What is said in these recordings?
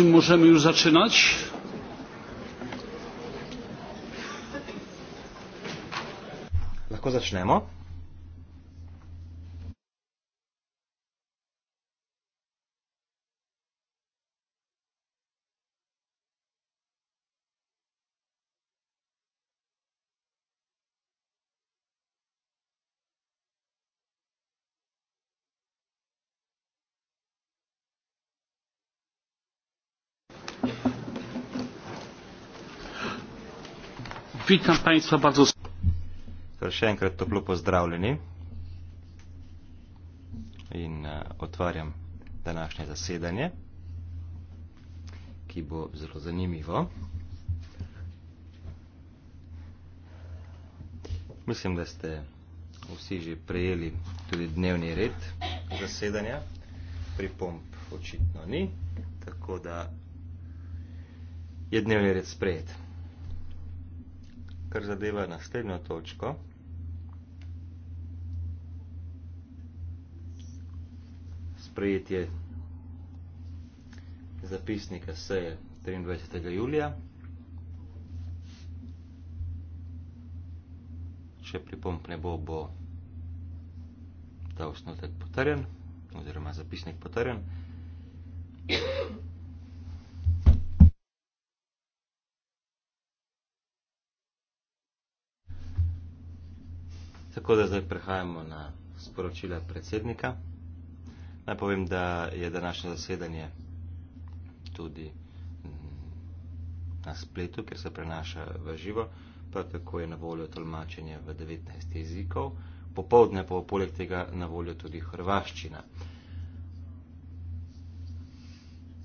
czy możemy już zaczynać? Lahko začnemo. Witam Państwa bardzo serdecznie. Jeszcze raz toplo pozdrawieni. I e, otwieram dzisiejsze zasiedanie, które będzie bardzo zanimiwo. Myślę, że jste wszyscy już przyjęli tudi dnevni red zasiedania. Pripomp oczytno nie. Tak, że jest dnevni red sprejet kar zadeva naslednjo točko. Sprejetje zapisnika seje 23. julija. Če pripomp ne bo, bo ta osnotek potrjen oziroma zapisnik potrjen. Tako da zdaj prehajamo na sporočila predsednika. Naj povem, da je današnje zasedanje tudi mm, na spletu, ker se prenaša v živo, prav tako je na voljo tolmačenje v 19 jezikov, popovdne pa bo poleg tega na voljo tudi hrvaščina.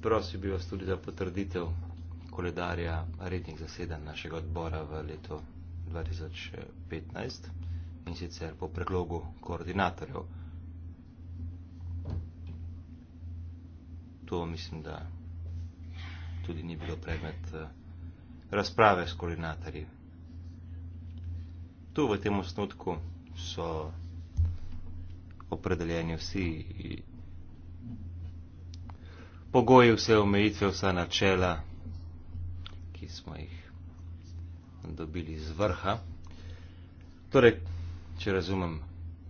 Prosil bi vas tudi za potrditev koledarja rednih zasedanj našega odbora v letu 2015 in sicer po preglogu koordinatorjev. To mislim, da tudi ni bilo predmet eh, razprave s koordinatorji. Tu v tem osnutku so opredeljeni vsi pogoji, vse omejitve, vsa načela, ki smo jih dobili z vrha. Torej, Če razumem,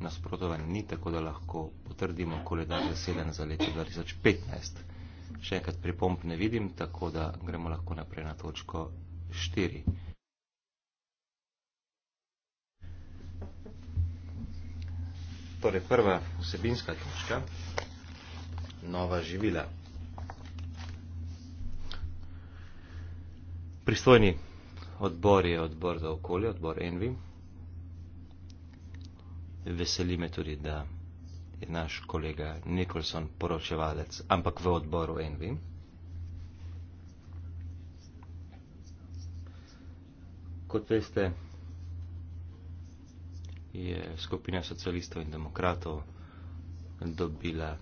nasprotovan ni, tako da lahko potrdimo koledar zaseden za leto 2015. Še enkrat pripomp ne vidim, tako da gremo lahko naprej na točko 4. Torej, prva vsebinska točka, nova živila. Pristojni odbor je odbor za okolje, odbor Envi, veseli me tudi, da je naš kolega Nikolson poročevalec, ampak v odboru Envi. Kot veste, je skupina socialistov in demokratov dobila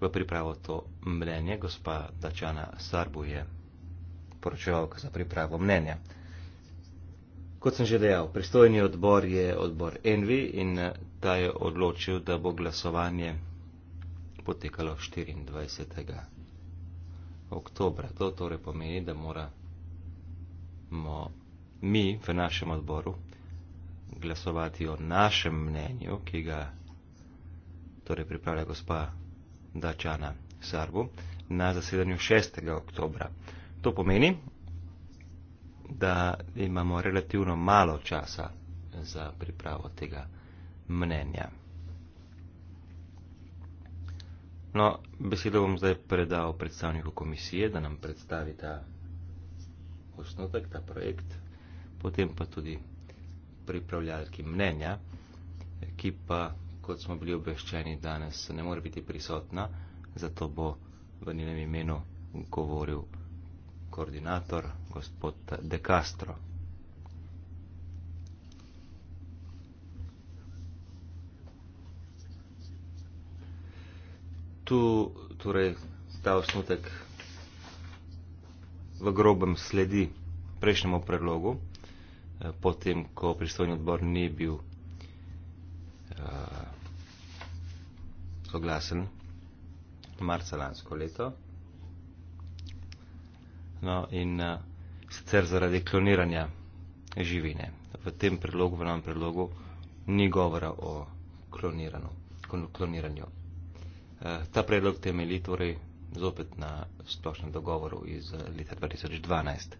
v pripravo to mnenje. Gospa Dačana Sarbu je poročevalka za pripravo mnenja. Kot sem že dejal, pristojni odbor je odbor Envi in eh, ta je odločil, da bo glasovanje potekalo 24. oktobra. To torej pomeni, da moramo mi v našem odboru glasovati o našem mnenju, ki ga torej pripravlja gospa Dačana Sarbu na zasedanju 6. oktobra. To pomeni, da imamo relativno malo časa za pripravo tega mnenja. No, besedo bom zdaj predal predstavniku komisije, da nam predstavi ta osnotek, ta projekt, potem pa tudi pripravljalki mnenja, ki pa, kot smo bili obveščeni danes, ne more biti prisotna, zato bo v njenem imenu govoril koordinator gospod De Castro. Tu torej ta osnutek v grobem sledi prejšnjemu predlogu, eh, potem, ko pristojni odbor ni bil uh, soglasen marca lansko leto. No in uh, sicer zaradi kloniranja živine. V tem predlogu, v novem predlogu, ni govora o kloniranju. Eh, ta predlog temelji torej zopet na splošnem dogovoru iz eh, leta 2012.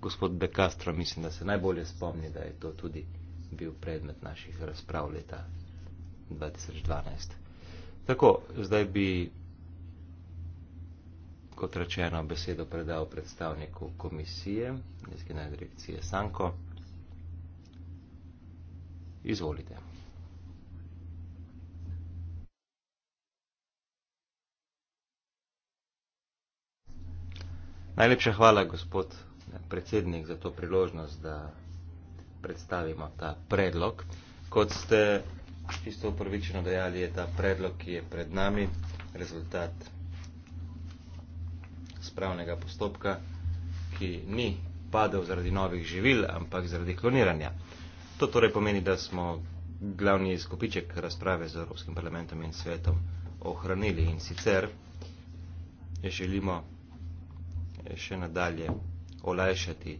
Gospod De Castro, mislim, da se najbolje spomni, da je to tudi bil predmet naših razprav leta 2012. Tako, zdaj bi kot rečeno besedo predal predstavniku komisije iz generalne direkcije Sanko. Izvolite. Najlepša hvala, gospod predsednik, za to priložnost, da predstavimo ta predlog. Kot ste čisto upravičeno dejali, je ta predlog, ki je pred nami, rezultat spravnega postopka, ki ni padel zaradi novih živil, ampak zaradi kloniranja. To torej pomeni, da smo glavni skupiček razprave z Evropskim parlamentom in svetom ohranili in sicer želimo še nadalje olajšati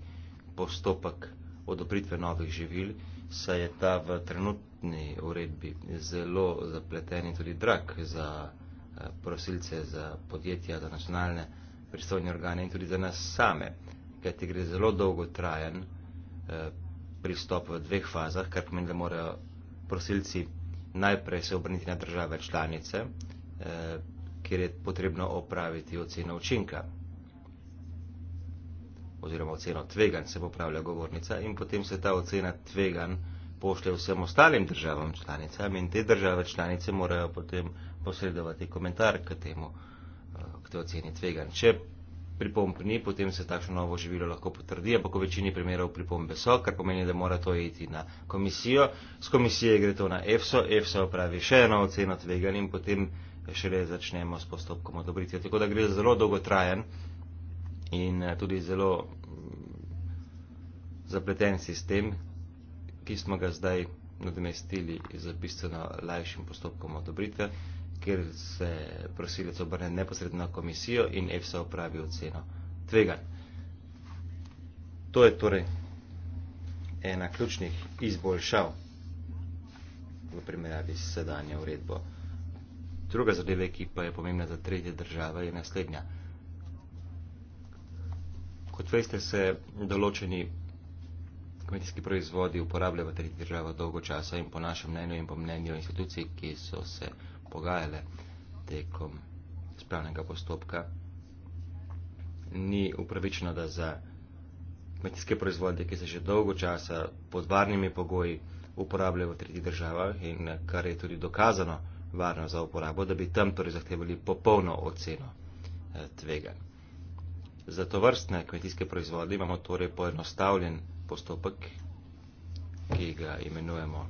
postopek odobritve novih živil, saj je ta v trenutni uredbi zelo zapleten in tudi drag za eh, prosilce, za podjetja, za nacionalne pristojne organe in tudi za nas same, ker ti gre zelo dolgotrajen eh, pristop v dveh fazah, kar pomeni, da morajo prosilci najprej se obrniti na države članice, eh, kjer je potrebno opraviti oceno učinka oziroma oceno tvegan, se popravlja govornica in potem se ta ocena tvegan pošlje vsem ostalim državam članicam in te države članice morajo potem posredovati komentar k temu te oceni tvegan. Če pripomb ni, potem se takšno novo živilo lahko potrdi, ampak v večini primerov pripombe so, kar pomeni, da mora to iti na komisijo. Z komisije gre to na EFSO, EFSO pravi še eno oceno tvegan in potem šele začnemo s postopkom odobritve. Tako da gre za zelo dolgotrajen in eh, tudi zelo mm, zapleten sistem, ki smo ga zdaj nadomestili z bistveno lajšim postopkom odobritve kjer se prosilec obrne neposredno na komisijo in EFSA upravi oceno tveganj. To je torej ena ključnih izboljšav v primerjavi s sedanjo uredbo. Druga zadeva, ki pa je pomembna za tretje države, je naslednja. Kot veste, se določeni kmetijski proizvodi uporabljajo v tretjih državah dolgo časa in po našem mnenju in po mnenju institucij, ki so se pogajale tekom spravnega postopka. Ni upravičeno, da za kmetijske proizvode, ki se že dolgo časa pod varnimi pogoji uporabljajo v tretjih državah in kar je tudi dokazano varno za uporabo, da bi tam torej zahtevali popolno oceno eh, tvega. Za to vrstne kmetijske proizvode imamo torej poenostavljen postopek, ki ga imenujemo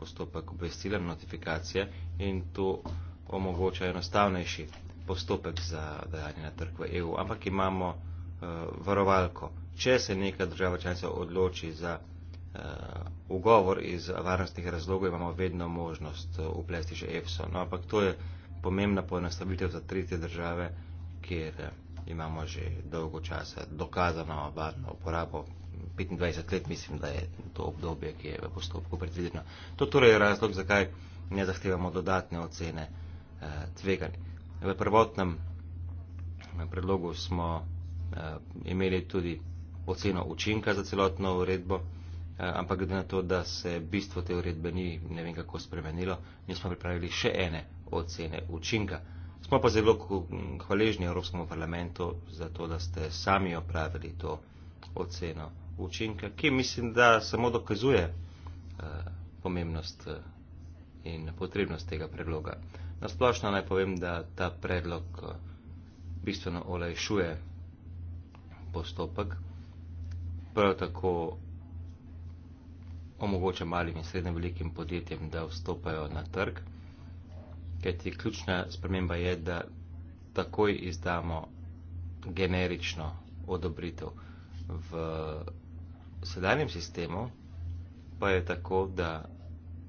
postopek obvestila notifikacije in to omogoča enostavnejši postopek za dajanje na trg v EU. Ampak imamo uh, varovalko. Če se neka država članica odloči za uh, ugovor iz varnostnih razlogov, imamo vedno možnost eh, uplesti že EFSO. No, ampak to je pomembna poenostavitev za tretje države, kjer imamo že dolgo časa dokazano varno uporabo 25 let, mislim, da je to obdobje, ki je v postopku predvideno. To torej je razlog, zakaj ne zahtevamo dodatne ocene eh, tveganj. V prvotnem eh, predlogu smo eh, imeli tudi oceno učinka za celotno uredbo, eh, ampak glede na to, da se bistvo te uredbe ni ne vem kako spremenilo, nismo pripravili še ene ocene učinka. Smo pa zelo hvaležni Evropskemu parlamentu za to, da ste sami opravili to oceno učinke, ki mislim, da samo dokazuje eh, pomembnost eh, in potrebnost tega predloga. Nasplošno naj povem, da ta predlog eh, bistveno olajšuje postopek, prav tako omogoča malim in srednjim velikim podjetjem, da vstopajo na trg, kajti ključna sprememba je, da takoj izdamo generično odobritev v sedanjem sistemu pa je tako, da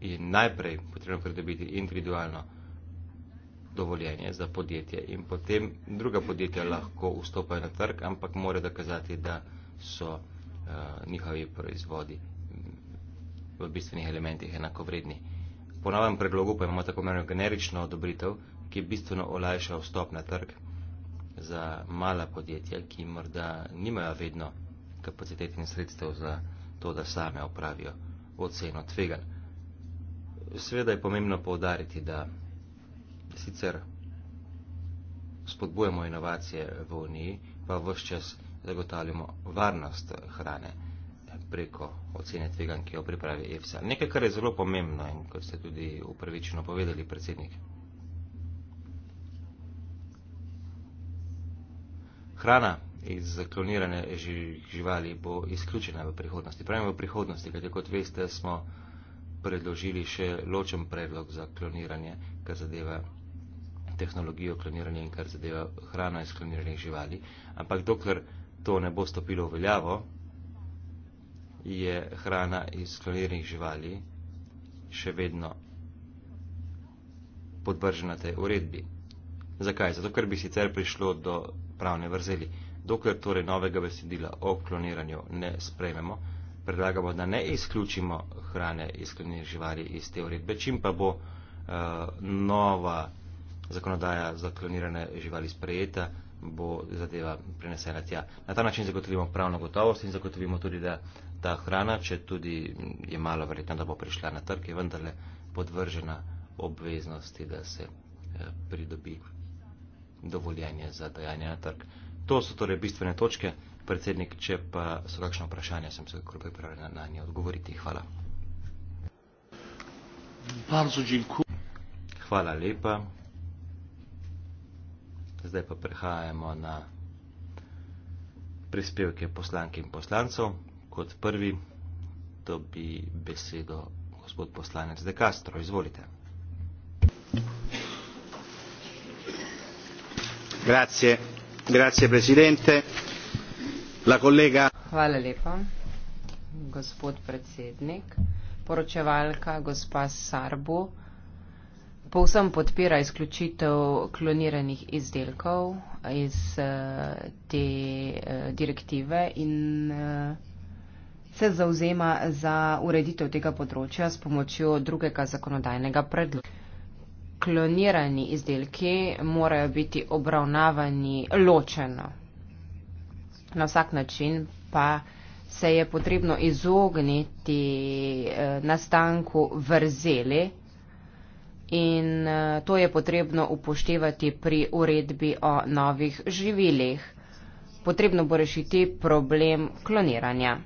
je najprej potrebno pridobiti individualno dovoljenje za podjetje in potem druga podjetja lahko vstopajo na trg, ampak mora dokazati, da so uh, njihovi proizvodi v bistvenih elementih enakovredni. Po novem predlogu pa imamo tako imenjeno generično odobritev, ki bistveno olajša vstop na trg za mala podjetja, ki morda nimajo vedno kapacitet in sredstev za to, da same opravijo oceno tvegan. Sveda je pomembno poudariti, da sicer spodbujemo inovacije v Uniji, pa vse čas zagotavljamo varnost hrane preko ocene tvegan, ki jo pripravi EFSA. Nekaj, kar je zelo pomembno in kot ste tudi upravičeno povedali, predsednik. Hrana iz kloniranja živali bo izključena v prihodnosti. Pravim v prihodnosti, kajte kot veste, smo predložili še ločen predlog za kloniranje, kar zadeva tehnologijo kloniranja in kar zadeva hrano iz kloniranih živali. Ampak dokler to ne bo stopilo v veljavo, je hrana iz kloniranih živali še vedno podvržena tej uredbi. Zakaj? Zato, ker bi sicer prišlo do pravne vrzeli. Dokler torej novega besedila o kloniranju ne sprejmemo, predlagamo, da ne izključimo hrane iz klonirnih živali iz te uredbe, čim pa bo uh, nova zakonodaja za klonirane živali sprejeta, bo zadeva prenesena tja. Na ta način zagotovimo pravno gotovost in zagotovimo tudi, da ta hrana, če tudi je malo verjetno, da bo prišla na trg, je vendarle podvržena obveznosti, da se uh, pridobi dovoljenje za dajanje na trg. To so torej bistvene točke. Predsednik, če pa so kakšno vprašanje, sem se kako pripravljen na nje odgovoriti. Hvala. Hvala lepa. Zdaj pa prehajamo na prispevke poslank in poslancev. Kot prvi dobi besedo gospod poslanec De Castro. Izvolite. Grazie, gospodu predsednik poročevalka gospa Sarbu povsem podpira izključitev kloniranih izdelkov iz eh, te eh, direktive in eh, se zauzema za ureditev tega področja s pomočjo drugega zakonodajnega predloga klonirani izdelki morajo biti obravnavani ločeno. Na vsak način pa se je potrebno izogniti eh, nastanku vrzeli in eh, to je potrebno upoštevati pri uredbi o novih živilih. Potrebno bo rešiti problem kloniranja.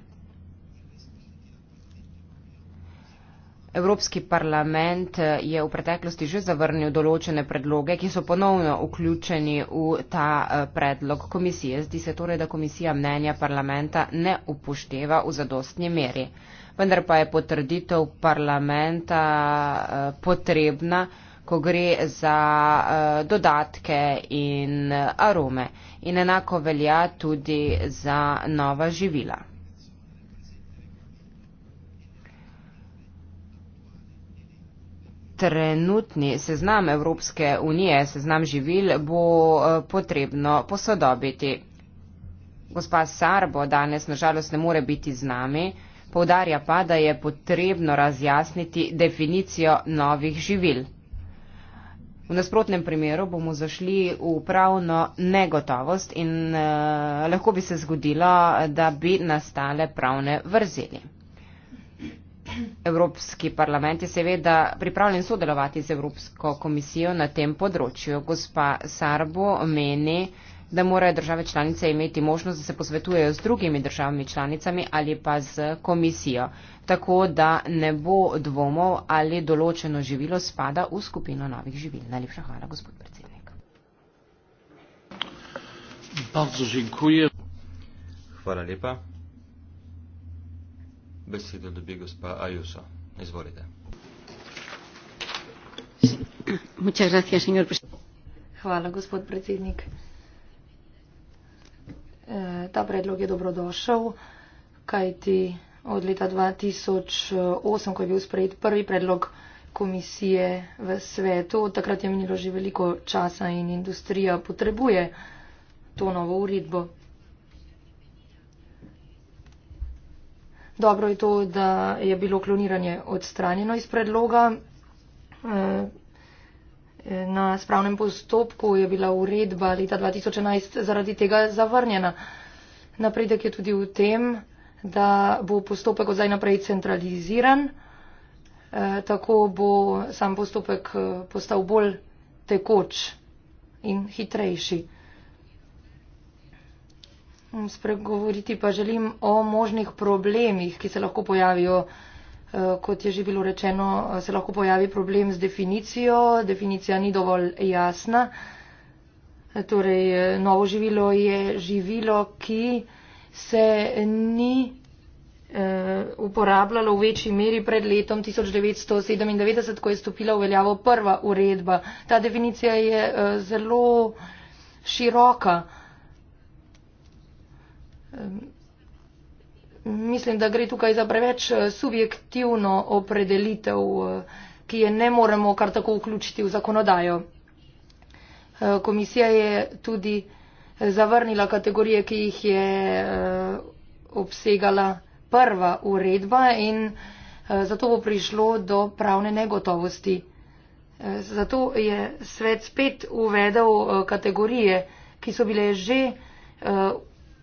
Evropski parlament eh, je v preteklosti že zavrnil določene predloge, ki so ponovno vključeni v ta eh, predlog komisije. Zdi se torej, da komisija mnenja parlamenta ne upošteva v zadostni meri. Vendar pa je potrditev parlamenta eh, potrebna, ko gre za dodatke in arome. In enako velja tudi za nova živila. trenutni seznam Evropske unije, seznam živil, bo eh, potrebno posodobiti. Gospa Sarbo danes nažalost ne more biti z nami, povdarja pa, da je potrebno razjasniti definicijo novih živil. V nasprotnem primeru bomo zašli v pravno negotovost in eh, lahko bi se zgodilo, da bi nastale pravne vrzeli. Evropski parlament je seveda pripravljen sodelovati z Evropsko komisijo na tem področju. Gospa Sarbo meni, da morajo države članice imeti možnost, da se posvetujejo z drugimi državami članicami ali pa z komisijo, tako da ne bo dvomov ali določeno živilo spada v skupino novih živil. Najlepša hvala, gospod predsednik. Hvala lepa. Besedo dobi gospa Ajuso. Izvolite. Hvala, gospod predsednik. E, ta predlog je dobrodošel, kajti od leta 2008, ko je bil sprejet prvi predlog komisije v svetu, takrat je minilo že veliko časa in industrija potrebuje to novo uredbo. Dobro je to, da je bilo kloniranje odstranjeno iz predloga. Eh, na spravnem postopku je bila uredba leta 2011 zaradi tega zavrnjena. Napredek je tudi v tem, da bo postopek od zdaj naprej centraliziran. Eh, tako bo sam postopek eh, postal bolj tekoč in hitrejši. Mm, spregovoriti pa želim o možnih problemih, ki se lahko pojavijo, eh, kot je že bilo rečeno, eh, se lahko pojavi problem z definicijo, definicija ni dovolj jasna. Eh, torej, novo živilo je živilo, ki se ni uporabljalo v večji meri pred letom 1997, ko je stopila v veljavo prva uredba. Ta definicija je zelo široka mislim, da gre tukaj za preveč eh, subjektivno opredelitev, eh, ki je ne moremo kar tako vključiti v zakonodajo. Eh, komisija je tudi zavrnila kategorije, ki jih je obsegala prva uredba in zato bo prišlo do pravne negotovosti. Zato je svet spet uvedel kategorije, ki so bile že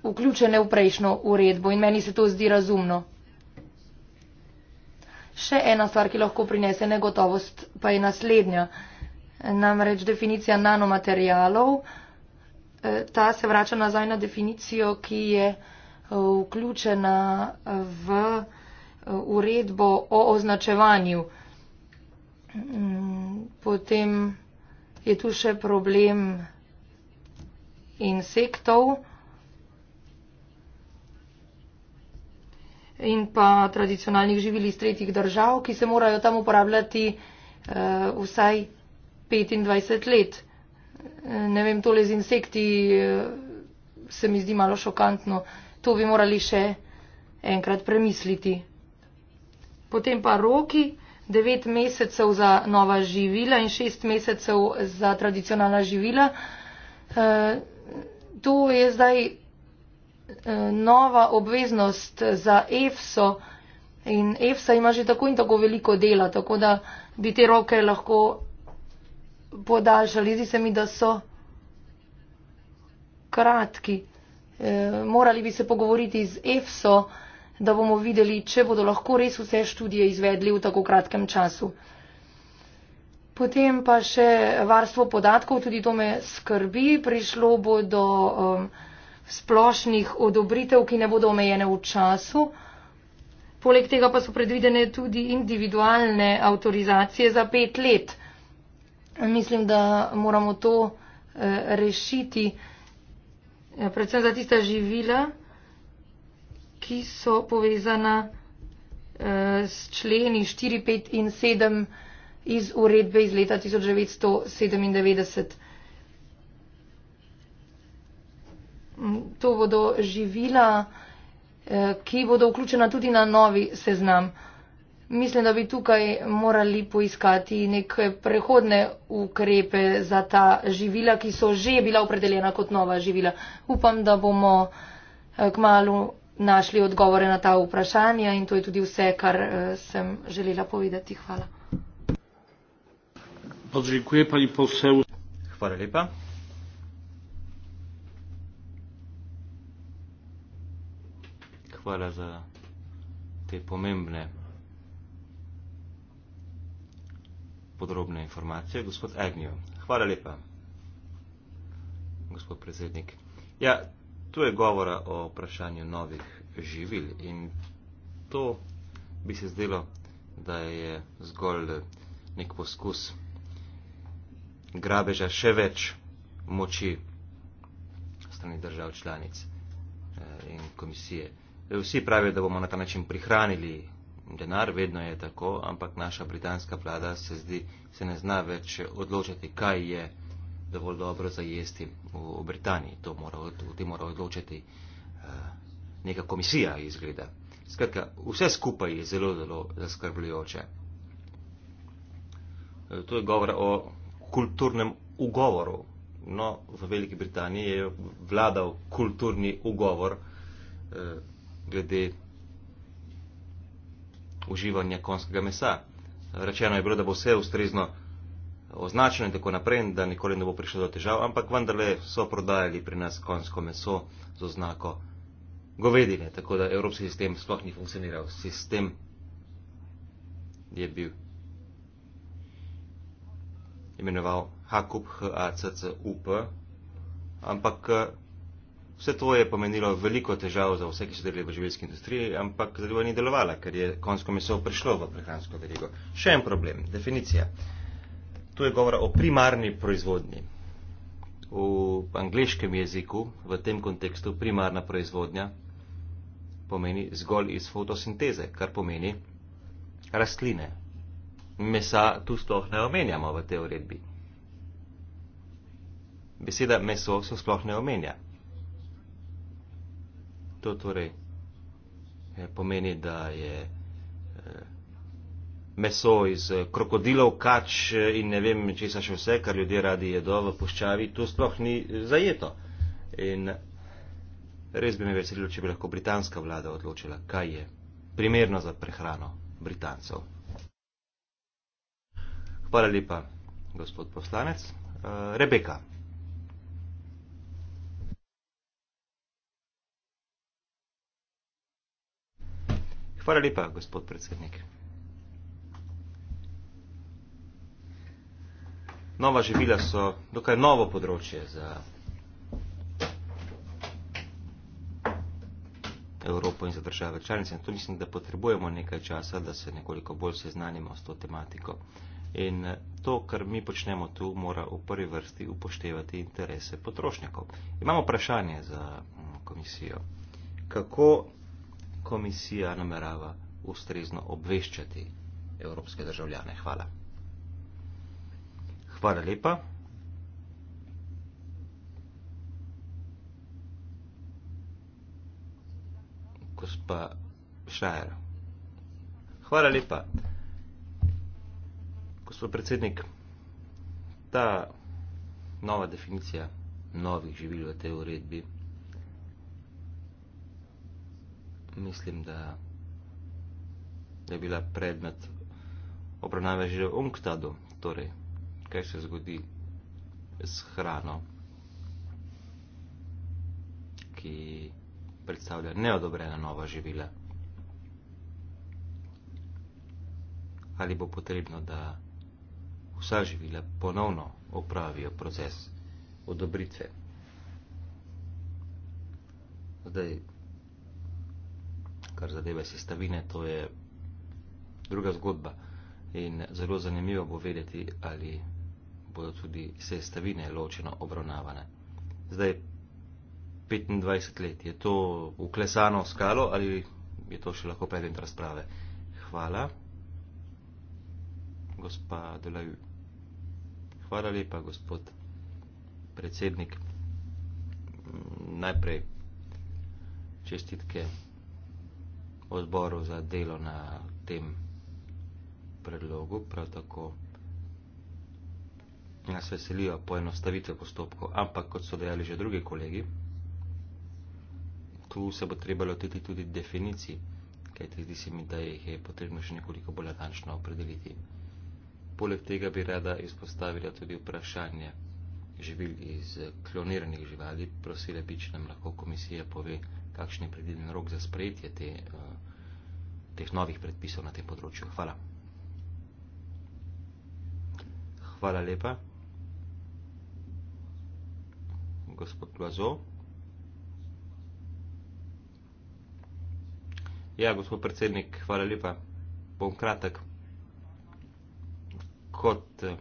vključene v prejšnjo uredbo in meni se to zdi razumno. Še ena stvar, ki lahko prinese negotovost, pa je naslednja. Namreč definicija nanomaterialov, eh, ta se vrača nazaj na definicijo, ki je eh, vključena v eh, uredbo o označevanju. Mm, potem je tu še problem insektov. in pa tradicionalnih živil iz tretjih držav, ki se morajo tam uporabljati uh, vsaj 25 let. Ne vem, tole z insekti uh, se mi zdi malo šokantno. To bi morali še enkrat premisliti. Potem pa roki. 9 mesecev za nova živila in 6 mesecev za tradicionalna živila. E, to je zdaj Eh, nova obveznost za EFSO in EFSA ima že tako in tako veliko dela, tako da bi te roke lahko podaljšali. Zdi se mi, da so kratki. E, morali bi se pogovoriti z EFSO, da bomo videli, če bodo lahko res vse študije izvedli v tako kratkem času. Potem pa še varstvo podatkov, tudi to me skrbi. Prišlo bo do. Um, splošnih odobritev, ki ne bodo omejene v času. Poleg tega pa so predvidene tudi individualne avtorizacije za pet let. Mislim, da moramo to eh, rešiti eh, predvsem za tista živila, ki so povezana eh, s členi 4, 5 in 7 iz uredbe iz leta 1997. to bodo živila, eh, ki bodo vključena tudi na novi seznam. Mislim, da bi tukaj morali poiskati neke prehodne ukrepe za ta živila, ki so že bila opredeljena kot nova živila. Upam, da bomo eh, kmalo našli odgovore na ta vprašanja in to je tudi vse, kar eh, sem želela povedati. Hvala. Podžikuje pani posel. Hvala lepa. hvala za te pomembne podrobne informacije. Gospod Agnew, hvala lepa, gospod predsednik. Ja, tu je govora o vprašanju novih živil in to bi se zdelo, da je zgolj nek poskus grabeža še več moči strani držav članic eh, in komisije. Vsi pravijo, da bomo na ta način prihranili denar, vedno je tako, ampak naša britanska vlada se, zdi, se ne zna več odločiti, kaj je dovolj dobro za jesti v, v Britaniji. To mora, to mora odločiti uh, eh, neka komisija, izgleda. Skratka, vse skupaj je zelo, zelo zaskrbljujoče. Eh, to je govor o kulturnem ugovoru. No, v Veliki Britaniji je vladal kulturni ugovor. Uh, glede uživanja konskega mesa. Rečeno je bilo, da bo vse ustrezno označeno in tako naprej, da nikoli ne bo prišlo do težav, ampak vendarle so prodajali pri nas konsko meso z oznako govedine, tako da evropski sistem sploh ni funkcioniral. Sistem je bil imenoval HACUP, H-A-C-C-U-P, ampak Vse to je pomenilo veliko težav za vse, ki so delali v živilski industriji, ampak zadeva ni delovala, ker je konsko meso prišlo v prehransko verigo. Še en problem, definicija. Tu je govora o primarni proizvodnji. V angliškem jeziku v tem kontekstu primarna proizvodnja pomeni zgolj iz fotosinteze, kar pomeni rastline. Mesa tu sploh ne omenjamo v tej uredbi. Beseda meso se sploh ne omenja. To torej eh, pomeni, da je eh, meso iz eh, krokodilov, kač in ne vem, če se še vse, kar ljudje radi jedo v puščavi, to sploh ni zajeto. In res bi me veselilo, če bi lahko britanska vlada odločila, kaj je primerno za prehrano Britancev. Hvala lepa, gospod poslanec. Rebeka. Hvala lepa, gospod predsednik. Nova živila so dokaj novo področje za Evropo in za države članice. Tu mislim, da potrebujemo nekaj časa, da se nekoliko bolj seznanimo s to tematiko. In eh, to, kar mi počnemo tu, mora v prvi vrsti upoštevati interese potrošnikov. Imamo vprašanje za mm, komisijo. Kako komisija namerava ustrezno obveščati evropske državljane. Hvala. Hvala lepa. Gospa Šajer. Hvala lepa. Gospod predsednik, ta nova definicija novih živil v tej uredbi mislim, da je bila predmet obravnave že v unktadu, torej, kaj se zgodi s hrano, ki predstavlja neodobrena nova živila. Ali bo potrebno, da vsa živila ponovno opravijo proces odobritve. Zdaj, kar zadeve sestavine, to je druga zgodba in zelo zanimivo bo vedeti, ali bodo tudi sestavine ločeno obravnavane. Zdaj 25 let, je to uklesano skalo ali je to še lahko predmet razprave? Hvala, gospa Delaj. Hvala lepa, gospod predsednik. Najprej čestitke odboru za delo na tem predlogu, prav tako nas veselijo poenostavitve postopkov, ampak kot so dejali že drugi kolegi, tu se bo treba lotiti tudi definicij, kajti zdi se mi, da jih je potrebno še nekoliko bolj natančno opredeliti. Poleg tega bi rada izpostavila tudi vprašanje živil iz kloniranih živali, prosila bi, če nam lahko komisija pove, kakšen je predviden rok za sprejetje te, eh, teh novih predpisov na tem področju. Hvala. Hvala lepa. Gospod Blazo. Ja, gospod predsednik, hvala lepa. Bom kratek. Kot eh,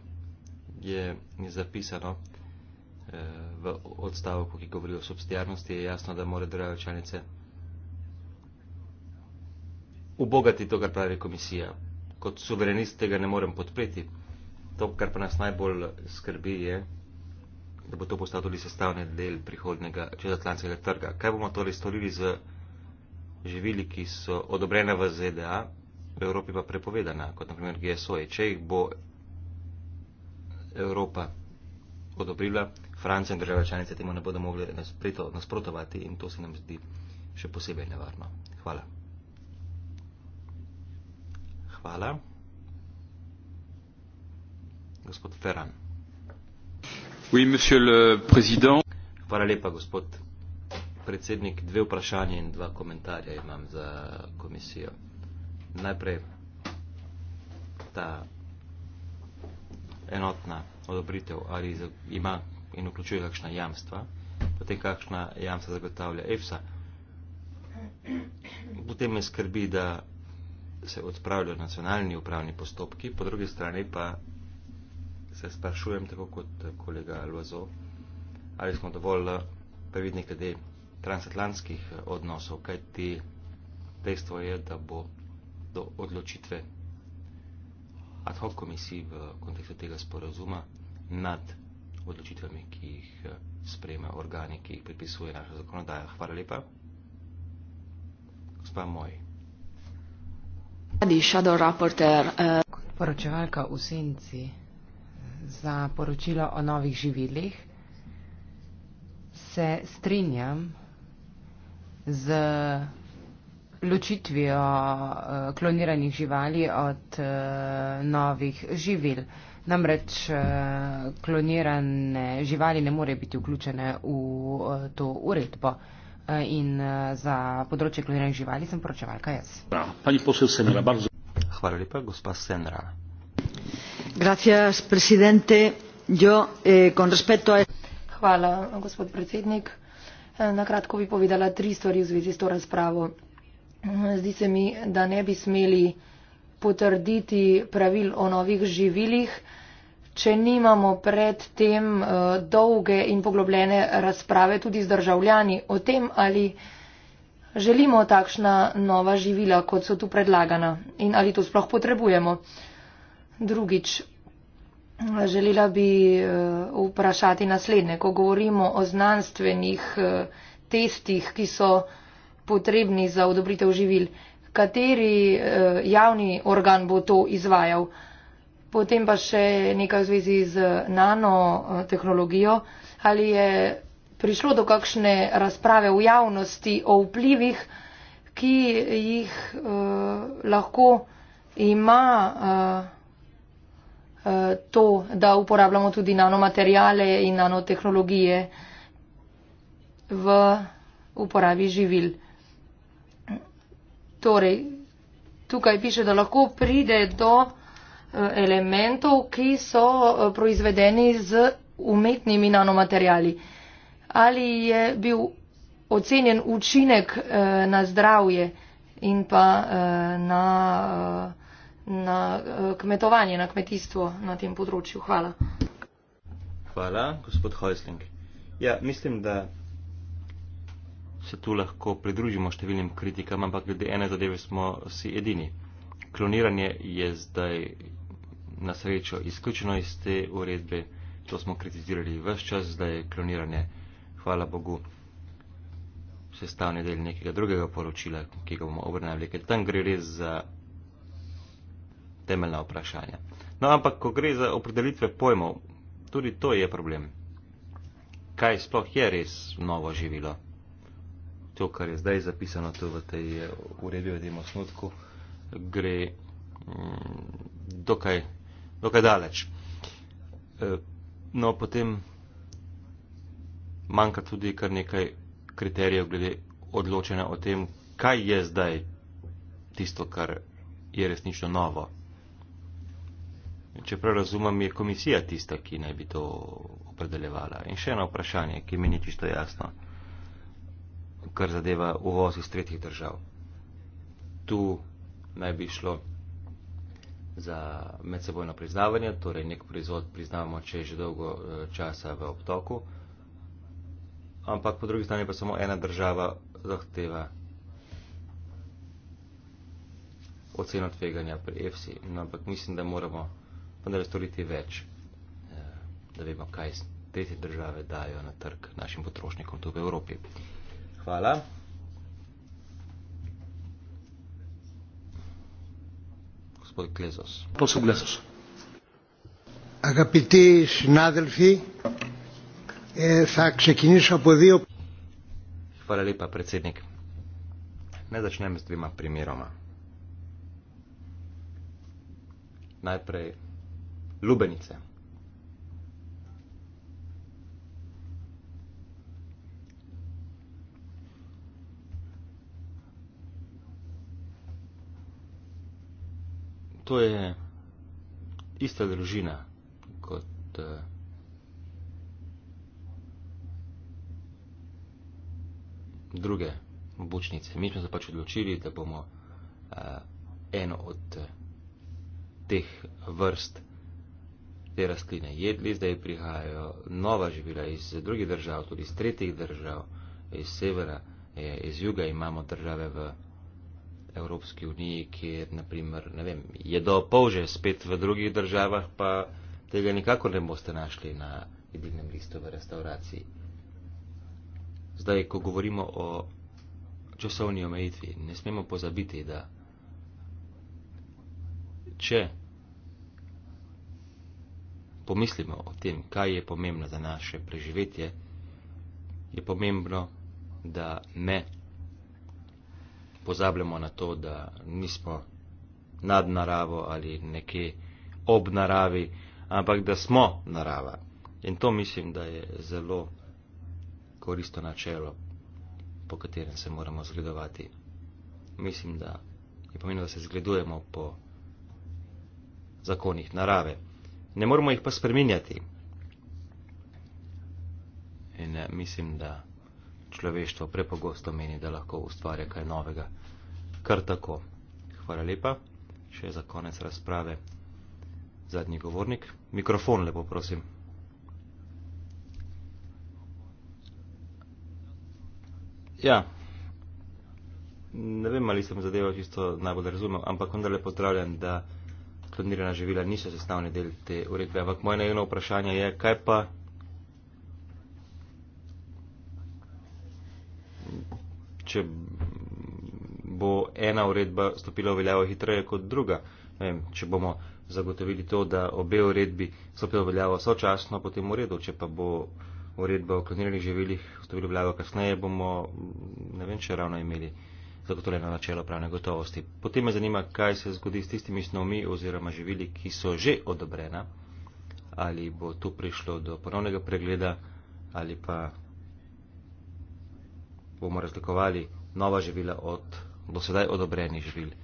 je zapisano, v odstavku, ki govori o subsidijarnosti, je jasno, da mora država članice ubogati to, kar pravi komisija. Kot suverenist tega ne morem podpreti. To, kar pa nas najbolj skrbi, je, da bo to postalo tudi sestavni del prihodnega čezatlantskega trga. Kaj bomo torej storili z živili, ki so odobrena v ZDA, v Evropi pa prepovedana, kot naprimer GSO-je? Če jih bo Evropa odobrila, Francija in države članice temu ne bodo mogli naspreto, nasprotovati in to se nam zdi še posebej nevarno. Hvala. Hvala. Gospod Ferran. Oui, monsieur le président. Hvala lepa, gospod predsednik. Dve vprašanje in dva komentarja imam za komisijo. Najprej ta enotna odobritev, ali ima in vključuje kakšna jamstva, potem kakšna jamstva zagotavlja EFSA. Potem me skrbi, da se odpravljajo nacionalni upravni postopki, po drugi strani pa se sprašujem, tako kot kolega Loazo, ali smo dovolj eh, previdni glede transatlantskih eh, odnosov, kaj ti dejstvo je, da bo do odločitve ad hoc komisij v kontekstu tega sporazuma nad odločitvami, ki jih eh, sprejema organi, ki jih predpisuje naša zakonodaja. Hvala lepa. Gospa Moj. Shadow reporter. Eh. Poročevalka v senci eh, za poročilo o novih živilih. Se strinjam z ločitvijo kloniranih živali od novih živil. Namreč eh, klonirane živali ne more biti vključene v eh, to uredbo. Eh, in za področje kloniranih živali sem poročevalka jaz. Hvala lepa, gospa Senra. Hvala, gospod predsednik. Na kratko bi povedala tri stvari v zvezi s to razpravo. Zdi se mi, da ne bi smeli potrditi pravil o novih živilih, če nimamo pred tem eh, dolge in poglobljene razprave tudi z državljani o tem, ali želimo takšna nova živila, kot so tu predlagana in ali to sploh potrebujemo. Drugič, želela bi eh, vprašati naslednje, ko govorimo o znanstvenih eh, testih, ki so potrebni za odobritev živil kateri eh, javni organ bo to izvajal. Potem pa še nekaj v zvezi z nanotehnologijo. Ali je prišlo do kakšne razprave v javnosti o vplivih, ki jih uh, lahko ima uh, to, da uporabljamo tudi nanomaterijale in nanotehnologije v uporabi živil? Torej, tukaj piše, da lahko pride do eh, elementov, ki so eh, proizvedeni z umetnimi nanomaterjali. Ali je bil ocenjen učinek eh, na zdravje in pa na, na kmetovanje, na kmetijstvo na tem področju? Hvala. Hvala, gospod Hojsling. Ja, mislim, da se tu lahko pridružimo številnim kritikam, ampak glede ene zadeve smo vsi edini. Kloniranje je zdaj na srečo izključeno iz te uredbe, to smo kritizirali vse čas, zdaj je kloniranje, hvala Bogu, sestavni del nekega drugega poročila, ki ga bomo obrnavali, ker tam gre res za temeljna vprašanja. No, ampak ko gre za opredelitve pojmov, tudi to je problem. Kaj sploh je res novo živilo? to, kar je zdaj zapisano tu v tej eh, uredbi v tem osnutku, gre mm, dokaj, dokaj daleč. Eh, no, potem manjka tudi kar nekaj kriterijev glede odločena o tem, kaj je zdaj tisto, kar je resnično novo. Če prav razumem, je komisija tista, ki naj bi to opredeljevala. In še eno vprašanje, ki mi ni čisto jasno kar zadeva uvoz iz tretjih držav. Tu naj bi šlo za medsebojno priznavanje, torej nek proizvod priznavamo, če je že dolgo eh, časa v obtoku, ampak po drugi strani pa samo ena država zahteva oceno tveganja pri EFSI, no, ampak mislim, da moramo vendar storiti več, eh, da vemo, kaj tretje države dajo na trg našim potrošnikom tukaj v Evropi. Hvala. Gospod Klezos. Prosim, Klezos. Agapiti, sinadelfi, Zak, še kiniš opodijo. Hvala lepa, predsednik. Ne začnem s dvema primeroma. Najprej Lubenice. to je ista družina kot uh, druge bučnice. Mi smo se pač odločili, da bomo uh, eno od uh, teh vrst te rastline jedli, zdaj prihajajo nova živila iz drugih držav, tudi iz tretjih držav, iz severa, iz juga imamo države v. Evropski uniji, kjer naprimer, ne vem, je do polže spet v drugih državah, pa tega nikako ne boste našli na edinem listu v restauraciji. Zdaj, ko govorimo o časovni omejitvi, ne smemo pozabiti, da če pomislimo o tem, kaj je pomembno za naše preživetje, je pomembno, da ne pozabljamo na to, da nismo nad naravo ali nekje ob naravi, ampak da smo narava. In to mislim, da je zelo koristo načelo, po katerem se moramo zgledovati. Mislim, da je pomenilo, da se zgledujemo po zakonih narave. Ne moramo jih pa spreminjati. In eh, mislim, da človeštvo prepogosto meni, da lahko ustvarja kaj novega. Kar tako. Hvala lepa. Še za konec razprave. Zadnji govornik. Mikrofon lepo prosim. Ja. Ne vem, ali sem zadevo čisto najbolj razumel, ampak vendarle pozdravljam, da klonirana živila niso sestavni del te uredbe. Ampak moje naivno vprašanje je, kaj pa če bo ena uredba stopila v veljavo hitreje kot druga. Vem, če bomo zagotovili to, da obe uredbi stopijo v veljavo sočasno, potem v redu. Če pa bo uredba o klonirnih živilih stopila v veljavo kasneje, bomo ne vem, če ravno imeli zagotovljeno načelo pravne gotovosti. Potem me zanima, kaj se zgodi s tistimi snovmi oziroma živili, ki so že odobrena. Ali bo tu prišlo do ponovnega pregleda ali pa bomo razlikovali nova živila od dosedaj odobrenih živil. Eh,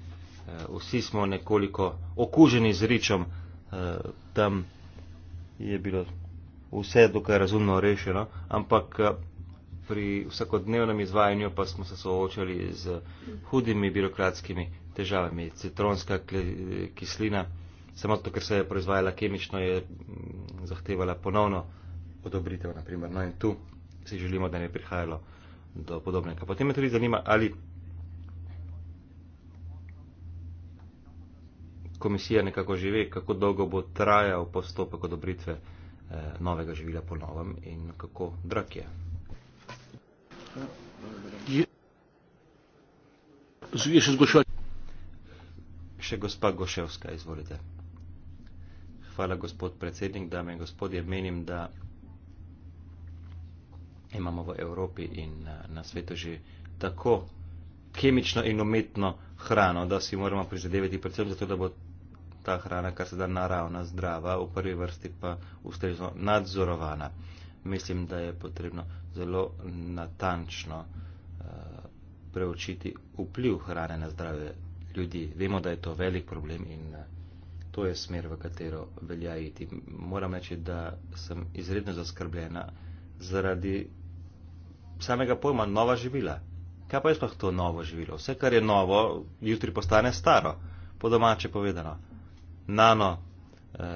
vsi smo nekoliko okuženi z ričom, eh, tam je bilo vse dokaj razumno rešeno, ampak eh, pri vsakodnevnem izvajanju pa smo se soočali z hudimi birokratskimi težavami. Citronska kislina, samo to, ker se je proizvajala kemično, je mm, zahtevala ponovno odobritev, naprimer. No in tu si želimo, da ne prihajalo uh, do podobnega. Potem me tudi zanima, ali komisija nekako že ve, kako dolgo bo trajal postopek odobritve eh, novega živila po novem in kako drag je. Zvije še zgošal. Še gospa Goševska, izvolite. Hvala, gospod predsednik, dame in gospodje. Menim, da imamo v Evropi in eh, na svetu že tako kemično in umetno hrano, da si moramo prizadevati predvsem zato, da bo ta hrana, kar se da naravna, zdrava, v prvi vrsti pa ustrezno nadzorovana. Mislim, da je potrebno zelo natančno uh, preučiti vpliv hrane na zdrave ljudi. Vemo, da je to velik problem in uh, to je smer, v katero velja iti. Moram reči, da sem izredno zaskrbljena zaradi samega pojma nova živila. Kaj pa je sploh to novo živilo? Vse, kar je novo, jutri postane staro, po domače povedano. Nano eh,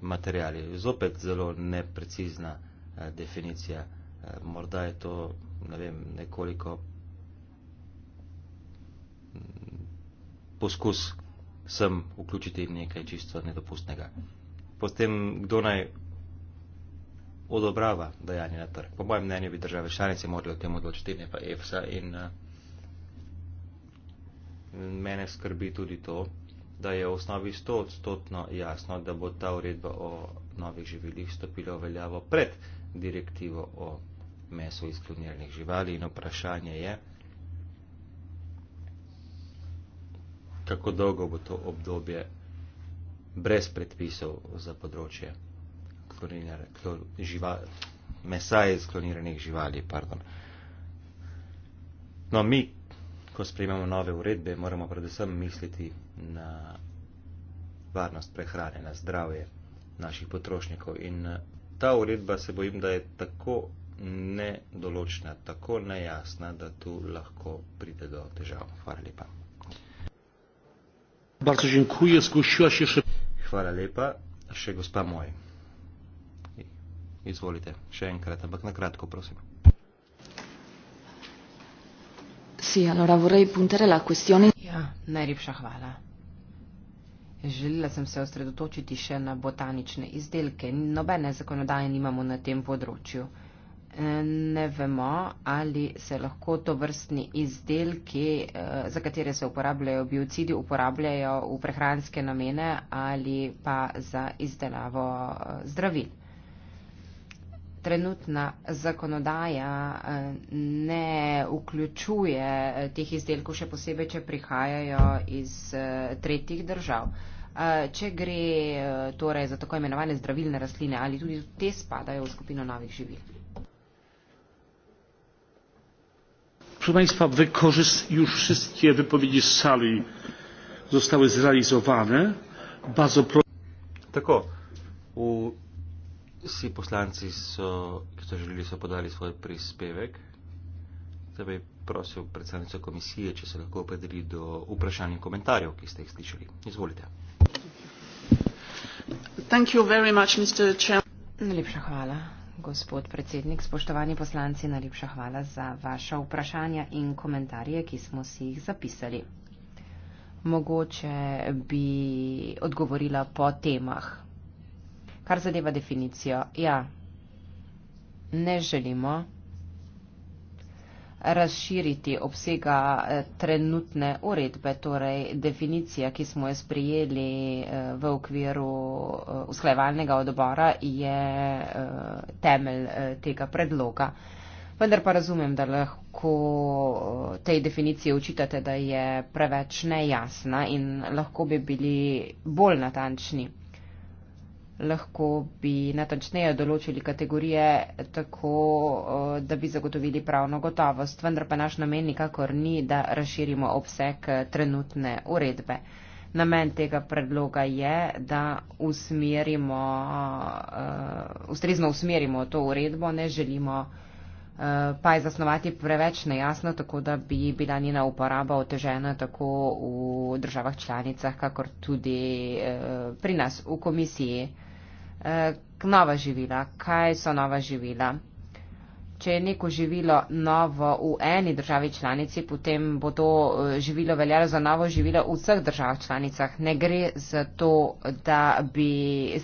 material je zopet zelo neprecizna eh, definicija. Eh, morda je to ne vem, nekoliko mm, poskus sem vključiti nekaj čisto nedopustnega. Potem, kdo naj odobrava dajanje na trg. Po mojem mnenju bi države članice morali o tem odločiti, ne pa EFSA in uh, mene skrbi tudi to, da je v osnovi stotno jasno, da bo ta uredba o novih živilih stopila v veljavo pred direktivo o meso iz klonirnih živali in vprašanje je, kako dolgo bo to obdobje brez predpisov za področje klonirane, klor, žival, mesa iz kloniranih živali. Pardon. No, mi, ko sprejemamo nove uredbe, moramo predvsem misliti na varnost prehrane, na zdravje naših potrošnikov. In eh, ta uredba se bojim, da je tako nedoločna, tako nejasna, da tu lahko pride do težav. Hvala lepa. Hvala lepa, še gospa moja. Izvolite, še enkrat, ampak na kratko, prosim. Si, allora vorrei puntare la questione. Ja, najlepša hvala. Želela sem se osredotočiti še na botanične izdelke. Nobene zakonodaje nimamo na tem področju. E, ne vemo, ali se lahko to vrstni izdelki, e, za katere se uporabljajo biocidi, uporabljajo v prehranske namene ali pa za izdelavo e, zdravil trenutna zakonodaja eh, ne vključuje eh, teh izdelkov, še posebej, če prihajajo iz eh, tretjih držav. Če gre torej za tako imenovane zdravilne rastline, ali tudi te spadajo v skupino novih živil? Proszę Państwa, już wszystkie wypowiedzi z sali zostały zrealizowane. Bardzo proszę. Tako, u Vsi poslanci, so, ki so želeli, so podali svoj prispevek. Zdaj bi prosil predstavnico komisije, če se lahko opredeli do vprašanj in komentarjev, ki ste jih slišali. Izvolite. Najlepša hvala, gospod predsednik. Spoštovani poslanci, najlepša hvala za vaša vprašanja in komentarje, ki smo si jih zapisali. Mogoče bi odgovorila po temah kar zadeva definicijo. Ja, ne želimo razširiti obsega eh, trenutne uredbe, torej definicija, ki smo jo sprijeli eh, v okviru eh, usklajevalnega odbora, je temelj tega predloga. Vendar pa razumem, da lahko tej definiciji očitate, da je preveč nejasna in lahko bi bili bolj natančni lahko bi natančneje določili kategorije tako, da bi zagotovili pravno gotovost, vendar pa naš namen nikakor ni, da razširimo obseg eh, trenutne uredbe. Namen tega predloga je, da usmerimo, eh, ustrezno usmerimo to uredbo, ne želimo pa je zasnovati preveč nejasno, tako da bi bila njena uporaba otežena tako v državah članicah, kakor tudi eh, pri nas v komisiji. Eh, nova živila, kaj so nova živila? če je neko živilo novo v eni državi članici, potem bo to eh, živilo veljalo za novo živilo v vseh državah članicah. Ne gre za to, da bi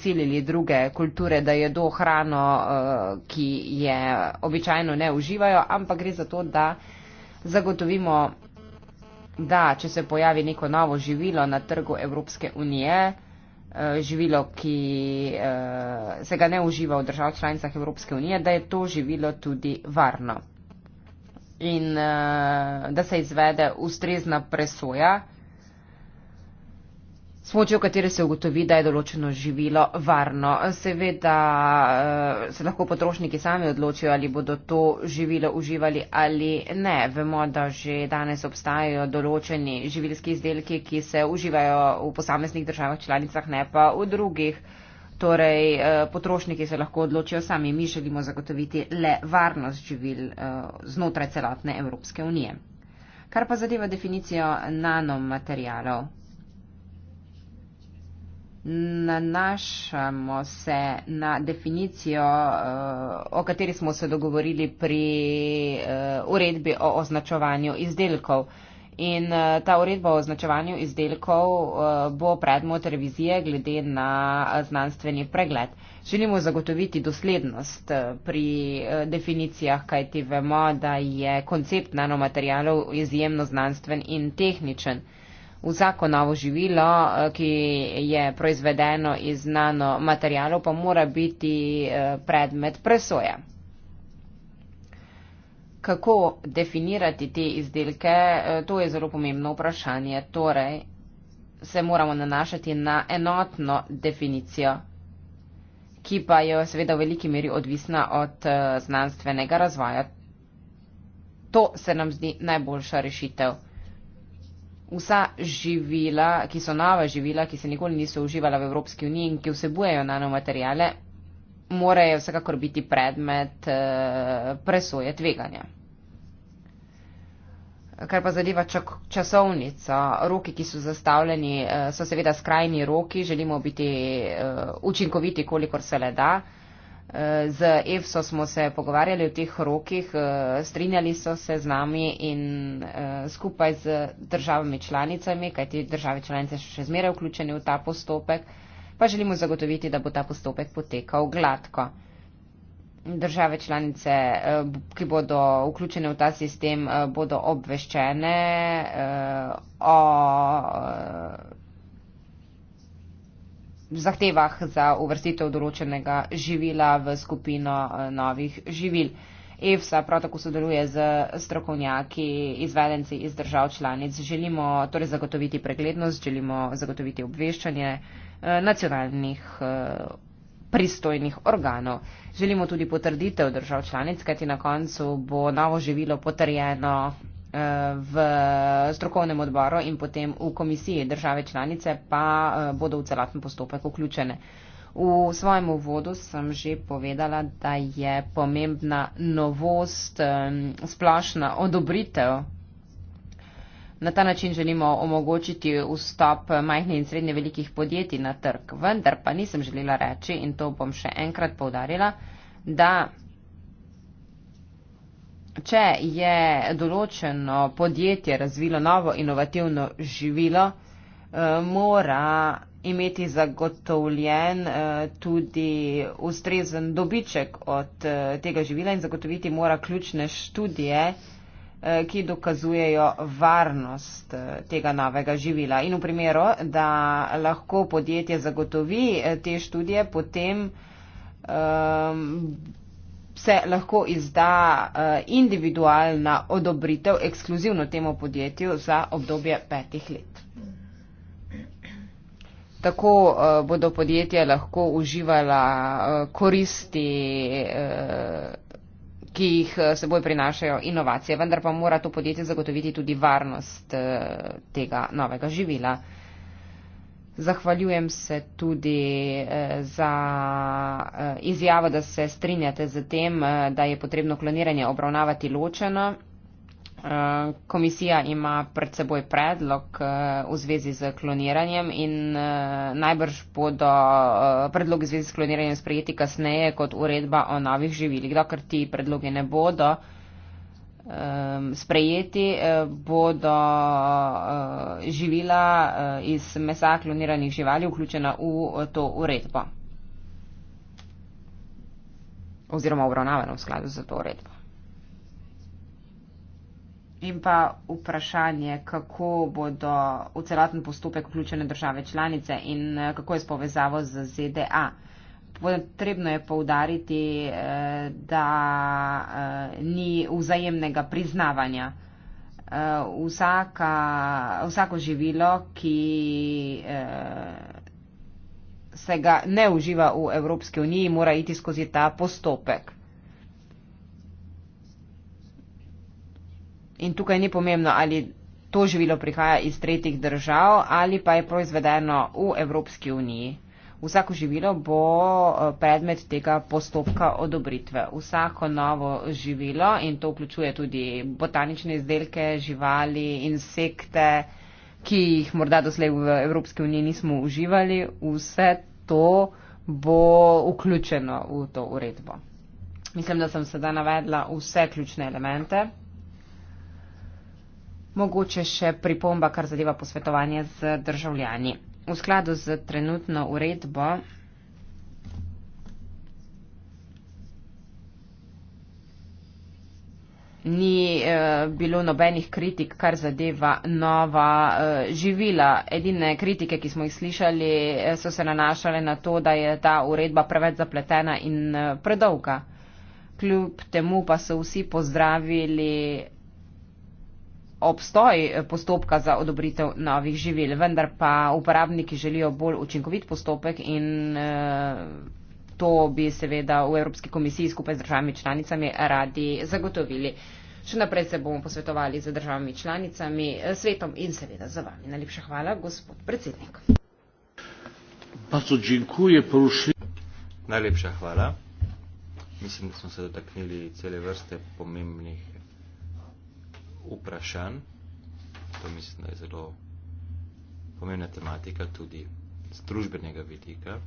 silili druge kulture, da jedo hrano, eh, ki je običajno ne uživajo, ampak gre za to, da zagotovimo, da če se pojavi neko novo živilo na trgu Evropske unije, Eh, živilo, ki eh, se ga ne uživa v držav članicah Evropske unije, da je to živilo tudi varno. In eh, da se izvede ustrezna presoja s pomočjo katere se ugotovi, da je določeno živilo varno. Seveda eh, se lahko potrošniki sami odločijo, ali bodo to živilo uživali ali ne. Vemo, da že danes obstajajo določeni živilski izdelki, ki se uživajo v posameznih državah članicah, ne pa v drugih. Torej, eh, potrošniki se lahko odločijo sami. Mi želimo zagotoviti le varnost živil eh, znotraj celotne Evropske unije. Kar pa zadeva definicijo nanomaterialov nanašamo se na definicijo, eh, o kateri smo se dogovorili pri eh, uredbi o označevanju izdelkov. In eh, ta uredba o označevanju izdelkov bo predmet revizije glede na znanstveni pregled. Želimo zagotoviti doslednost pri definicijah, kajti vemo, da je koncept nanomaterialov izjemno znanstven in tehničen vsako novo živilo, eh, ki je proizvedeno iz znano materijalov, pa mora biti eh, predmet presoja. Kako definirati te izdelke, eh, to je zelo pomembno vprašanje. Torej, se moramo nanašati na enotno definicijo, ki pa je seveda v veliki meri odvisna od znanstvenega razvoja. To se nam zdi najboljša rešitev vsa živila, ki so nova živila, ki se nikoli niso uživala v Evropski uniji in ki vsebujejo nanomaterijale, morajo vsekakor biti predmet eh, presoje tveganja. Kar pa zadeva časovnico, roki, ki so zastavljeni, eh, so seveda skrajni roki, želimo biti eh, učinkoviti, kolikor se le da. Z EFSO smo se pogovarjali o teh rokih, eh, strinjali so se z nami in eh, skupaj z državami članicami, kajti države članice so še zmeraj vključene v ta postopek, pa želimo zagotoviti, da bo ta postopek potekal gladko. Države članice, eh, ki bodo vključene v ta sistem, bodo obveščene o zahtevah za uvrstitev določenega živila v skupino eh, novih živil. EFSA prav tako sodeluje z strokovnjaki, izvedenci iz držav članic. Želimo torej zagotoviti preglednost, želimo zagotoviti obveščanje eh, nacionalnih eh, pristojnih organov. Želimo tudi potrditev držav članic, kajti na koncu bo novo živilo potrjeno v strokovnem odboru in potem v komisiji države članice pa eh, bodo v celoten postopek vključene. V svojem uvodu sem že povedala, da je pomembna novost splošna odobritev. Na ta način želimo omogočiti vstop majhne in srednje velikih podjetij na trg. Vendar pa nisem želela reči, in to bom še enkrat povdarila, da Če je določeno podjetje razvilo novo inovativno živilo, eh, mora imeti zagotovljen eh, tudi ustrezen dobiček od eh, tega živila in zagotoviti mora ključne študije, ki dokazujejo varnost tega novega živila. In v primeru, da lahko podjetje zagotovi te študije, potem um, se lahko izda eh, individualna odobritev ekskluzivno temu podjetju za obdobje petih let. Tako eh, bodo podjetja lahko uživala eh, koristi, ki jih seboj prinašajo inovacije, vendar pa mora to podjetje zagotoviti tudi varnost tega novega živila. Zahvaljujem se tudi eh, za eh, izjavo, da se strinjate z tem, eh, da je potrebno kloniranje obravnavati ločeno. Komisija ima pred seboj predlog v zvezi z kloniranjem in najbrž bodo predlogi v zvezi s kloniranjem sprejeti kasneje kot uredba o novih živilih. Dokler ti predlogi ne bodo, Ehm, sprejeti, eh, bodo eh, živila eh, iz mesa kloniranih živali vključena v to uredbo. Oziroma obravnavano v skladu za to uredbo. In pa vprašanje, kako bodo v celoten postopek vključene države članice in kako je s povezavo z ZDA. Potrebno je povdariti, eh, da eh, ni vzajemnega priznavanja. Eh, vsaka, vsako živilo, ki se ga ne uživa v Evropski uniji, mora iti skozi ta postopek. In tukaj ni pomembno, ali. To živilo prihaja iz tretjih držav ali pa je proizvedeno v Evropski uniji. Vsako živilo bo eh, predmet tega postopka odobritve. Vsako novo živilo in to vključuje tudi botanične izdelke, živali, insekte, ki jih morda doslej v Evropski uniji nismo uživali, vse to bo vključeno v to uredbo. Mislim, da sem sedaj navedla vse ključne elemente. Mogoče še pripomba, kar zadeva posvetovanje z državljani v skladu z trenutno uredbo ni eh, bilo nobenih kritik, kar zadeva nova eh, živila. Edine kritike, ki smo jih slišali, eh, so se nanašale na to, da je ta uredba preveč zapletena in predolga. Kljub temu pa so vsi pozdravili obstoj postopka za odobritev novih živil, vendar pa uporabniki želijo bolj učinkovit postopek in eh, to bi seveda v Evropski komisiji skupaj z državami članicami radi zagotovili. Še naprej se bomo posvetovali z državami članicami, eh, svetom in seveda za vami. Najlepša hvala, gospod predsednik. Najlepša hvala. Mislim, da smo se dotaknili cele vrste pomembnih vprašanj, to mislim, da je zelo pomembna tematika tudi z družbenega vidika.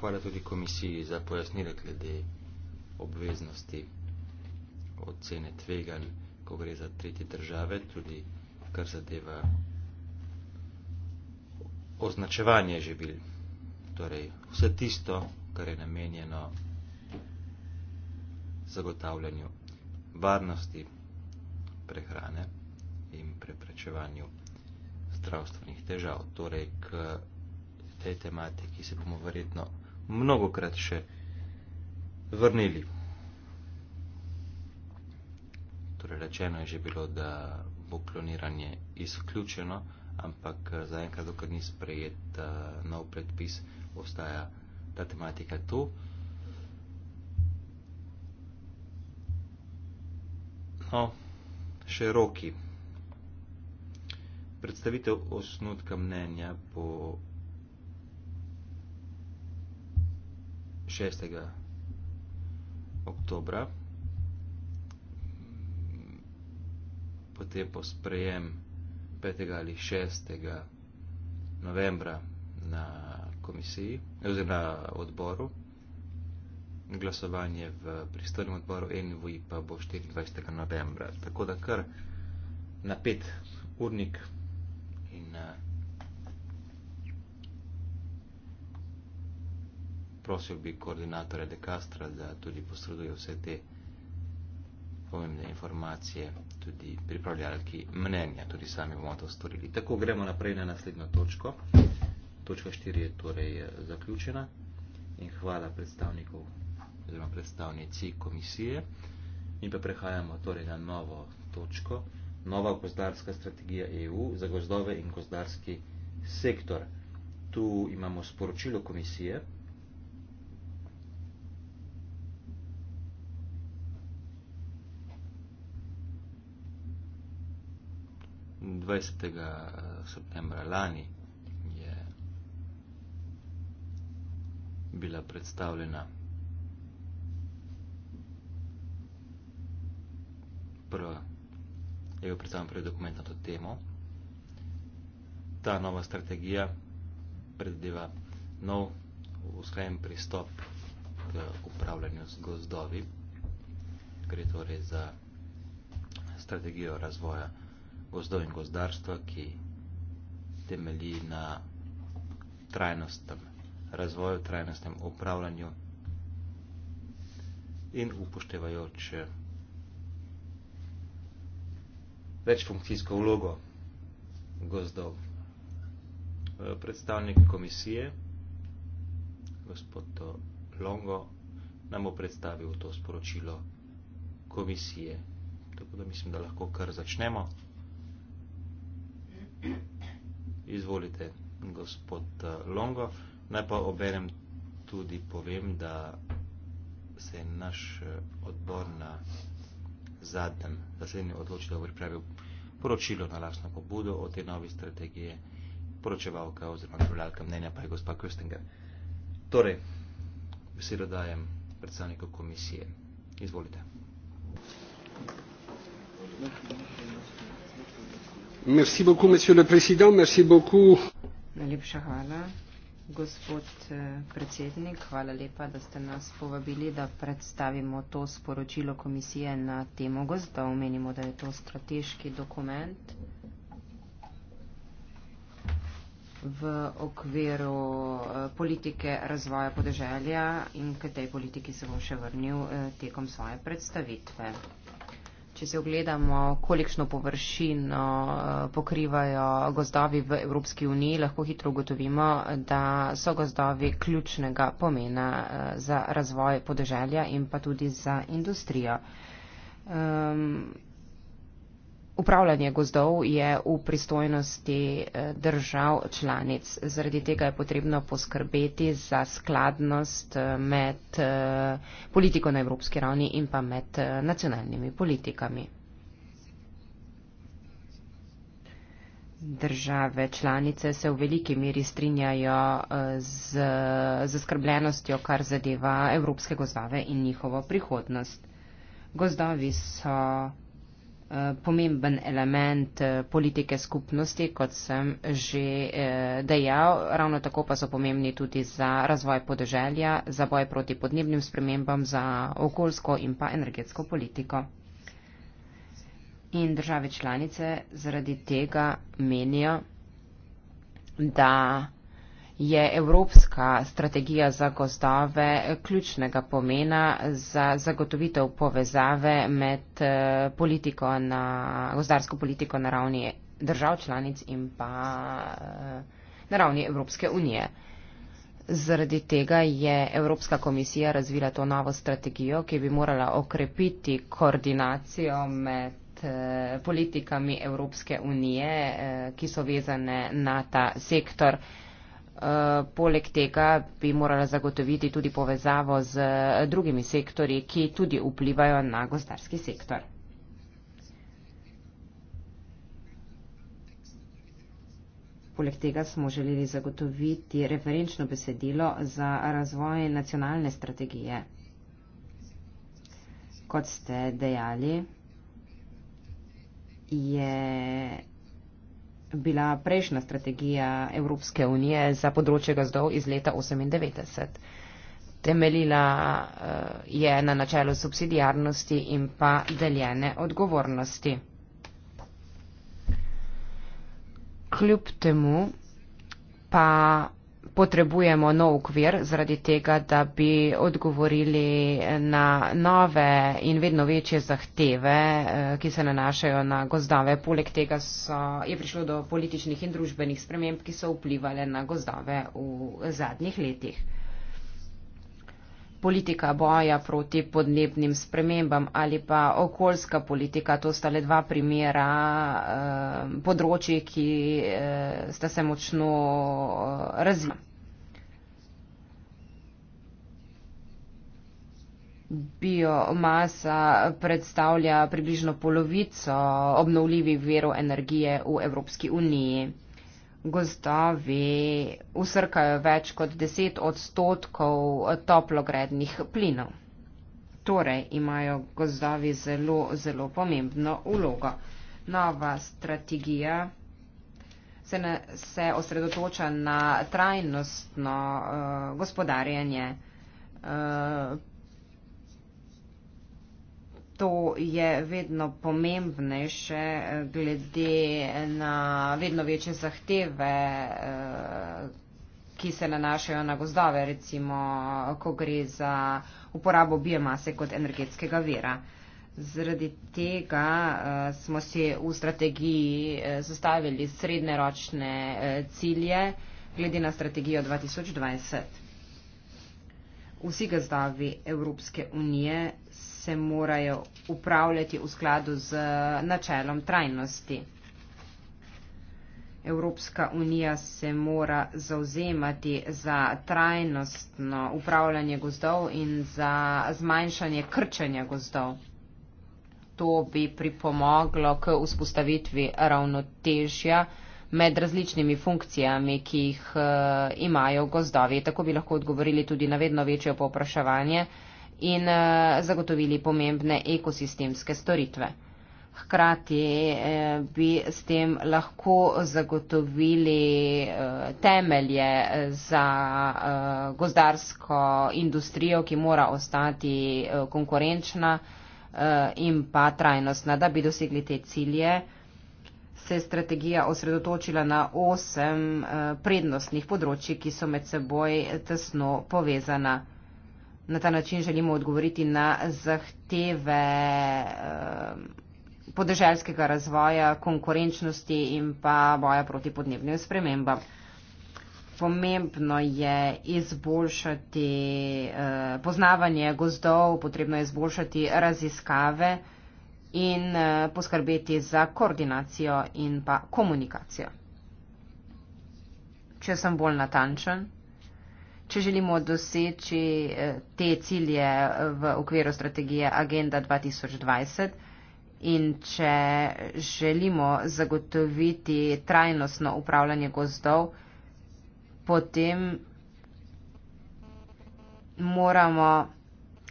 Hvala tudi komisiji za pojasnila glede obveznosti ocene tveganj, ko gre za tretje države, tudi kar zadeva označevanje živil. Torej, vse tisto, kar je namenjeno zagotavljanju varnosti prehrane in preprečevanju zdravstvenih težav. Torej, k tej tematiki se bomo verjetno mnogokrat še vrnili. Torej, rečeno je že bilo, da bo kloniranje izključeno, ampak eh, zaenkrat, dokler ni sprejet eh, nov predpis, ostaja ta tematika tu. No, še roki. Predstavitev osnutka mnenja bo 6. oktobra, potem pa sprejem 5. ali 6. novembra na komisiji oziroma na odboru glasovanje v pristojnem odboru NVI pa bo 24. novembra. Tako da kar na pet urnik in eh, prosil bi koordinatorja De Castra, da tudi posreduje vse te pomembne informacije tudi pripravljalki mnenja, tudi sami bomo to storili. Tako gremo naprej na naslednjo točko. Točka 4 je torej eh, zaključena in hvala predstavnikov oziroma predstavnici komisije. Mi pa prehajamo torej na novo točko, nova gozdarska strategija EU za gozdove in gozdarski sektor. Tu imamo sporočilo komisije. Dvajsetega eh, septembra lani je bila predstavljena je bil predstavljen prvi dokument na to temo. Ta nova strategija predvideva nov usklajen pristop k upravljanju z gozdovi. Gre torej za strategijo razvoja gozdov in gozdarstva, ki temelji na trajnostnem razvoju, trajnostnem upravljanju in upoštevajoče večfunkcijsko vlogo gozdov. Eh, predstavnik komisije, gospod Longo, nam bo predstavil to sporočilo komisije. Tako da mislim, da lahko kar začnemo. Izvolite, gospod eh, Longo. Naj pa obenem tudi povem, da se je naš eh, odbor na zadnjem zasednju odločil, da bo pripravil poročilo na lastno pobudo o tej novi strategiji poročevalka oziroma upravljalka mnenja pa je gospa Köstinger. Torej, besedo dajem predstavniku komisije. Izvolite. Merci beaucoup, monsieur le président. Merci beaucoup. Najlepša hvala. Gospod eh, predsednik, hvala lepa, da ste nas povabili, da predstavimo to sporočilo komisije na temo gozd, da omenimo, da je to strateški dokument. V okviru eh, politike razvoja podeželja in k tej politiki se bom še vrnil eh, tekom svoje predstavitve če se ogledamo, kolikšno površino eh, pokrivajo gozdovi v Evropski uniji, lahko hitro ugotovimo, da so gozdovi ključnega pomena eh, za razvoj podeželja in pa tudi za industrijo. Ehm, Upravljanje gozdov je v pristojnosti eh, držav članic. Zaradi tega je potrebno poskrbeti za skladnost eh, med eh, politiko na evropski ravni in pa med nacionalnimi politikami. Države članice se v veliki meri strinjajo z zaskrbljenostjo, kar zadeva evropske gozdove in njihovo prihodnost. Gozdovi so pomemben element eh, politike skupnosti, kot sem že eh, dejal. Ravno tako pa so pomembni tudi za razvoj podeželja, za boj proti podnebnim spremembam, za okoljsko in pa energetsko politiko. In države članice zaradi tega menijo, da je evropska strategija za gozdove ključnega pomena za zagotovitev povezave med eh, politiko na, gozdarsko politiko na ravni držav članic in pa eh, na ravni Evropske unije. Zaradi tega je Evropska komisija razvila to novo strategijo, ki bi morala okrepiti koordinacijo med eh, politikami Evropske unije, ki so vezane na ta sektor Eh, poleg tega bi morala zagotoviti tudi povezavo z eh, drugimi sektori, ki tudi vplivajo na gozdarski sektor. Poleg tega smo želeli zagotoviti referenčno besedilo za razvoj nacionalne strategije. Kot ste dejali, je bila prejšnja strategija Evropske unije za področje gozdov iz leta 1998. Temeljila eh, je na načelu subsidijarnosti in pa deljene odgovornosti. Kljub temu pa potrebujemo nov ukvir, zaradi tega, da bi odgovorili na nove in vedno večje zahteve, eh, ki se nanašajo na gozdove. Poleg tega so, je prišlo do političnih in družbenih sprememb, ki so vplivali na gozdove v zadnjih letih politika boja proti podnebnim spremembam ali pa okoljska politika. To sta le dva primera eh, področji, ki eh, sta se močno eh, razvila. Biomasa predstavlja približno polovico obnovljivih verov energije v Evropski uniji gozdovi usrkajo več kot 10 odstotkov toplogrednih plinov. Torej imajo gozdovi zelo, zelo pomembno ulogo. Nova strategija se, ne, se osredotoča na trajnostno uh, eh, gospodarjanje uh, eh, to je vedno pomembnejše eh, glede na vedno večje zahteve, eh, ki se nanašajo na gozdove, recimo, ko gre za uporabo biomase kot energetskega vira. Zradi tega uh, smo si v strategiji zastavili uh, srednjeročne uh, cilje glede na strategijo 2020. Vsi gazdavi Evropske unije se morajo upravljati v skladu z eh, načelom trajnosti. Evropska unija se mora zauzemati za trajnostno upravljanje gozdov in za zmanjšanje krčanja gozdov. To bi pripomoglo k vzpostavitvi ravnotežja med različnimi funkcijami, ki jih eh, imajo gozdovi. Tako bi lahko odgovorili tudi na vedno večje popraševanje in eh, zagotovili pomembne ekosistemske storitve. Hkrati eh, bi s tem lahko zagotovili eh, temelje za gozdarsko industrijo, ki mora ostati konkurenčna in pa trajnostna, da bi dosegli te cilje. Se je strategija osredotočila na osem prednostnih področji, ki so med seboj tesno povezana na ta način želimo odgovoriti na zahteve eh, podeželskega razvoja, konkurenčnosti in pa boja proti podnebnim spremembam. Pomembno je izboljšati eh, poznavanje gozdov, potrebno je izboljšati raziskave in eh, poskrbeti za koordinacijo in pa komunikacijo. Če sem bolj natančen če želimo doseči eh, te cilje eh, v okviru strategije Agenda 2020 in če želimo zagotoviti trajnostno upravljanje gozdov, potem moramo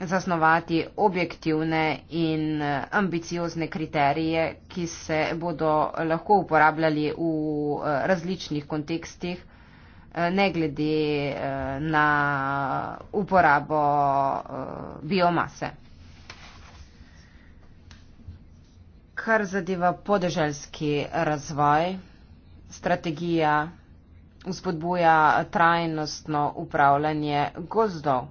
zasnovati objektivne in eh, ambiciozne kriterije, ki se bodo lahko uporabljali v različnih kontekstih. Eh, ne glede eh, na uporabo eh, biomase. Kar zadeva podeželski razvoj, strategija vzpodbuja trajnostno upravljanje gozdov.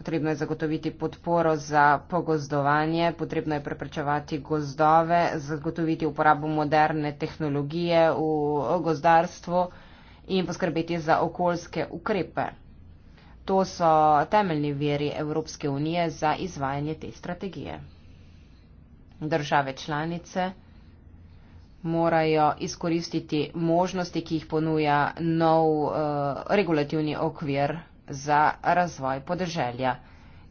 Potrebno je zagotoviti podporo za pogozdovanje, potrebno je preprečevati gozdove, zagotoviti uporabo moderne tehnologije v gozdarstvu in poskrbeti za okoljske ukrepe. To so temeljni veri Evropske unije za izvajanje te strategije. Države članice morajo izkoristiti možnosti, ki jih ponuja nov uh, regulativni okvir za razvoj podeželja.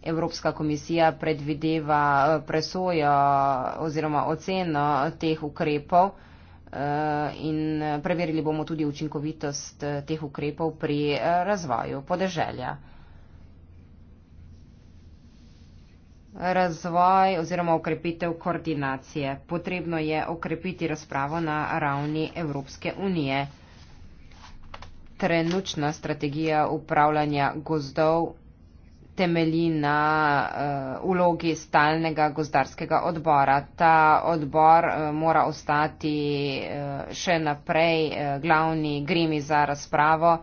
Evropska komisija predvideva eh, presojo oziroma oceno teh ukrepov eh, in preverili bomo tudi učinkovitost eh, teh ukrepov pri razvoju podeželja. Razvoj oziroma okrepitev koordinacije. Potrebno je okrepiti razpravo na ravni Evropske unije trenutna strategija upravljanja gozdov temelji na uh, vlogi stalnega gozdarskega odbora. Ta odbor uh, mora ostati uh, še naprej uh, glavni grimi za razpravo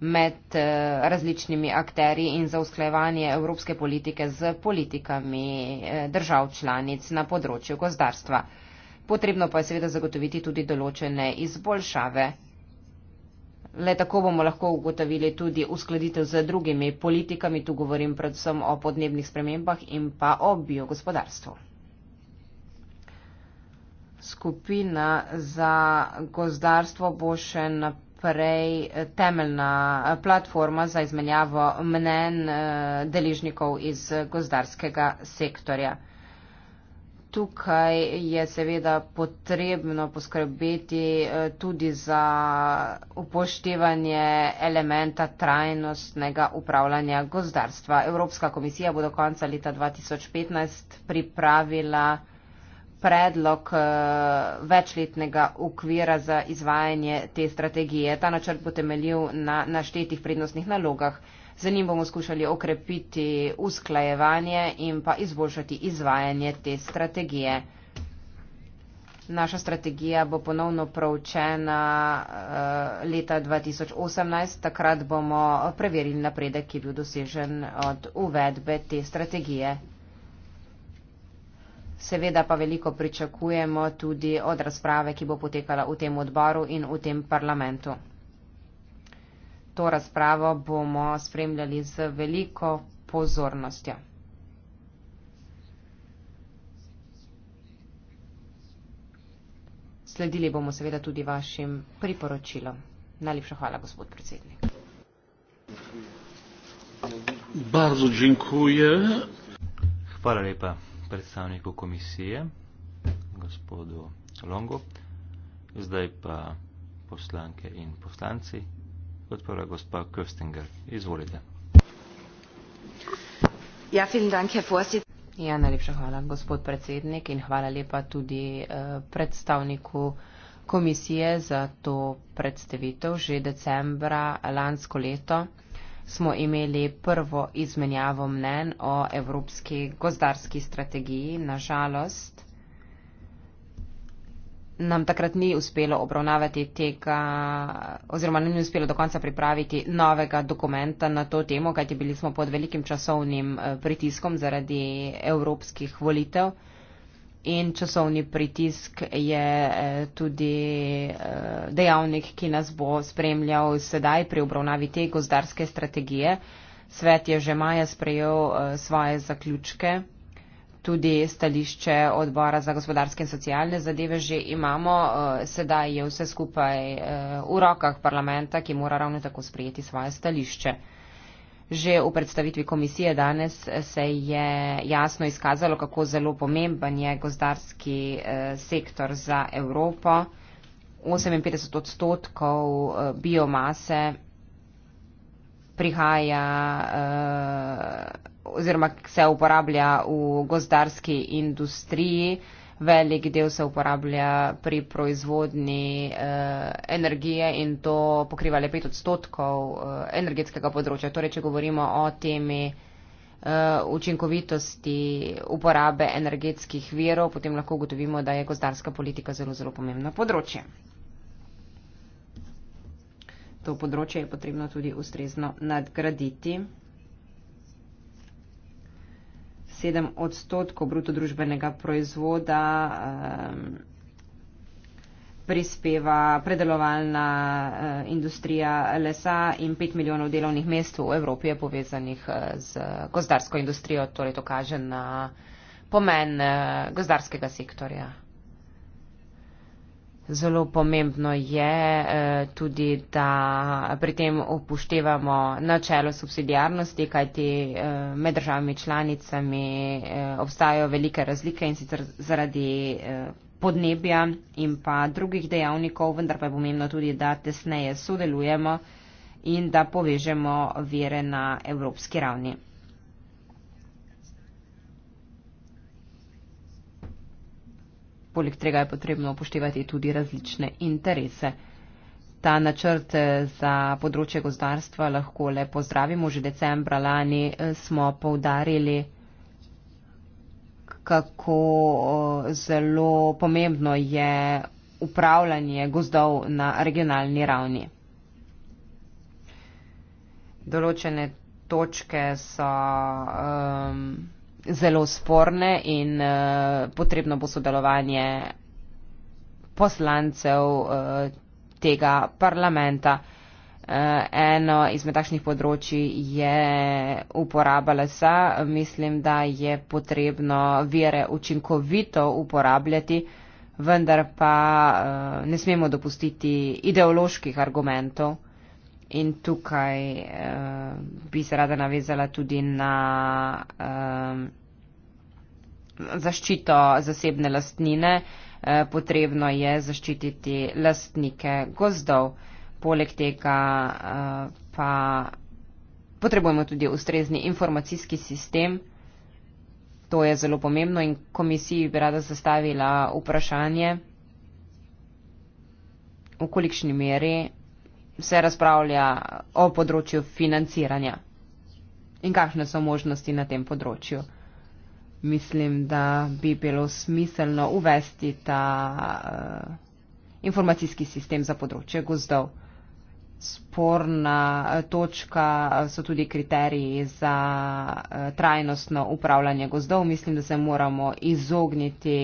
med uh, različnimi akteri in za usklajevanje evropske politike z politikami uh, držav članic na področju gozdarstva. Potrebno pa je seveda zagotoviti tudi določene izboljšave. Le tako bomo lahko ugotavili tudi uskladitev z drugimi politikami, tu govorim predvsem o podnebnih spremembah in pa o biogospodarstvu. Skupina za gozdarstvo bo še naprej temeljna platforma za izmenjavo mnen eh, deležnikov iz gozdarskega sektorja tukaj je seveda potrebno poskrbeti eh, tudi za upoštevanje elementa trajnostnega upravljanja gozdarstva. Evropska komisija bo do konca leta 2015 pripravila predlog eh, večletnega ukvira za izvajanje te strategije. Ta načrt bo temeljil na naštetih prednostnih nalogah Z njim bomo skušali okrepiti usklajevanje in pa izboljšati izvajanje te strategije. Naša strategija bo ponovno proučena eh, leta 2018. Takrat bomo preverili napredek, ki je bil dosežen od uvedbe te strategije. Seveda pa veliko pričakujemo tudi od razprave, ki bo potekala v tem odboru in v tem parlamentu to razpravo bomo spremljali z veliko pozornostjo. Sledili bomo seveda tudi vašim priporočilom. Najlepša hvala, gospod predsednik. Bardzo dziękuję. Hvala lepa predstavniku komisije, gospodu Longo. Zdaj pa poslanke in poslanci. Kot prva gospa Köstinger. Izvolite. Ja, dank, ja, najlepša hvala, gospod predsednik, in hvala lepa tudi eh, predstavniku komisije za to predstavitev. Že decembra lansko leto smo imeli prvo izmenjavo mnen o evropski gozdarski strategiji. Nažalost, nam takrat ni uspelo obravnavati tega, oziroma ni uspelo do konca pripraviti novega dokumenta na to temo, kajti bili smo pod velikim časovnim eh, pritiskom zaradi evropskih volitev. In časovni pritisk je eh, tudi eh, dejavnik, ki nas bo spremljal sedaj pri obravnavi te gozdarske strategije. Svet je že maja sprejel svoje zaključke tudi stališče odbora za gospodarske in socialne zadeve že imamo. Eh, sedaj je vse skupaj eh, v rokah parlamenta, ki mora ravno tako sprejeti svoje stališče. Že v predstavitvi komisije danes eh, se je jasno izkazalo, kako zelo pomemben je gozdarski sektor za Evropo. 58 odstotkov biomase prihaja uh, oziroma se uporablja v gozdarski industriji, velik del se uporablja pri proizvodni uh, eh, energije in to pokriva le pet odstotkov uh, energetskega področja. Torej, če govorimo o temi uh, učinkovitosti uporabe energetskih verov, potem lahko ugotovimo, da je gozdarska politika zelo, zelo pomembno področje to področje je potrebno tudi ustrezno nadgraditi. 7 odstotkov brutodružbenega proizvoda ehm, prispeva predelovalna eh, industrija lesa in 5 milijonov delovnih mest v Evropi je povezanih eh, z gozdarsko industrijo, torej to kaže na pomen eh, gozdarskega sektorja. Zelo pomembno je eh, tudi, da pri tem upoštevamo načelo subsidijarnosti, kajti eh, med državami članicami eh, obstajajo velike razlike in sicer zaradi podnebja in pa drugih dejavnikov, vendar pa je pomembno tudi, da tesneje sodelujemo in da povežemo vire na evropski ravni. Poleg tega je potrebno upoštevati tudi različne interese. Ta načrt eh, za področje gozdarstva lahko le pozdravimo. Že decembra lani eh, smo povdarili, kako eh, zelo pomembno je upravljanje gozdov na regionalni ravni. Določene točke so. Um, zelo sporne in uh, potrebno bo sodelovanje poslancev uh, tega parlamenta. Uh, eno izmed takšnih področji je uporaba lesa. Mislim, da je potrebno vire učinkovito uporabljati, vendar pa uh, ne smemo dopustiti ideoloških argumentov. In tukaj uh, bi se rada navezala tudi na uh, zaščito zasebne lastnine. Uh, potrebno je zaščititi lastnike gozdov. Poleg tega uh, pa potrebujemo tudi ustrezni informacijski sistem. To je zelo pomembno in komisiji bi rada zastavila vprašanje, v kolikšni meri se razpravlja o področju financiranja in kakšne so možnosti na tem področju. Mislim, da bi bilo smiselno uvesti ta uh, informacijski sistem za področje gozdov. Sporna eh, točka eh, so tudi kriteriji za uh, trajnostno upravljanje gozdov. Mislim, da se moramo izogniti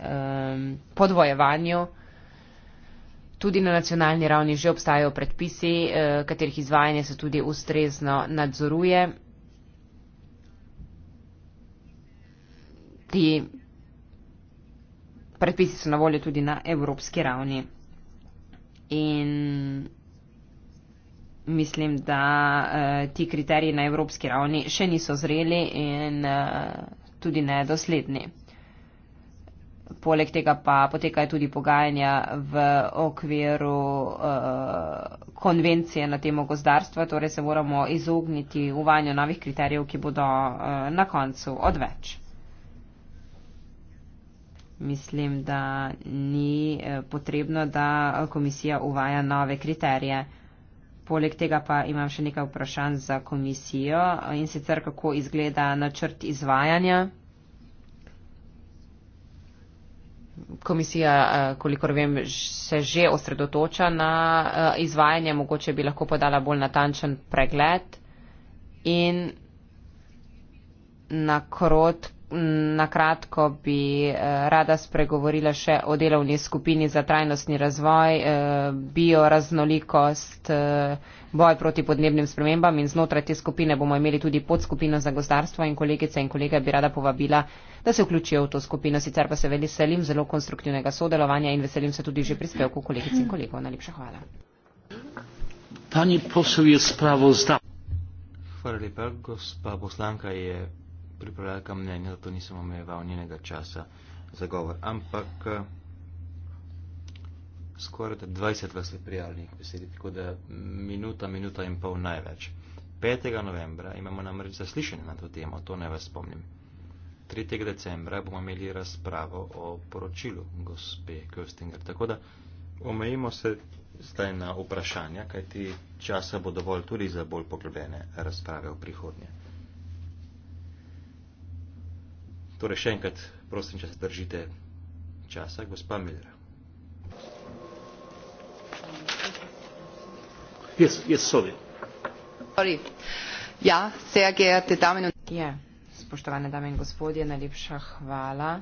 um, podvojevanju uh, Tudi na nacionalni ravni že obstajajo predpisi, eh, katerih izvajanje se tudi ustrezno nadzoruje. Ti predpisi so na voljo tudi na evropski ravni. In mislim, da eh, ti kriteriji na evropski ravni še niso zreli in eh, tudi nedosledni. Poleg tega pa potekajo tudi pogajanja v okviru uh, konvencije na temo gozdarstva, torej se moramo izogniti uvanju novih kriterijev, ki bodo uh, na koncu odveč. Mislim, da ni eh, potrebno, da komisija uvaja nove kriterije. Poleg tega pa imam še nekaj vprašanj za komisijo in sicer kako izgleda načrt izvajanja. komisija, eh, kolikor vem, se že osredotoča na eh, izvajanje, mogoče bi lahko podala bolj natančen pregled in na krotko na kratko bi eh, rada spregovorila še o delovni skupini za trajnostni razvoj, eh, bioraznolikost, eh, boj proti podnebnim spremembam in znotraj te skupine bomo imeli tudi podskupino za gozdarstvo in kolegice in kolege bi rada povabila, da se vključijo v to skupino. Sicer pa se veselim zelo konstruktivnega sodelovanja in veselim se tudi že prispevku kolegic in kolegov. Najlepša hvala. Pani posel je spravo zdaj. Hvala lepa, gospa poslanka je pripravljalka mnenja, zato nisem omejeval njenega časa za govor. Ampak eh, skoraj 20 vas je prijavljenih besedi, tako da minuta, minuta in pol največ. 5. novembra imamo namreč zaslišanje na to temo, to ne vas spomnim. 3. decembra bomo imeli razpravo o poročilu gospe Köstinger. Tako da omejimo se zdaj na vprašanja, kajti časa bo dovolj tudi za bolj poglobljene razprave v prihodnje. Torej, še enkrat prosim, če se držite časa, gospa Miller. Yes, yes, sorry. sorry. Ja, sehr geehrte Damen und Herren. Ja, spoštovane dame in gospodje, najlepša hvala.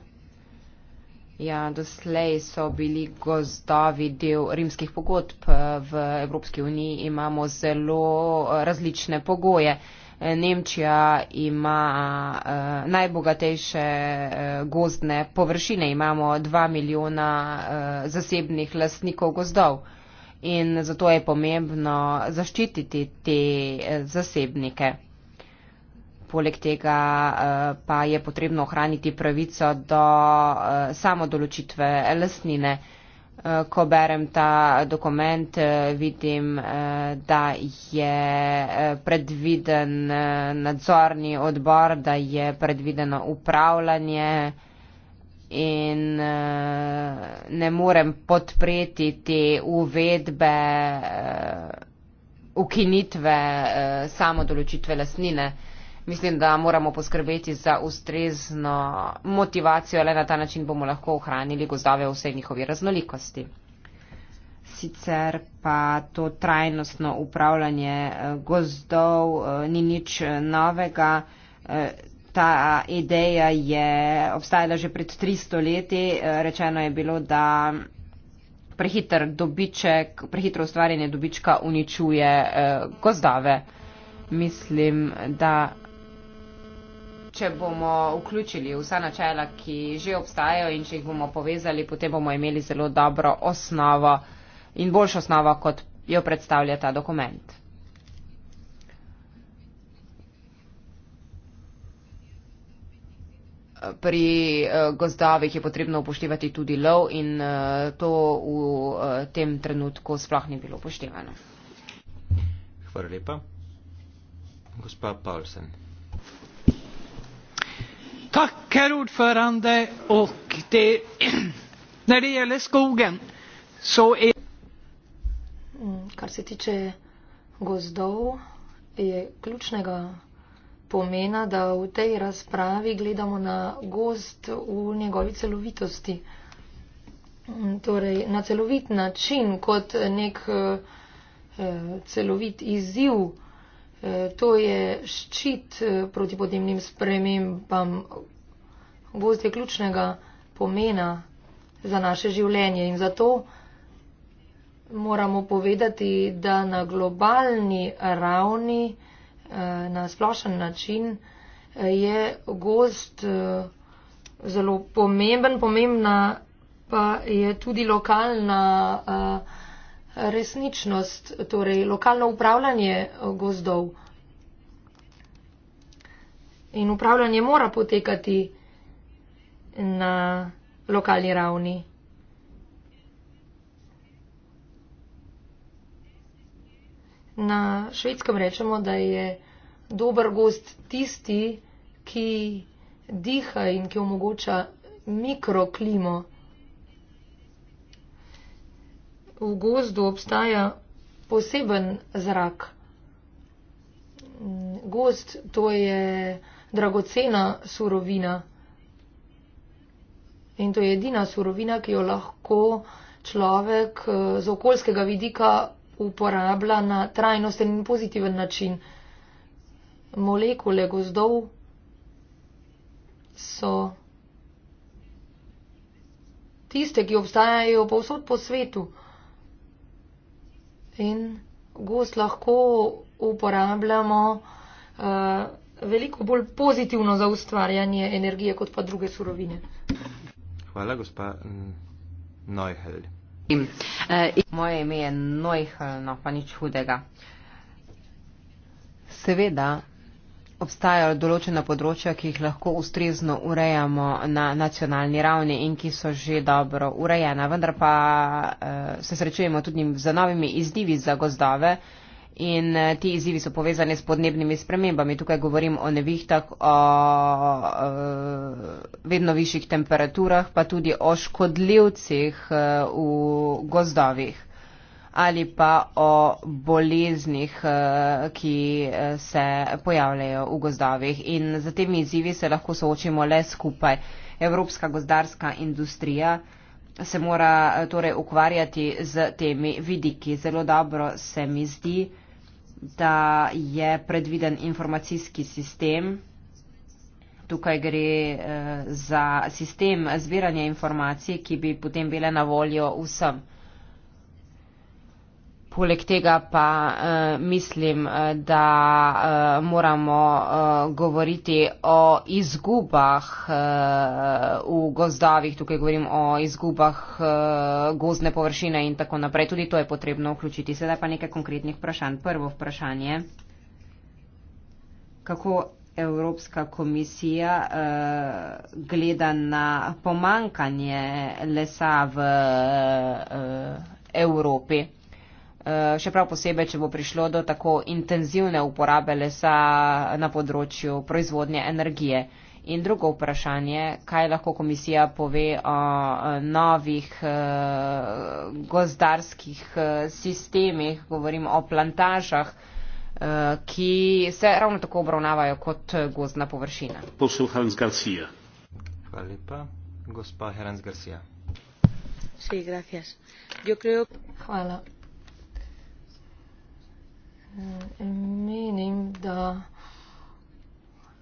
Ja, doslej so bili gozdovi del rimskih pogodb. Eh, v Evropski uniji imamo zelo eh, različne pogoje. Nemčija ima uh, najbogatejše uh, gozdne površine, imamo dva milijona uh, zasebnih lastnikov gozdov in zato je pomembno zaščititi te uh, zasebnike. Poleg tega uh, pa je potrebno ohraniti pravico do uh, samodoločitve lastnine. Uh, Eh, ko berem ta dokument, eh, vidim, eh, da je predviden nadzorni odbor, da je predvideno upravljanje in ne morem podpreti te uvedbe, ukinitve samodoločitve lasnine. Mislim, da moramo poskrbeti za ustrezno motivacijo, le na ta način bomo lahko ohranili gozdove v vsej njihovi raznolikosti. Sicer pa to trajnostno upravljanje eh, gozdov eh, ni nič eh, novega. Ta ideja je obstajala že pred 300 leti. Rečeno je bilo, da prehiter dobiček, prehitro ustvarjanje dobička uničuje gozdove. Mislim, da če bomo vključili vsa načela, ki že obstajajo in če jih bomo povezali, potem bomo imeli zelo dobro osnovo in boljšo osnovo, kot jo predstavlja ta dokument. Pri eh, gozdovih je potrebno upoštevati tudi lov in eh, to v eh, tem trenutku sploh ni bilo upoštevano. Hvala lepa. Gospa Paulsen. Herr Präsident! Und was die Kar se tiče gozdov, je ključnega pomena, da v tej razpravi gledamo na gozd v njegovi celovitosti. Mm, torej, na celovit način, kot nek eh, celovit izziv. E, to je ščit e, proti podnebnim spremembam. Gost je ključnega pomena za naše življenje in zato moramo povedati, da na globalni ravni, e, na splošen način je gost zelo pomemben, pomembna pa je tudi lokalna resničnost, torej lokalno upravljanje eh, gozdov. In upravljanje mora potekati na lokalni ravni. Na švedskem rečemo, da je dober gost tisti, ki diha in ki omogoča mikroklimo v gozdu obstaja poseben zrak. Gost to je dragocena surovina in to je edina surovina, ki jo lahko človek eh, z okoljskega vidika uporablja na trajnosten in pozitiven način. Molekule gozdov so tiste, ki obstajajo povsod po svetu. In gost lahko uporabljamo uh, veliko bolj pozitivno za ustvarjanje energije kot pa druge surovine. Hvala, gospa mm, Neuhel. Eh, moje ime je Neuhel, no pa nič hudega. Seveda obstajajo določena področja, ki jih lahko ustrezno urejamo na nacionalni ravni in ki so že dobro urejena. Vendar pa eh, se srečujemo tudi z novimi izdivi za gozdove in eh, ti izdivi so povezani s podnebnimi spremembami. Tukaj govorim o nevihtah, o eh, vedno višjih temperaturah, pa tudi o škodljivcih v gozdovih ali pa o boleznih, eh, ki eh, se pojavljajo v gozdovih. In za temi izzivi se lahko soočimo le skupaj. Evropska gozdarska industrija se mora eh, torej ukvarjati z temi vidiki. Zelo dobro se mi zdi, da je predviden informacijski sistem. Tukaj gre za sistem zbiranja informacij, ki bi potem bile na voljo vsem. Poleg tega pa uh, mislim, eh, da uh, moramo uh, govoriti o izgubah uh, v gozdovih, tukaj govorim o izgubah uh, gozdne površine in tako naprej. Tudi to je potrebno vključiti. Sedaj pa nekaj konkretnih vprašanj. Prvo vprašanje. Kako Evropska komisija uh, gleda na pomankanje lesa v uh, Evropi? Eh, še prav posebej, če bo prišlo do tako intenzivne uporabe lesa na področju proizvodnje energije. In drugo vprašanje, kaj lahko komisija pove o eh, novih eh, gozdarskih sistemih, govorim o plantažah, ki se ravno tako obravnavajo kot gozdna površina. Posluhans Garcia. Hvala lepa. Gospa Herans Garcia. Sí, gracias. Yo creo... Hvala menim, da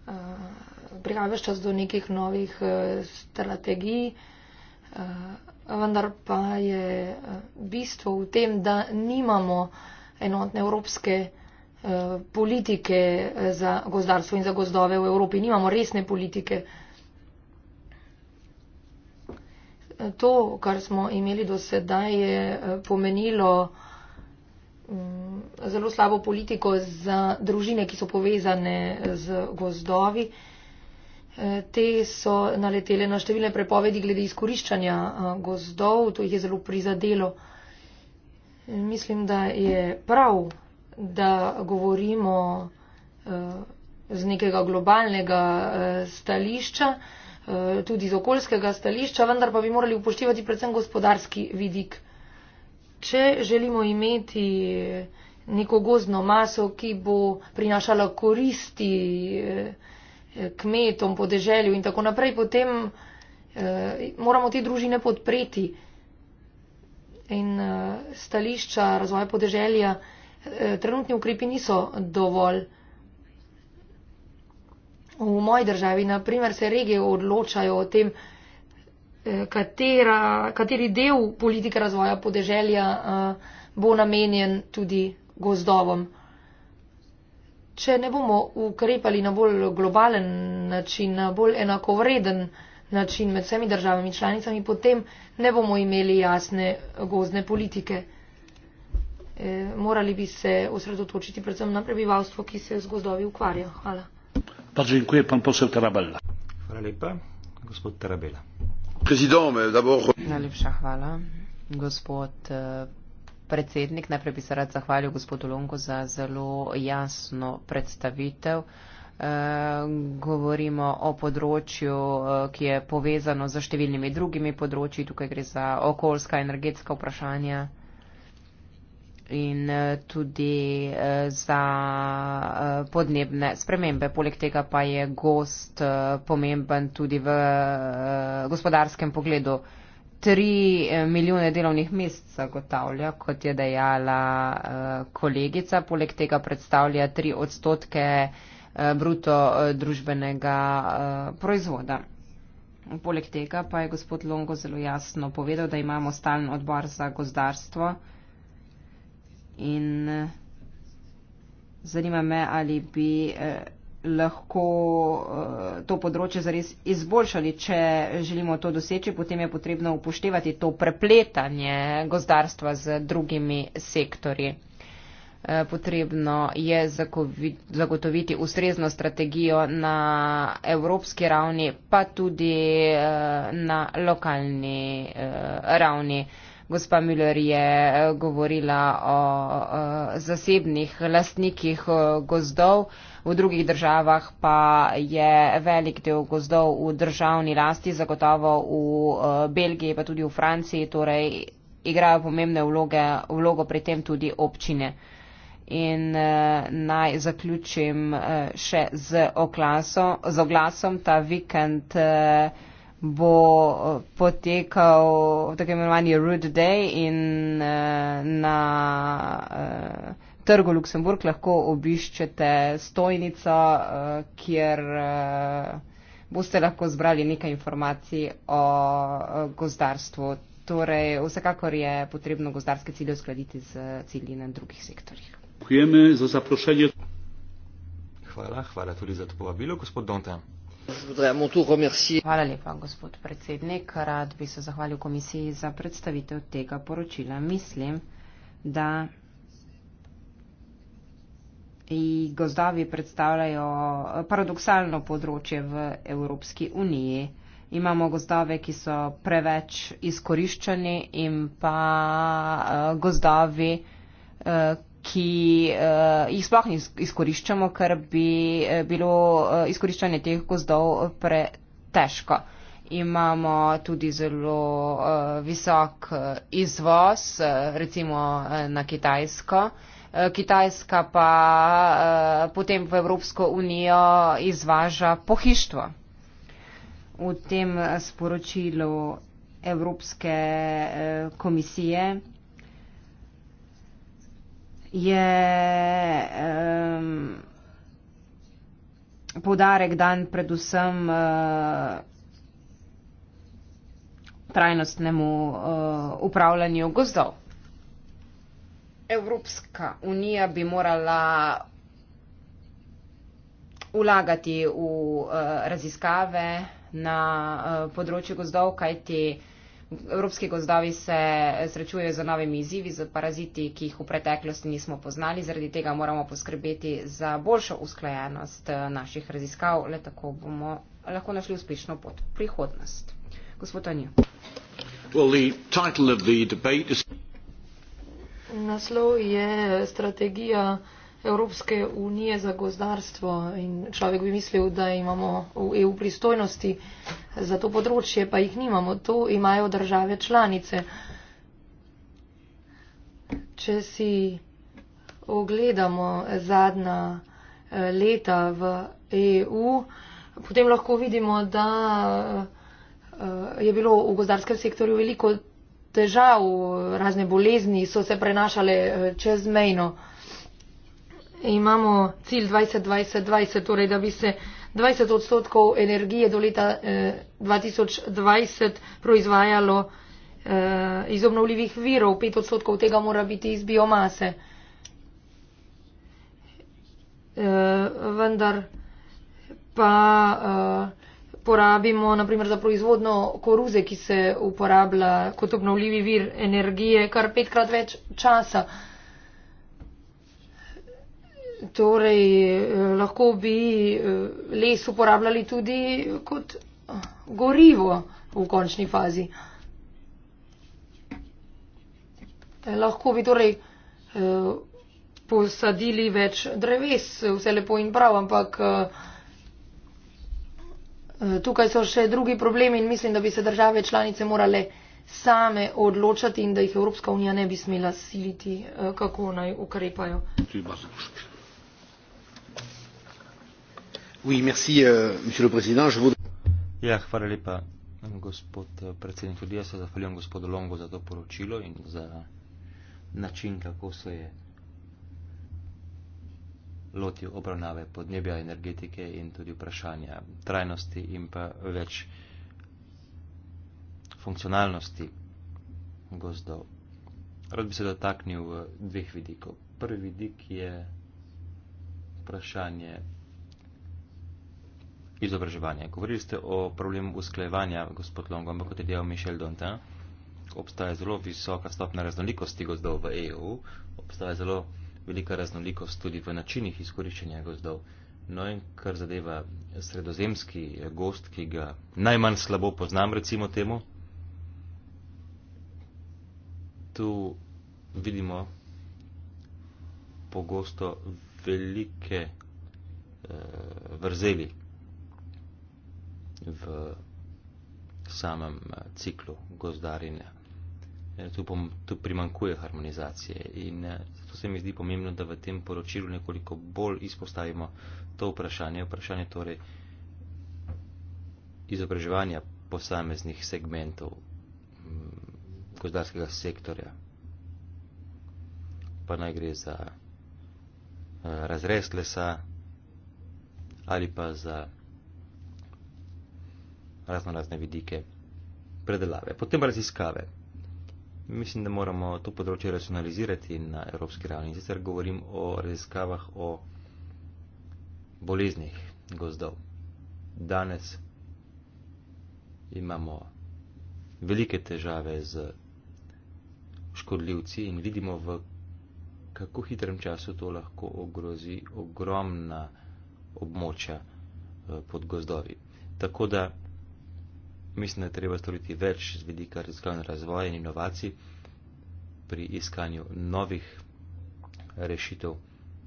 eh, prihajaš čas do nekih novih eh, strategij, eh, vendar pa je bistvo v tem, da nimamo enotne evropske politike za gozdarstvo in za gozdove v Evropi. Nimamo resne politike. To, kar smo imeli do sedaj, je pomenilo, Mm, zelo slabo politiko za družine, ki so povezane z gozdovi. E, te so naletele na številne prepovedi glede izkoriščanja e, gozdov, to jih je zelo prizadelo. E, mislim, da je prav, da govorimo z nekega globalnega stališča, tudi z okoljskega stališča, vendar pa bi morali upoštevati predvsem gospodarski vidik če želimo imeti neko gozdno maso, ki bo prinašala koristi eh, kmetom, podeželju in tako naprej, potem eh, moramo te družine podpreti. In eh, stališča razvoja podeželja, trenutni ukrepi niso dovolj. V moji državi, naprimer, se regije odločajo o tem, katera, kateri del politike razvoja podeželja bo namenjen tudi gozdovom. Če ne bomo ukrepali na bolj globalen način, na bolj enakovreden način med vsemi državami članicami, potem ne bomo imeli jasne gozdne politike. E, morali bi se osredotočiti predvsem na prebivalstvo, ki se z gozdovi ukvarja. Hvala. Pa, dziękuję, pan posel Tarabella. Hvala lepa, gospod Tarabella. Eh, predsednik, najprej bi se rad zahvalil gospodu Longu za zelo jasno predstavitev. Eh, govorimo o področju, eh, ki je povezano z številnimi drugimi področji. Tukaj gre za okoljska, energetska vprašanja in eh, tudi eh, za eh, podnebne spremembe. Poleg tega pa je gost pomemben tudi v gospodarskem pogledu. Tri milijone delovnih mest zagotavlja, kot je dejala kolegica, poleg tega predstavlja tri odstotke bruto družbenega proizvoda. Poleg tega pa je gospod Longo zelo jasno povedal, da imamo stalen odbor za gozdarstvo, In eh, zanima me, ali bi eh, lahko eh, to področje zares izboljšali. Če želimo to doseči, potem je potrebno upoštevati to prepletanje gozdarstva z drugimi sektori. Potrebno je zagotoviti ustrezno strategijo na evropski ravni, pa tudi na lokalni ravni gospa Müller je eh, govorila o eh, zasebnih lastnikih eh, gozdov, v drugih državah pa je velik del gozdov v državni lasti, zagotovo v Belgiji, pa tudi v Franciji, torej igrajo pomembne vloge, vlogo pri tem tudi občine. In eh, naj zaključim eh, še z, oklaso, z oglasom ta vikend. Eh, bo eh, potekal tako imenovani Rude Day in uh, na uh, trgu Luksemburg lahko obiščete stojnico, uh, kjer uh, boste lahko zbrali nekaj informacij o uh, gozdarstvu. Torej, vsekakor je potrebno gozdarske cilje uskladiti z cilji na drugih sektorjih. Hvala, hvala tudi za to povabilo, gospod Donta. Hvala lepa, gospod predsednik. Rad bi se zahvalil komisiji za predstavitev tega poročila. Mislim, da gozdovi predstavljajo paradoksalno področje v Evropski uniji. Imamo gozdove, ki so preveč izkoriščeni in pa eh, gozdovi, eh, ki uh, jih sploh ne izkoriščamo, ker bi uh, bilo uh, izkoriščanje teh gozdov pretežko. Imamo tudi zelo uh, visok uh, izvoz, uh, recimo uh, na Kitajsko. Uh, Kitajska pa uh, potem v Evropsko unijo izvaža pohištvo. V tem sporočilu Evropske uh, komisije je um, podarek dan predvsem uh, trajnostnemu uh, upravljanju gozdov. Evropska unija bi morala vlagati v uh, raziskave na uh, področju gozdov, kajti uh, Evropski gozdovi se srečujejo z novimi izzivi, z paraziti, ki jih v preteklosti nismo poznali. Zaradi tega moramo poskrbeti za boljšo usklajenost eh, naših raziskav, le tako bomo lahko našli uspešno pot v prihodnost. Gospod Anjo. Well, is... Naslov je strategija. Evropske unije za gozdarstvo in človek bi mislil, da imamo v EU pristojnosti za to področje, pa jih nimamo. To imajo države članice. Če si ogledamo zadnja eh, leta v EU, potem lahko vidimo, da eh, je bilo v gozdarskem sektorju veliko težav, razne bolezni so se prenašale eh, čezmejno imamo cilj 2020-2020, torej da bi se 20 odstotkov energije do leta eh, 2020 proizvajalo eh, iz obnovljivih virov, 5 odstotkov tega mora biti iz biomase. Eh, vendar pa eh, porabimo, naprimer, za proizvodno koruze, ki se uporablja kot obnovljivi vir energije, kar petkrat več časa. Eh, Torej, eh, lahko bi eh, les uporabljali tudi eh, kot gorivo v končni fazi. Lahko bi torej posadili več dreves, vse lepo in prav, ampak tukaj so še drugi problemi in mislim, da bi se države članice morale same odločati in da jih Evropska unija ne bi smela siliti, kako naj ukrepajo. Tudi, Euh, ja, hvala lepa, gospod eh, predsednik. Tudi jaz se zahvaljujem gospodu Longo za to poročilo in za način, kako se je lotil obravnave podnebja, energetike in tudi vprašanja trajnosti in pa več funkcionalnosti gozdov. Rad bi se dotaknil eh, dveh vidikov. Prvi vidik je vprašanje izobraževanje. Govorili ste o problemu usklajevanja, gospod Longo, ampak kot je dejal Michel Dante, obstaja zelo visoka stopna raznolikosti gozdov v EU, obstaja zelo velika raznolikost tudi v načinih izkoriščenja gozdov. No in kar zadeva sredozemski gost, ki ga najmanj slabo poznam, recimo temu, tu vidimo pogosto velike eh, vrzeli v samem eh, ciklu gozdarjenja. Ja, tu, bom, tu primankuje harmonizacije in eh, zato se mi zdi pomembno, da v tem poročilu nekoliko bolj izpostavimo to vprašanje, vprašanje torej izobraževanja posameznih segmentov mm, gozdarskega sektorja. Pa naj gre za eh, razrez lesa ali pa za razno razne vidike predelave. Potem pa raziskave. Mislim, da moramo to področje racionalizirati na evropski ravni. Sicer govorim o raziskavah o boleznih gozdov. Danes imamo velike težave z škodljivci in vidimo, v kako hitrem času to lahko ogrozi ogromna območja eh, pod gozdovi. Tako da Mislim, da je treba storiti več z vidika raziskovanja razvoja in inovacij pri iskanju novih rešitev,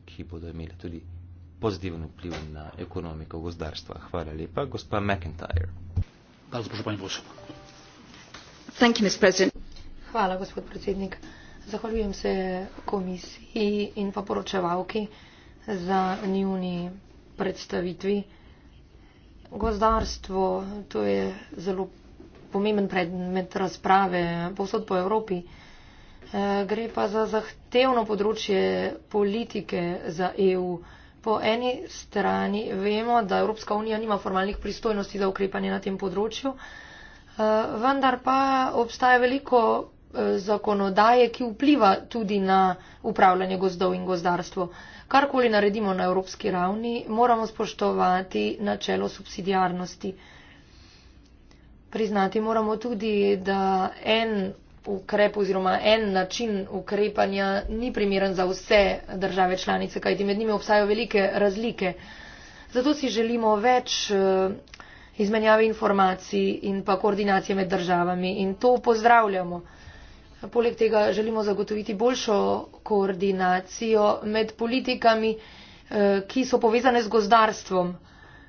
ki bodo imeli tudi pozitiven vpliv na ekonomiko gozdarstva. Hvala lepa, gospa McIntyre. Hvala, gospod predsednik. Zahvaljujem se komisiji in pa poročevalki za njuni predstavitvi. Gozdarstvo, to je zelo pomemben predmet razprave posod po Evropi. Eh, gre pa za zahtevno področje politike za EU. Po eni strani vemo, da Evropska unija nima formalnih pristojnosti za ukrepanje na tem področju, eh, vendar pa obstaja veliko eh, zakonodaje, ki vpliva tudi na upravljanje gozdov in gozdarstvo. Karkoli naredimo na evropski ravni, moramo spoštovati načelo subsidijarnosti. Priznati moramo tudi, da en ukrep oziroma en način ukrepanja ni primeren za vse države članice, kajti med njimi obstajajo velike razlike. Zato si želimo več eh, izmenjave informacij in pa koordinacije med državami in to pozdravljamo. Poleg tega želimo zagotoviti boljšo koordinacijo med politikami, eh, ki so povezane z gozdarstvom.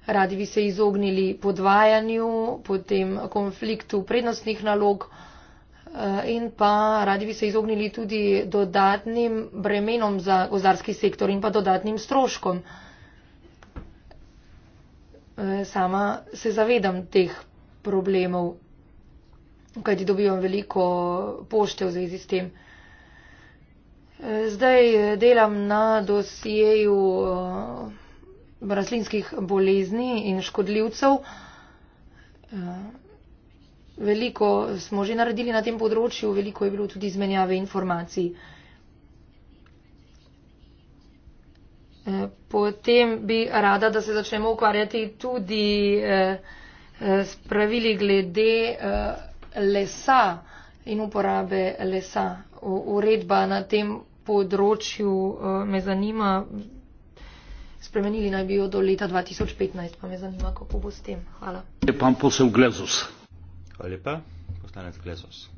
Radi bi se izognili podvajanju, potem konfliktu prednostnih nalog eh, in pa radi bi se izognili tudi dodatnim bremenom za gozdarski sektor in pa dodatnim stroškom. Eh, sama se zavedam teh problemov kajti dobivam veliko pošte v zvezi s tem. Zdaj eh, delam na dosjeju eh, rastlinskih bolezni in škodljivcev. Eh, veliko smo že naredili na tem področju, veliko je bilo tudi izmenjave informacij. Potem bi rada, da se začnemo ukvarjati tudi s pravili glede lesa in uporabe lesa. Uredba na tem področju eh, me zanima, spremenili naj bi jo do leta 2015, pa me zanima, kako bo s tem. Hvala. Lepa, posel Glezos. Hvala lepa, poslanec Glezos.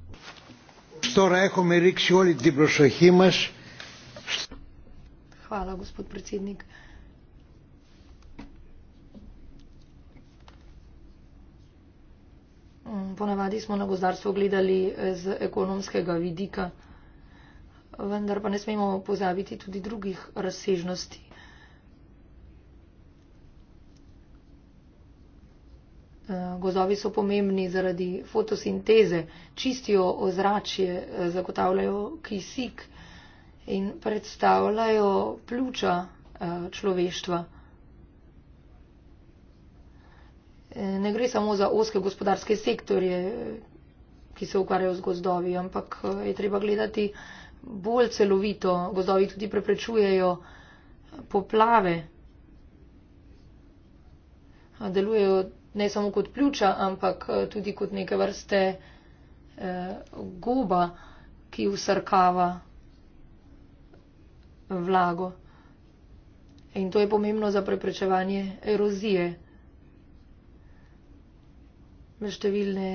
Hvala, gospod predsednik. ponavadi smo na gozdarstvo gledali eh, z ekonomskega vidika, vendar pa ne smemo pozabiti tudi drugih razsežnosti. Eh, gozdovi so pomembni zaradi fotosinteze, čistijo ozračje, eh, zagotavljajo kisik in predstavljajo pljuča človeštva. ne gre samo za oske gospodarske sektorje, ki se ukvarjajo z gozdovi, ampak eh, je treba gledati bolj celovito. Gozdovi tudi preprečujejo eh, poplave, eh, delujejo ne samo kot pljuča, ampak tudi kot neke vrste eh, goba, ki usrkava vlago. In to je pomembno za preprečevanje erozije med številne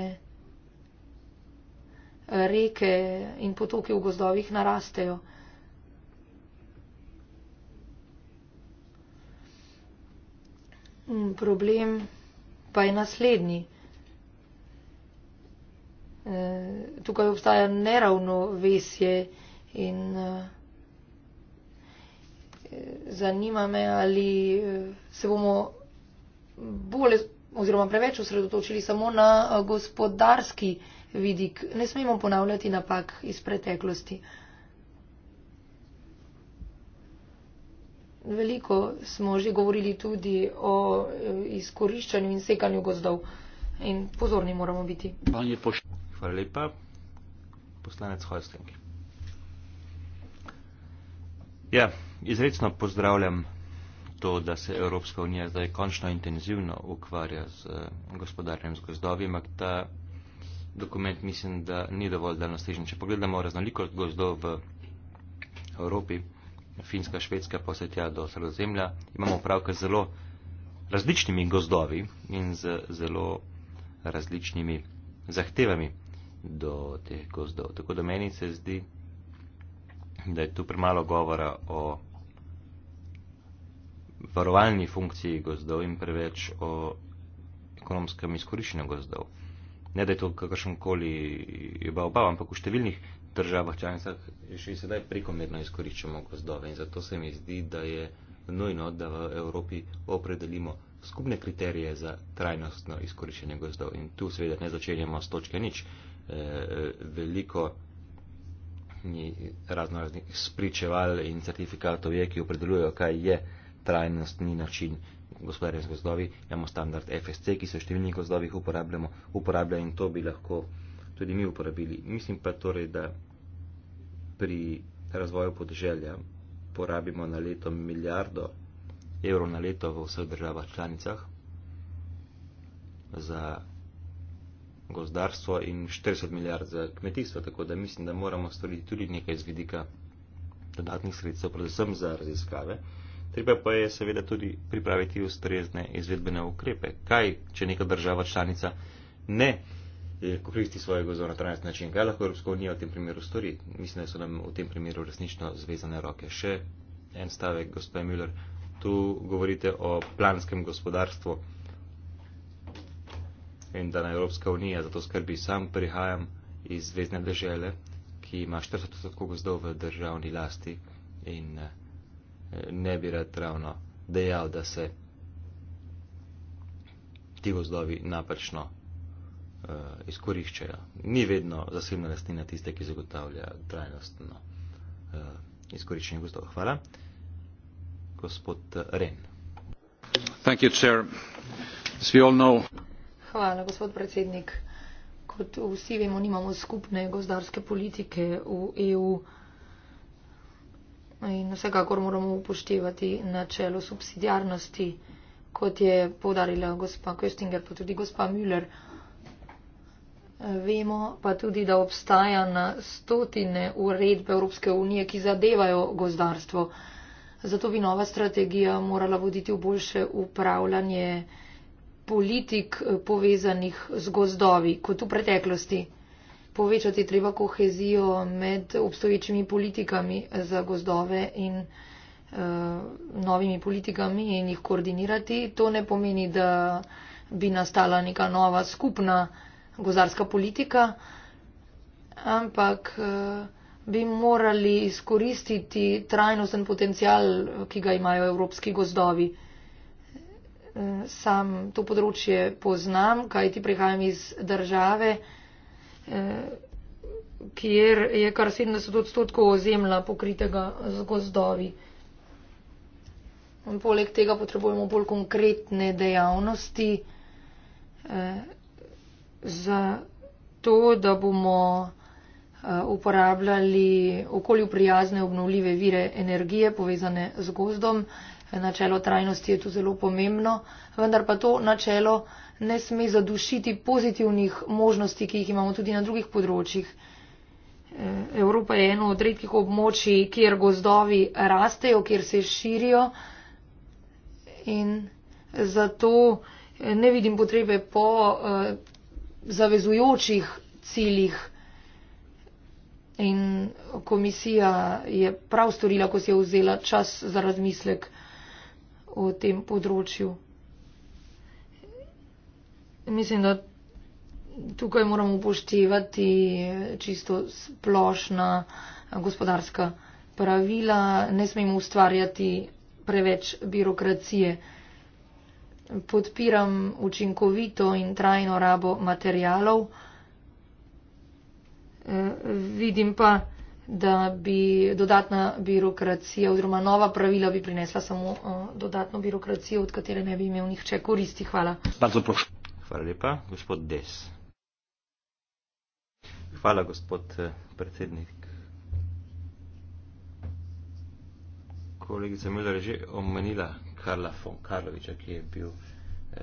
reke in potoke v gozdovih narastejo. Mm, problem pa je naslednji. E, tukaj obstaja neravno vesje in e, zanima me, ali e, se bomo bolj oziroma preveč osredotočili samo na eh, gospodarski vidik. Ne smemo ponavljati napak iz preteklosti. Veliko smo že govorili tudi o eh, izkoriščanju in sekanju gozdov in pozorni moramo biti. Hvala lepa, poslanec Hojstenki. Ja, izredno pozdravljam to, da se Evropska unija zdaj končno intenzivno ukvarja z eh, gospodarjem z gozdovi, ampak ta dokument mislim, da ni dovolj daljnostežen. Če pogledamo raznolikost gozdov v Evropi, Finska, Švedska, pa vse tja do sredozemlja, imamo opravka z zelo različnimi gozdovi in z zelo različnimi zahtevami do teh gozdov. Tako da meni se zdi, da je tu premalo govora o varovalni funkciji gozdov in preveč o ekonomskem izkoriščenju gozdov. Ne da je to kakršenkoli oba, ampak v številnih državah članicah še sedaj prekomerno izkoriščamo gozdove in zato se mi zdi, da je nujno, da v Evropi opredelimo skupne kriterije za trajnostno izkoriščenje gozdov in tu seveda ne začenjamo s točke nič. E, veliko ni razno raznih spričeval in certifikatov je, ki opredelujejo, kaj je trajnostni način gospodarja z gozdovi. Imamo standard FSC, ki se v številnih gozdovih uporabljamo, uporablja in to bi lahko tudi mi uporabili. Mislim pa torej, da pri razvoju podeželja porabimo na leto milijardo evrov na leto v vseh državah članicah za gozdarstvo in 40 milijard za kmetijstvo, tako da mislim, da moramo storiti tudi nekaj z vidika dodatnih sredstev, predvsem za raziskave. Treba pa je seveda tudi pripraviti ustrezne izvedbene ukrepe. Kaj, če neka država članica ne eh, koristi svojega ozona na trajnost način? Kaj lahko Evropska unija v tem primeru stori? Mislim, da so nam v tem primeru resnično zvezane roke. Še en stavek, gospod Müller, tu govorite o planskem gospodarstvu in da na Evropska unija za to skrbi. Sam prihajam iz zvezdne države, ki ima 40% gozdov v državni lasti in eh, ne bi rad ravno dejal, da se ti gozdovi napačno uh, izkoriščajo. Ni vedno zasebna lastnina tiste, ki zagotavlja trajnostno uh, izkoriščenje gozdov. Hvala. Gospod Ren. Thank you, chair. As we all know. Hvala, gospod predsednik. Kot vsi vemo, nimamo skupne gozdarske politike v EU in vsekakor moramo upoštevati načelo subsidijarnosti, kot je povdarila gospa Köstinger, pa tudi gospa Müller. Vemo pa tudi, da obstaja na stotine uredbe Evropske unije, ki zadevajo gozdarstvo. Zato bi nova strategija morala voditi v boljše upravljanje politik povezanih z gozdovi kot v preteklosti povečati treba kohezijo med obstoječimi politikami za gozdove in uh, novimi politikami in jih koordinirati. To ne pomeni, da bi nastala neka nova skupna gozarska politika, ampak uh, bi morali izkoristiti trajnosten potencial, ki ga imajo evropski gozdovi. Eh, sam to področje poznam, kaj ti prihajam iz države, Eh, kjer je kar 70 odstotkov ozemlja pokritega z gozdovi. In poleg tega potrebujemo bolj konkretne dejavnosti eh, za to, da bomo eh, uporabljali okolju prijazne obnovljive vire energije povezane z gozdom. Načelo trajnosti je tu zelo pomembno, vendar pa to načelo eh, ne sme zadušiti pozitivnih možnosti, ki jih imamo tudi na drugih področjih. E, Evropa je eno od redkih območij, kjer gozdovi rastejo, kjer se širijo in zato ne vidim potrebe po e, zavezujočih ciljih. In komisija je prav storila, ko si je vzela čas za razmislek o tem področju mislim, da tukaj moramo upoštevati čisto splošna gospodarska pravila. Ne smemo ustvarjati preveč birokracije. Podpiram učinkovito in trajno rabo materijalov. Vidim pa, da bi dodatna birokracija oziroma nova pravila bi prinesla samo eh, dodatno birokracijo, od katere ne bi imel nihče koristi. Hvala. Bardzo prosim. Hvala lepa. Gospod Des. Hvala, gospod eh, predsednik. Kolegica Miller je že omenila Karla von Karloviča, ki je bil eh,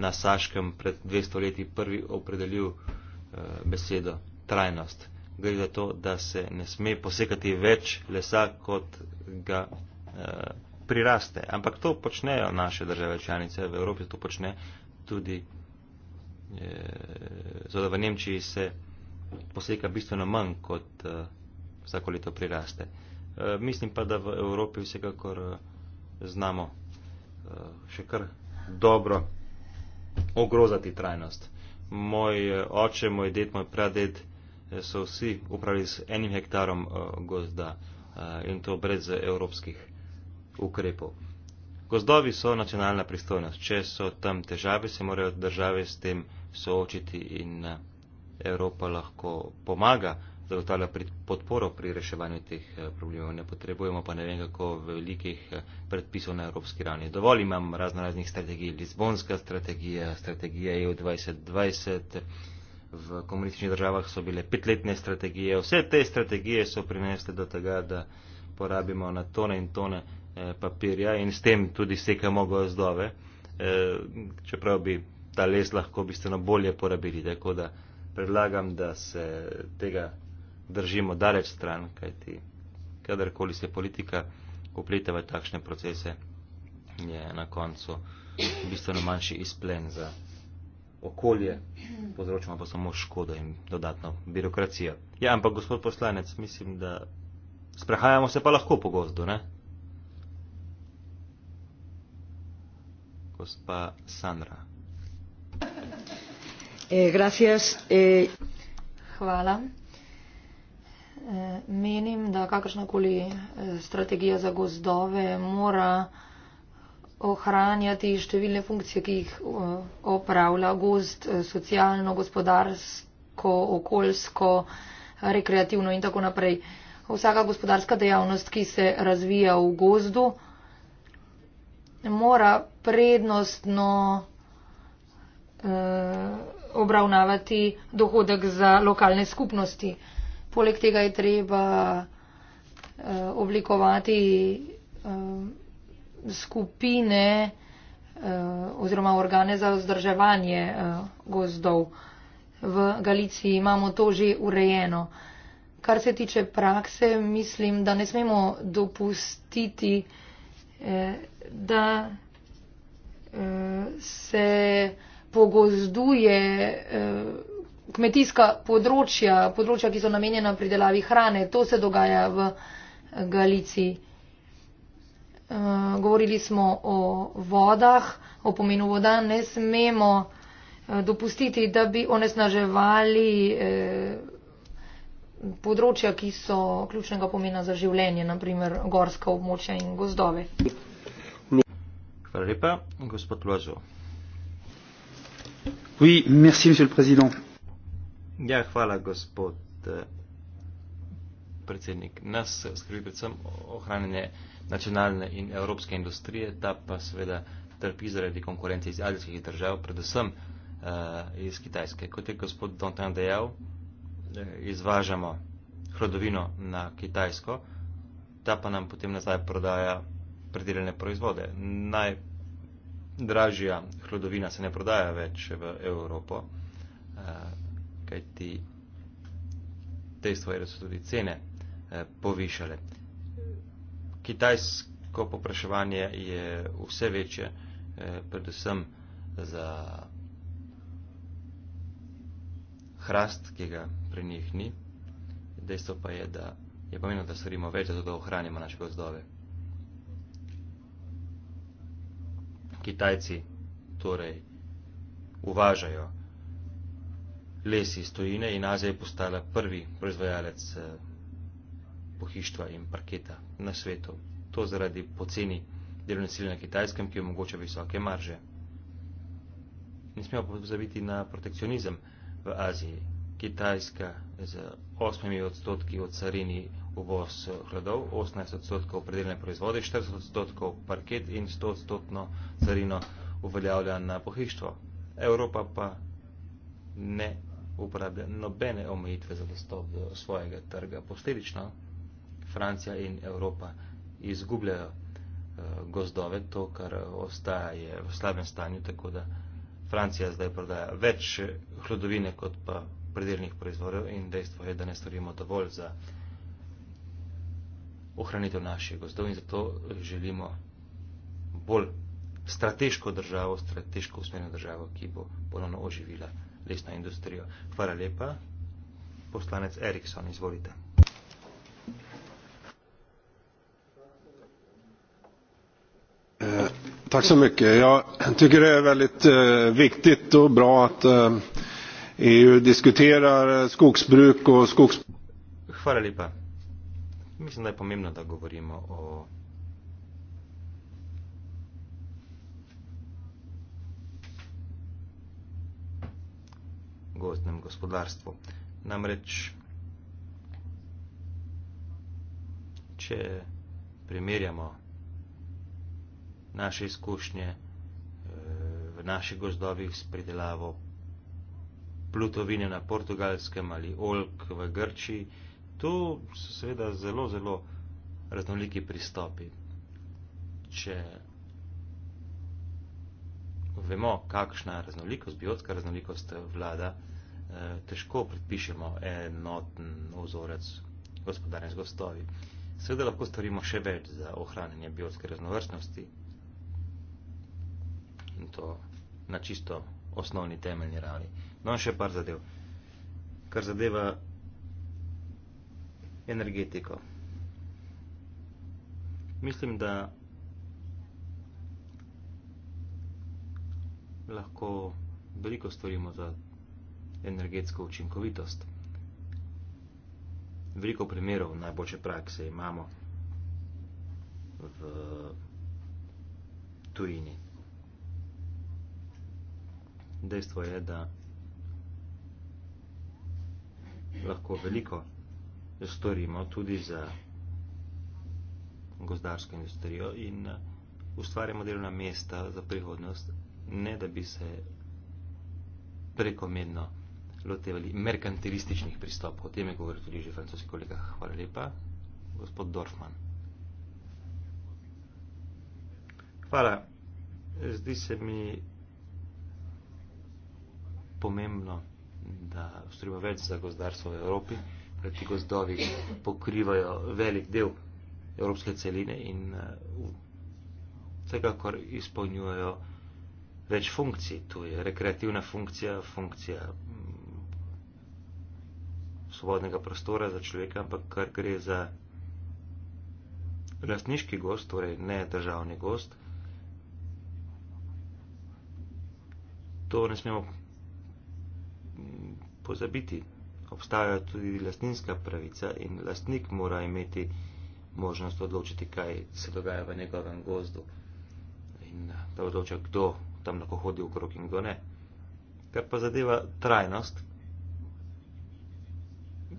na Saškem pred 200 leti prvi opredelil eh, besedo trajnost. Gre za to, da se ne sme posekati več lesa, kot ga eh, priraste. Ampak to počnejo naše države članice v Evropi, to počne tudi e, eh, zato v Nemčiji se poseka bistveno manj, kot e, vsako leto priraste. E, mislim pa, da v Evropi vsekakor e, znamo e, še kar dobro ogrozati trajnost. Moj e, oče, moj ded, moj praded e, so vsi upravili z enim hektarom e, gozda e, in to brez evropskih ukrepov. Gozdovi so nacionalna pristojnost. Če so tam težave, se morajo države s tem soočiti in eh, Evropa lahko pomaga, zagotavlja podporo pri reševanju teh eh, problemov. Ne potrebujemo pa ne vem kako velikih eh, predpisov na evropski ravni. Dovolj imam razno raznih strategij. Lizbonska strategija, strategija EU 2020, v komunističnih državah so bile petletne strategije. Vse te strategije so prinesle do tega, da porabimo na tone in tone Eh, papirja in s tem tudi sekamo gozdove, eh, čeprav bi ta les lahko bistveno bolje porabili. Tako da predlagam, da se tega držimo daleč stran, kajti kadarkoli se politika upleta v takšne procese, je na koncu bistveno manjši izplen za okolje, povzročamo pa samo škodo in dodatno birokracijo. Ja, ampak gospod poslanec, mislim, da sprehajamo se pa lahko po gozdu, ne? gospa Sandra. Eh, eh, Hvala. Eh, menim, da kakršnakoli strategija za gozdove mora ohranjati številne funkcije, ki jih opravlja gozd, socialno, gospodarsko, okoljsko, rekreativno in tako naprej. Vsaka gospodarska dejavnost, ki se razvija v gozdu, mora prednostno eh, obravnavati dohodek za lokalne skupnosti. Poleg tega je treba eh, oblikovati eh, skupine eh, oziroma organe za vzdrževanje eh, gozdov. V Galiciji imamo to že urejeno. Kar se tiče prakse, mislim, da ne smemo dopustiti, Eh, da eh, se pogozduje eh, kmetijska področja, področja, ki so namenjena pridelavi hrane. To se dogaja v Galiciji. Govorili smo o vodah, o pomenu voda. Ne smemo dopustiti, da bi onesnaževali področja, ki so ključnega pomena za življenje, naprimer gorska območja in gozdove. Hvala lepa, gospod Lozo. Oui, merci, monsieur le président. Ja, hvala, gospod eh, predsednik. Nas skrbi predvsem ohranjanje nacionalne in evropske industrije, ta pa seveda trpi zaradi konkurence iz azijskih držav, predvsem uh, iz Kitajske. Kot je gospod Dontan dejal, Eh, izvažamo hrodovino na Kitajsko, ta pa nam potem nazaj prodaja predeljene proizvode. Najdražja hrodovina se ne prodaja več v Evropo, eh, kajti dejstvo je, da so tudi cene eh, povišale. Kitajsko popraševanje je vse večje, predvsem za hrast, ki ga pri njih ni. Dejstvo pa je, da je pomembno, da storimo več, zato da ohranimo naše gozdove. Kitajci torej uvažajo les iz tojine in Azija je postala prvi proizvajalec eh, pohištva in parketa na svetu. To zaradi poceni delovne sile na kitajskem, ki omogoča visoke marže. Ne smemo pozabiti na protekcionizem. Aziji. Kitajska z 8 odstotki od carini uvoz hladov, 18 odstotkov predeljne proizvode, 40 odstotkov parket in 100 odstotno carino uveljavlja na pohištvo. Evropa pa ne uporablja nobene omejitve za dostop do svojega trga. Posledično Francija in Evropa izgubljajo eh, gozdove, to, kar ostaje v slabem stanju, tako da Francija zdaj prodaja več hladovine kot pa predeljnih proizvodov in dejstvo je, da ne storimo dovolj za ohranitev naših gozdov in zato želimo bolj strateško državo, strateško usmerjeno državo, ki bo ponovno oživila lesna industrijo. Hvala lepa, poslanec Erikson, izvolite. Tack så mycket. Jag tycker det är väldigt eh, viktigt och bra att EU eh, e diskuterar eh, skogsbruk och skogsbruk. Hvala lipa. Mislim da je pomembno, da govorimo o gozdnem gospodarstvu. Namreč, če primerjamo naše izkušnje eh, v naših gozdovih s pridelavo plutovine na portugalskem ali olk v Grčiji, to so seveda zelo, zelo raznoliki pristopi. Če vemo, kakšna raznolikost, biotska raznolikost vlada, eh, težko predpišemo enoten vzorec gospodarne z gostovi. Seveda lahko storimo še več za ohranjanje biotske raznovrstnosti, in to na čisto osnovni temeljni ravni. No, še par zadev. Kar zadeva energetiko. Mislim, da lahko veliko storimo za energetsko učinkovitost. Veliko primerov najboljše prakse imamo v tujini dejstvo je, da lahko veliko storimo tudi za gozdarsko industrijo in eh, ustvarjamo delovna mesta za prihodnost, ne da bi se prekomedno lotevali merkantilističnih pristopov. O tem je govoril tudi že francoski kolega. Hvala lepa, gospod Dorfman. Hvala. Zdi se mi, pomembno, da ustreba več za gozdarstvo v Evropi, ker torej ti gozdovi pokrivajo velik del evropske celine in eh, vsekakor izpolnjujejo več funkcij. Tu je rekreativna funkcija, funkcija mm, svobodnega prostora za človeka, ampak kar gre za lastniški gost, torej ne državni gost, to ne smemo pozabiti. Obstaja tudi lastninska pravica in lastnik mora imeti možnost odločiti, kaj se dogaja v njegovem gozdu in da eh, odloča, kdo tam lahko hodi v krog in kdo ne. Kar pa zadeva trajnost,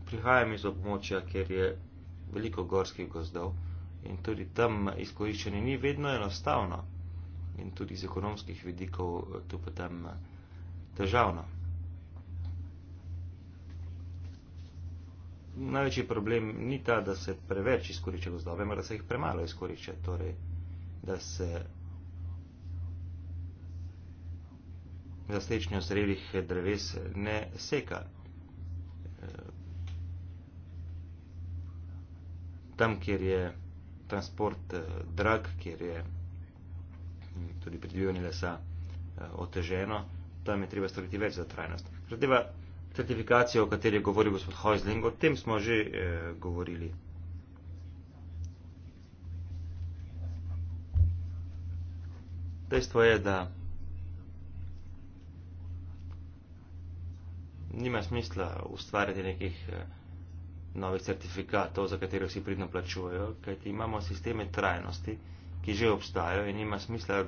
prihajam iz območja, kjer je veliko gorskih gozdov in tudi tam izkoriščanje ni vedno enostavno in tudi iz ekonomskih vidikov eh, tu potem eh, težavno. največji problem ni ta, da se preveč izkorišča gozdove, ampak da se jih premalo izkorišča. Torej, da se zastečnjo zrelih dreves ne seka. Tam, kjer je transport eh, drag, kjer je hm, tudi predvijanje lesa eh, oteženo, tam je treba storiti več za trajnost. Zadeva stratifikacijo, o kateri je govoril gospod Hojzling, o tem smo že eh, govorili. Dejstvo je, da nima smisla ustvarjati nekih eh, novih certifikatov, za katere vsi pridno plačujejo, kajti imamo sisteme trajnosti, ki že obstajajo in nima smisla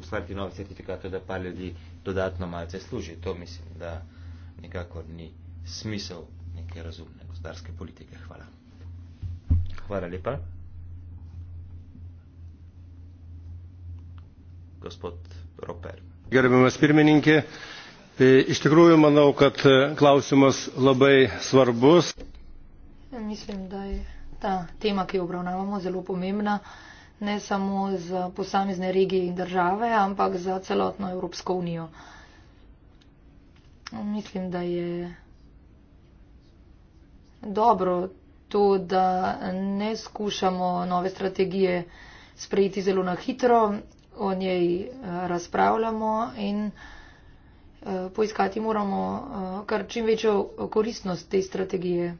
ustvarjati novih certifikatov, da pa ljudi dodatno malce služi. To mislim, da nekakor ni smisel neke razumne gospodarske politike. Hvala. Hvala lepa. Gospod Roper. Gerbiamas pirmininkė, iš tikrųjų manau, kad e, klausimas labai svarbus. Mislim, da je ta tema, ki jo obravnavamo, zelo pomembna ne samo za posamezne regije in države, ampak za celotno Evropsko unijo mislim, da je dobro to, da ne skušamo nove strategije sprejeti zelo na hitro, o njej eh, razpravljamo in eh, poiskati moramo eh, kar čim večjo koristnost te strategije.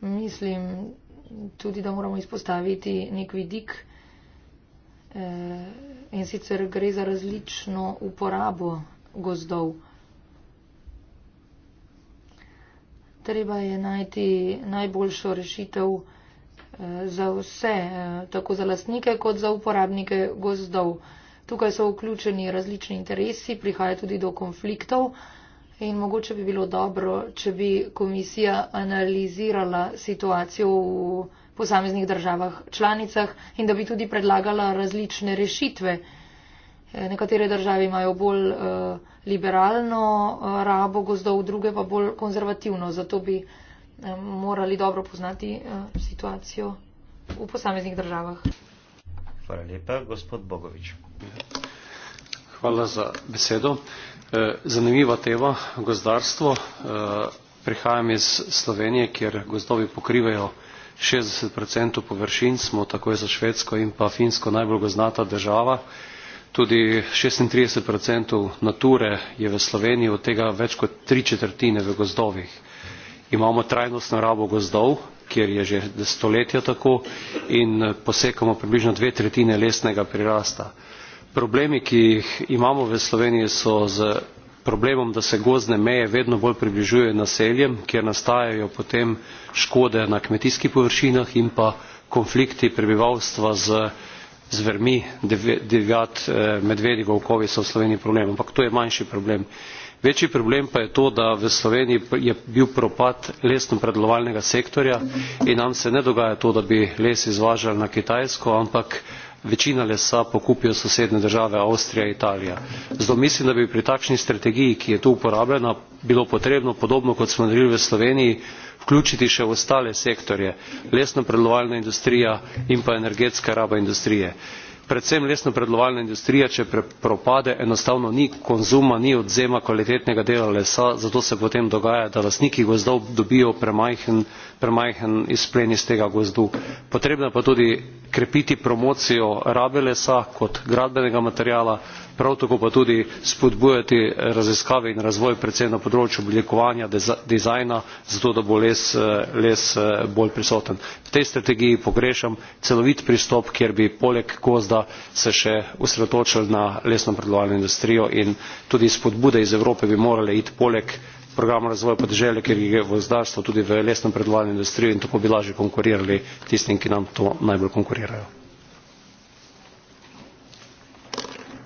Mislim tudi, da moramo izpostaviti nek vidik, Eh, in sicer gre za različno uporabo gozdov. Treba je najti najboljšo rešitev eh, za vse, eh, tako za lastnike kot za uporabnike gozdov. Tukaj so vključeni različni interesi, prihaja tudi do konfliktov in mogoče bi bilo dobro, če bi komisija analizirala situacijo v posameznih državah članicah in da bi tudi predlagala različne rešitve. E, nekatere države imajo bolj uh, liberalno uh, rabo gozdov, druge pa bolj konzervativno. Zato bi um, morali dobro poznati uh, situacijo v posameznih državah. Hvala lepa, gospod Bogovič. Hvala za besedo. Zanimiva tema, gozdarstvo. Prihajam iz Slovenije, kjer gozdovi pokrivajo šestdeset površin smo takoj za švedsko in pa finsko najbolj gozdnata država tudi šestintrideset nature je v sloveniji od tega več kot tri četrtine v gozdovih imamo trajnostno rabo gozdov kjer je že stoletja tako in posekamo približno dve tretjine lesnega prirasta problemi ki jih imamo v sloveniji so z problemom da se gozdne meje vedno bolj približujejo naseljem kjer nastajajo potem škode na kmetijskih površinah in pa konflikti prebivalstva z zvermi devet eh, medvedi volkovi so v sloveniji problem ampak to je manjši problem Večji problem pa je to, da v Sloveniji je bil propad lesno-predelovalnega sektorja in nam se ne dogaja to, da bi les izvažali na Kitajsko, ampak večina lesa pokupijo sosednje države avstrija italija zato mislim da bi pri takšni strategiji ki je tu uporabljena bilo potrebno podobno kot smo naredili v sloveniji vključiti še ostale sektorje lesno predelovalna industrija in pa energetska raba industrije predvsem lesnopredelovalna industrija če propade enostavno ni konzuma ni odvzema kvalitetnega dela lesa zato se potem dogaja da lastniki gozdov dobijo premajhen izplen iz tega gozdu. potrebno je pa tudi krepiti promocijo rabe lesa kot gradbenega materiala prav tako pa tudi spodbujati eh, raziskave in razvoj predvsem na področju oblikovanja dizajna zato da bo les eh, les eh, bolj prisoten. v tej strategiji pogrešam celovit pristop kjer bi poleg gozda se še osredotočili na lesno predelovalno industrijo in tudi spodbude iz evrope bi morale iti poleg programa razvoja podeželja kjer gre gozdarstvo tudi v lesno predelovalno industrijo in tako bi lažje konkurirali tistim ki nam to najbolj konkurirajo.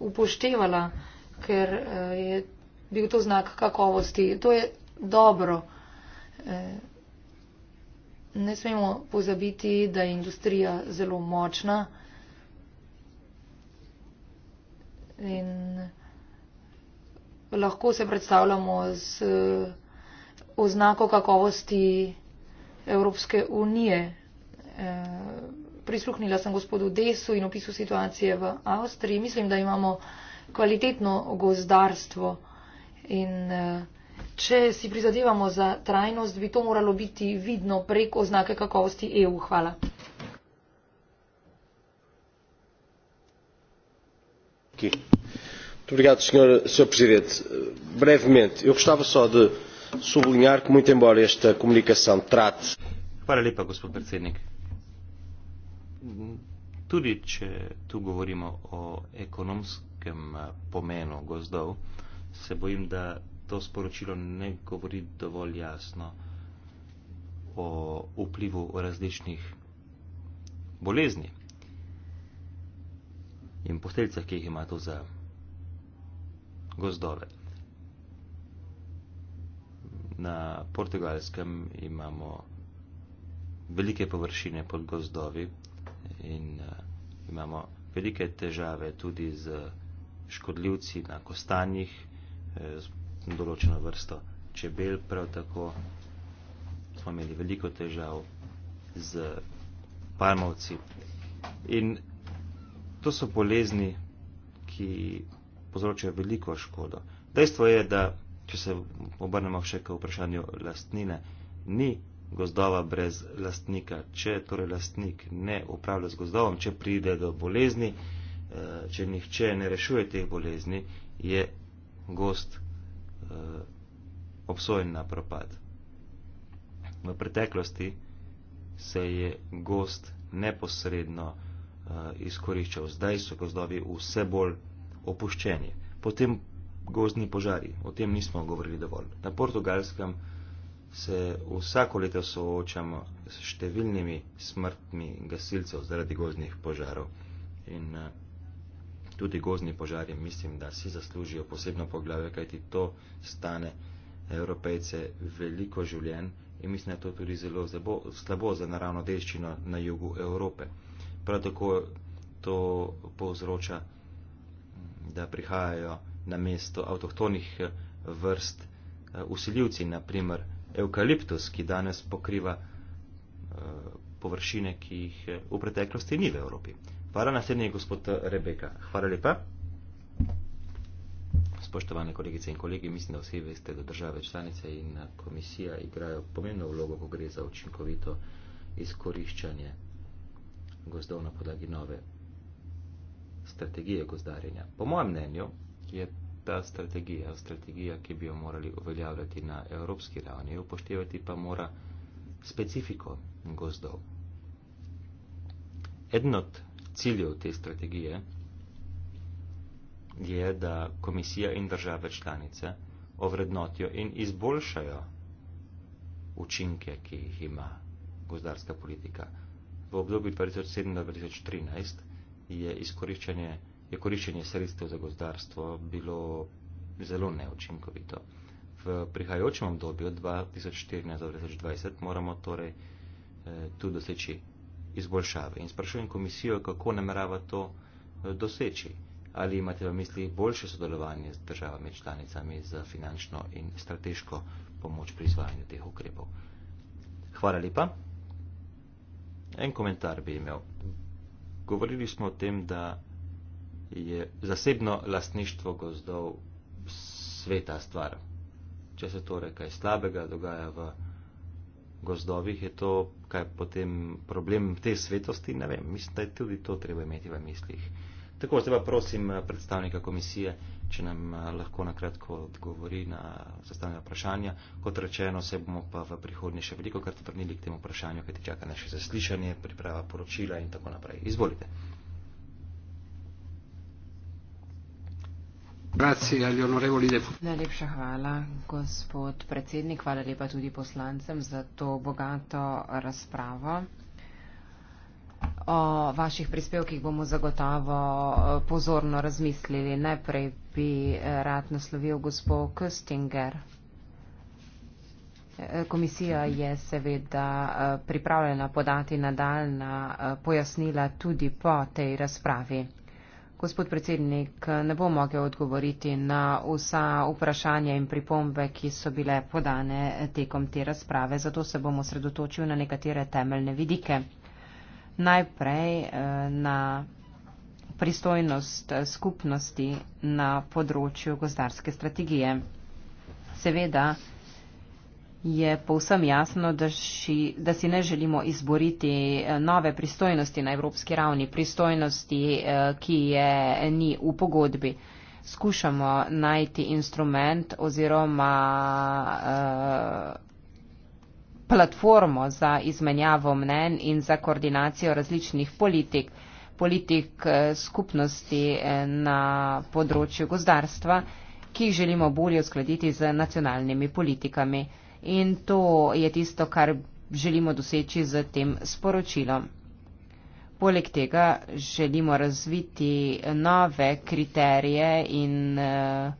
upoštevala, ker eh, je bil to znak kakovosti. To je dobro. Eh, ne smemo pozabiti, da je industrija zelo močna in lahko se predstavljamo z oznako kakovosti Evropske unije. Eh, prisluhnila sem gospodu Desu in opisu situacije v Avstriji. Mislim, da imamo kvalitetno gozdarstvo in eh, če si prizadevamo za trajnost, bi to moralo biti vidno prek oznake kakovosti EU. Hvala. Muito obrigado, Sr. Senhor Presidente. Brevemente, eu gostava só de sublinhar que, muito embora esta comunicação trate. Para ali, para o Sr. Presidente tudi če tu govorimo o ekonomskem eh, pomenu gozdov, se bojim, da to sporočilo ne govori dovolj jasno o vplivu različnih bolezni in posteljcah, ki jih ima to za gozdove. Na Portugalskem imamo velike površine pod gozdovi, in uh, imamo velike težave tudi z škodljivci na kostanjih, z eh, določeno vrsto čebel, prav tako smo imeli veliko težav z palmovci. In to so bolezni, ki povzročajo veliko škodo. Dejstvo je, da če se obrnemo še k vprašanju lastnine, ni gozdova brez lastnika. Če torej lastnik ne upravlja z gozdovom, če pride do bolezni, eh, če nihče ne rešuje teh bolezni, je gost eh, obsojen na propad. V preteklosti se je gost neposredno eh, izkoriščal, zdaj so gozdovi vse bolj opuščeni. Potem gozdni požari, o tem nismo govorili dovolj. Na portugalskem se vsako leto soočamo s številnimi smrtmi gasilcev zaradi gozdnih požarov. In eh, tudi gozdni požari mislim, da si zaslužijo posebno poglavje, kajti to stane evropejce veliko življenj in mislim, da je to tudi zelo zabo, slabo za naravno deščino na jugu Evrope. Prav tako to povzroča, da prihajajo na mesto avtohtonih eh, vrst usiljivci, eh, naprimer evkaliptus, ki danes pokriva eh, površine, ki jih eh, v preteklosti ni v Evropi. Hvala naslednji gospod Rebeka. Hvala lepa. Spoštovane kolegice in kolegi, mislim, da vsi veste, da države članice in eh, komisija igrajo pomembno vlogo, ko gre za učinkovito izkoriščanje gozdov na podlagi nove strategije gozdarjenja. Po mojem mnenju je ta strategija, strategija, ki bi jo morali uveljavljati na evropski ravni, upoštevati pa mora specifiko gozdov. Eden od ciljev te strategije je, da komisija in države članice ovrednotijo in izboljšajo učinke, ki jih ima gozdarska politika. V obdobju 2007-2013 je izkoriščanje je koriščenje sredstev za gozdarstvo bilo zelo neočinkovito. V prihajajočem obdobju 2014-2020 moramo torej eh, tu doseči izboljšave. In sprašujem komisijo, kako namerava to eh, doseči. Ali imate v misli boljše sodelovanje z državami članicami za finančno in strateško pomoč pri izvajanju teh ukrepov? Hvala lepa. En komentar bi imel. Govorili smo o tem, da je zasebno lastništvo gozdov sveta stvar. Če se torej kaj slabega dogaja v gozdovih, je to kaj potem problem te svetosti, ne vem, mislim, da je tudi to treba imeti v mislih. Tako, zdaj pa prosim eh, predstavnika komisije, če nam eh, lahko nakratko odgovori na zastavljena vprašanja. Kot rečeno, se bomo pa v prihodnje še veliko krat vrnili k temu vprašanju, kaj te čaka naše zaslišanje, priprava poročila in tako naprej. Izvolite. Hmm. Najlepša hvala, gospod predsednik. Hvala lepa tudi poslancem za to bogato razpravo. O vaših prispevkih bomo zagotovo eh, pozorno razmislili. Najprej bi eh, rad naslovil gospod Köstinger. Eh, komisija je seveda pripravljena podati nadaljna pojasnila tudi po tej razpravi. Gospod predsednik, ne bom mogel odgovoriti na vsa vprašanja in pripombe, ki so bile podane tekom te razprave, zato se bom osredotočil na nekatere temeljne vidike. Najprej eh, na pristojnost eh, skupnosti na področju gozdarske strategije. Seveda je povsem jasno, da si, da si ne želimo izboriti eh, nove pristojnosti na evropski ravni, pristojnosti, eh, ki je ni v pogodbi. Skušamo najti instrument oziroma eh, platformo za izmenjavo mnen in za koordinacijo različnih politik, politik skupnosti na področju gozdarstva, ki jih želimo bolje uskladiti z nacionalnimi politikami in to je tisto, kar želimo doseči z tem sporočilom. Poleg tega želimo razviti nove kriterije in eh,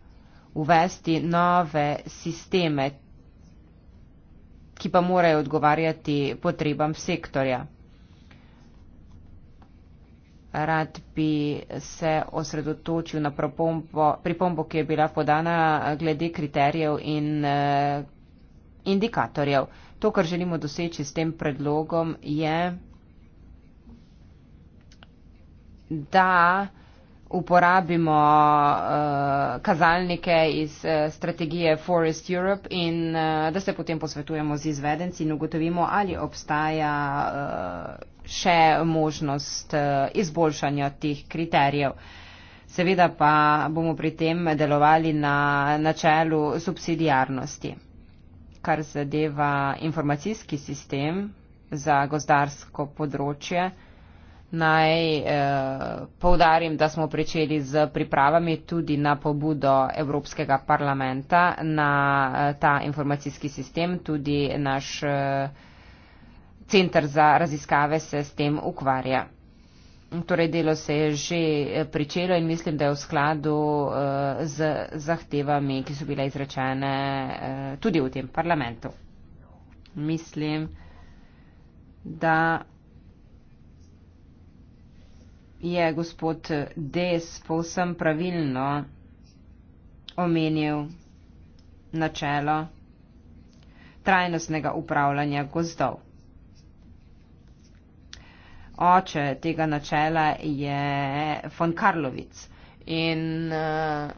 uvesti nove sisteme, ki pa morajo odgovarjati potrebam sektorja. Rad bi se osredotočil na pripombo, ki je bila podana eh, glede kriterijev in eh, indikatorjev. To, kar želimo doseči s tem predlogom, je, da uporabimo uh, kazalnike iz uh, strategije Forest Europe in uh, da se potem posvetujemo z izvedenci in ugotovimo, ali obstaja uh, še možnost uh, izboljšanja teh kriterijev. Seveda pa bomo pri tem delovali na načelu subsidijarnosti kar zadeva informacijski sistem za gozdarsko področje. Naj eh, povdarim, da smo pričeli z pripravami tudi na pobudo Evropskega parlamenta na eh, ta informacijski sistem. Tudi naš eh, centr za raziskave se s tem ukvarja. Torej, delo se je že eh, pričelo in mislim, da je v skladu eh, z zahtevami, ki so bile izrečene eh, tudi v tem parlamentu. Mislim, da je gospod Des povsem pravilno omenil načelo trajnostnega upravljanja gozdov oče tega načela je von Karlovic. In uh,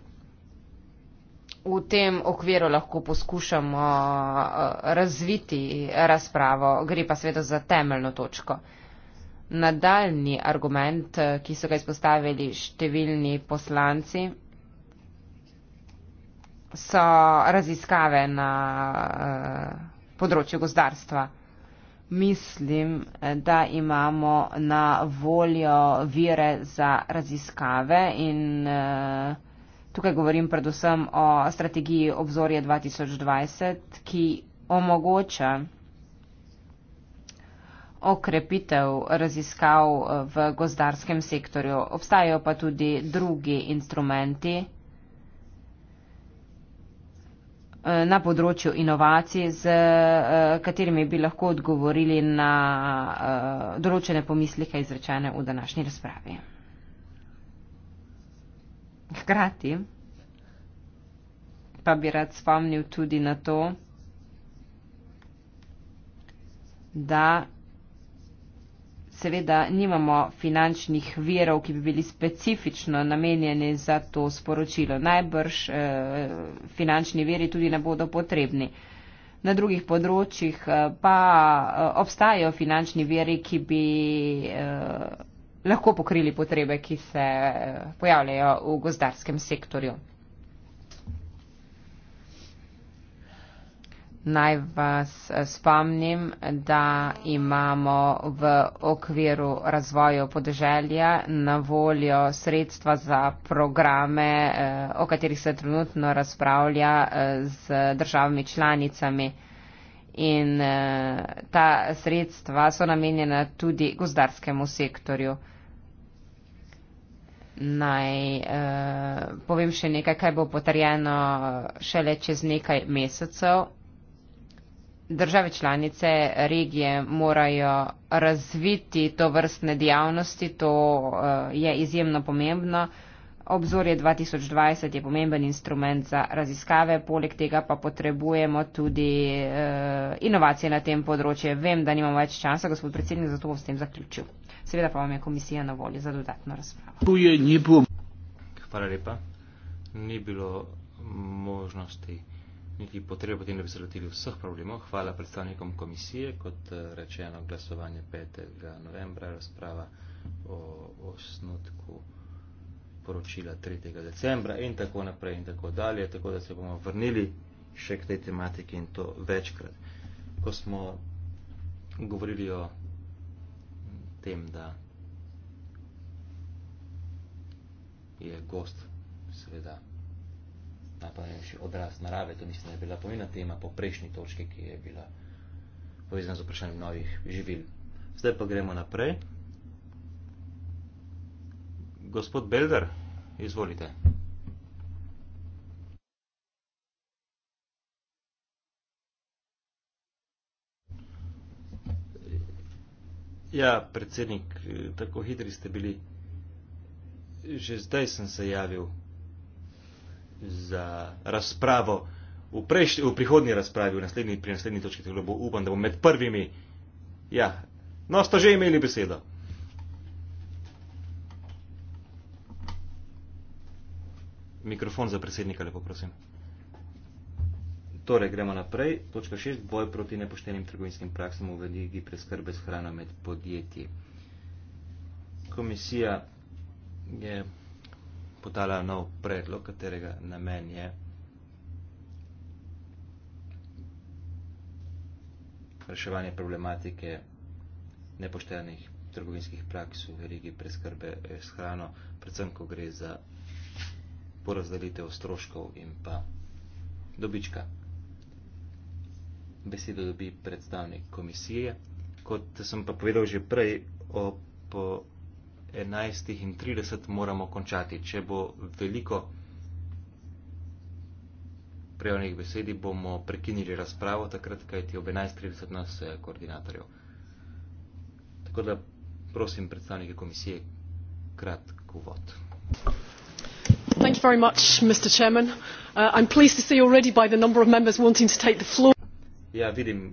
v tem okviru lahko poskušamo uh, razviti razpravo, gre pa seveda za temeljno točko. Nadaljni argument, eh, ki so ga izpostavili številni poslanci, so raziskave na uh, področju gozdarstva mislim, da imamo na voljo vire za raziskave in eh, tukaj govorim predvsem o strategiji obzorje 2020, ki omogoča okrepitev raziskav eh, v gozdarskem sektorju. Obstajajo pa tudi drugi instrumenti. Eh, na področju inovacij, z eh, katerimi bi lahko odgovorili na eh, določene pomislike izrečene v današnji razpravi. Hkrati pa bi rad spomnil tudi na to, da seveda nimamo finančnih verov, ki bi bili specifično namenjeni za to sporočilo. Najbrž eh, finančni veri tudi ne bodo potrebni. Na drugih področjih eh, pa eh, obstajajo finančni veri, ki bi eh, lahko pokrili potrebe, ki se eh, pojavljajo v gozdarskem sektorju. Naj vas eh, spomnim, da imamo v okviru razvoju podeželja na voljo sredstva za programe, eh, o katerih se trenutno razpravlja eh, z državami članicami. In ta sredstva so namenjena tudi gozdarskemu sektorju. Naj povem še nekaj, kaj bo potrjeno šele čez nekaj mesecev države članice, regije morajo razviti to vrstne dejavnosti, to eh, je izjemno pomembno. Obzorje 2020 je pomemben instrument za raziskave, poleg tega pa potrebujemo tudi eh, inovacije na tem področju. Vem, da nimamo več časa, gospod predsednik, zato bom s tem zaključil. Seveda pa vam je komisija na voljo za dodatno razpravo. Hvala lepa. Ni bilo možnosti neki potrebe potem, da bi se lotili vseh problemov. Hvala predstavnikom komisije, kot eh, rečeno, glasovanje 5. novembra, razprava o osnutku poročila 3. decembra in tako naprej in tako dalje, tako da se bomo vrnili še k tej tematiki in to večkrat. Ko smo govorili o tem, da je gost seveda ali pa ne vem, še odraz narave, to mislim, da je bila pomena tema po prejšnji točki, ki je bila povezana z vprašanjem novih živil. Zdaj pa gremo naprej. Gospod Belgar, izvolite. Ja, predsednik, tako hitri ste bili. Že zdaj sem se javil za razpravo v, prejšnji, v prihodnji razpravi, v naslednji, pri naslednji točki, tako da bo upam, da bom med prvimi. Ja, no, ste že imeli besedo. Mikrofon za predsednika, lepo prosim. Torej, gremo naprej. Točka šest, boj proti nepoštenim trgovinskim praksam v veligi preskrbe s hrano med podjetji. Komisija je. Yeah podala nov predlog, katerega namen je reševanje problematike nepoštenih trgovinskih praks v verigi preskrbe s hrano, predvsem ko gre za porazdelitev stroškov in pa dobička. Besedo dobi predstavnik komisije. Kot sem pa povedal že prej, ob 11 in 30 moramo končati. Če bo veliko prijavnih besedi, bomo prekinili razpravo, takrat, kajti ob 11.30 nas je eh, koordinatorjev. Tako da prosim predstavnike komisije kratk uvod. Thank you very much, Mr. Chairman. Uh, I'm pleased to see already by the number of members wanting to take the floor. Ja, vidim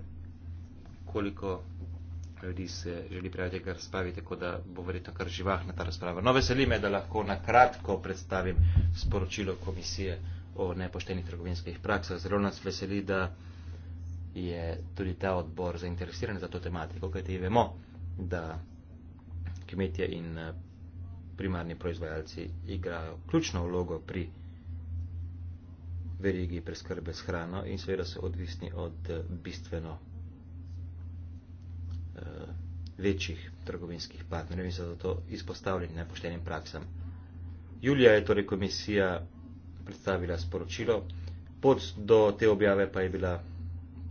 koliko ljudi se želi prijatelj kar spavi, tako da bo verjetno kar živahna ta razprava. No, veseli me, da lahko na kratko predstavim sporočilo komisije o nepoštenih trgovinskih praksah. Zelo nas veseli, da je tudi ta odbor zainteresiran za to tematiko, kajti vemo, da kmetje in eh, primarni proizvajalci igrajo ključno vlogo pri verigi preskrbe s hrano in seveda so odvisni od eh, bistveno Eh, večjih trgovinskih partnerjev in so zato izpostavljeni nepoštenim praksam. Julija je torej komisija predstavila sporočilo, pot do te objave pa je bila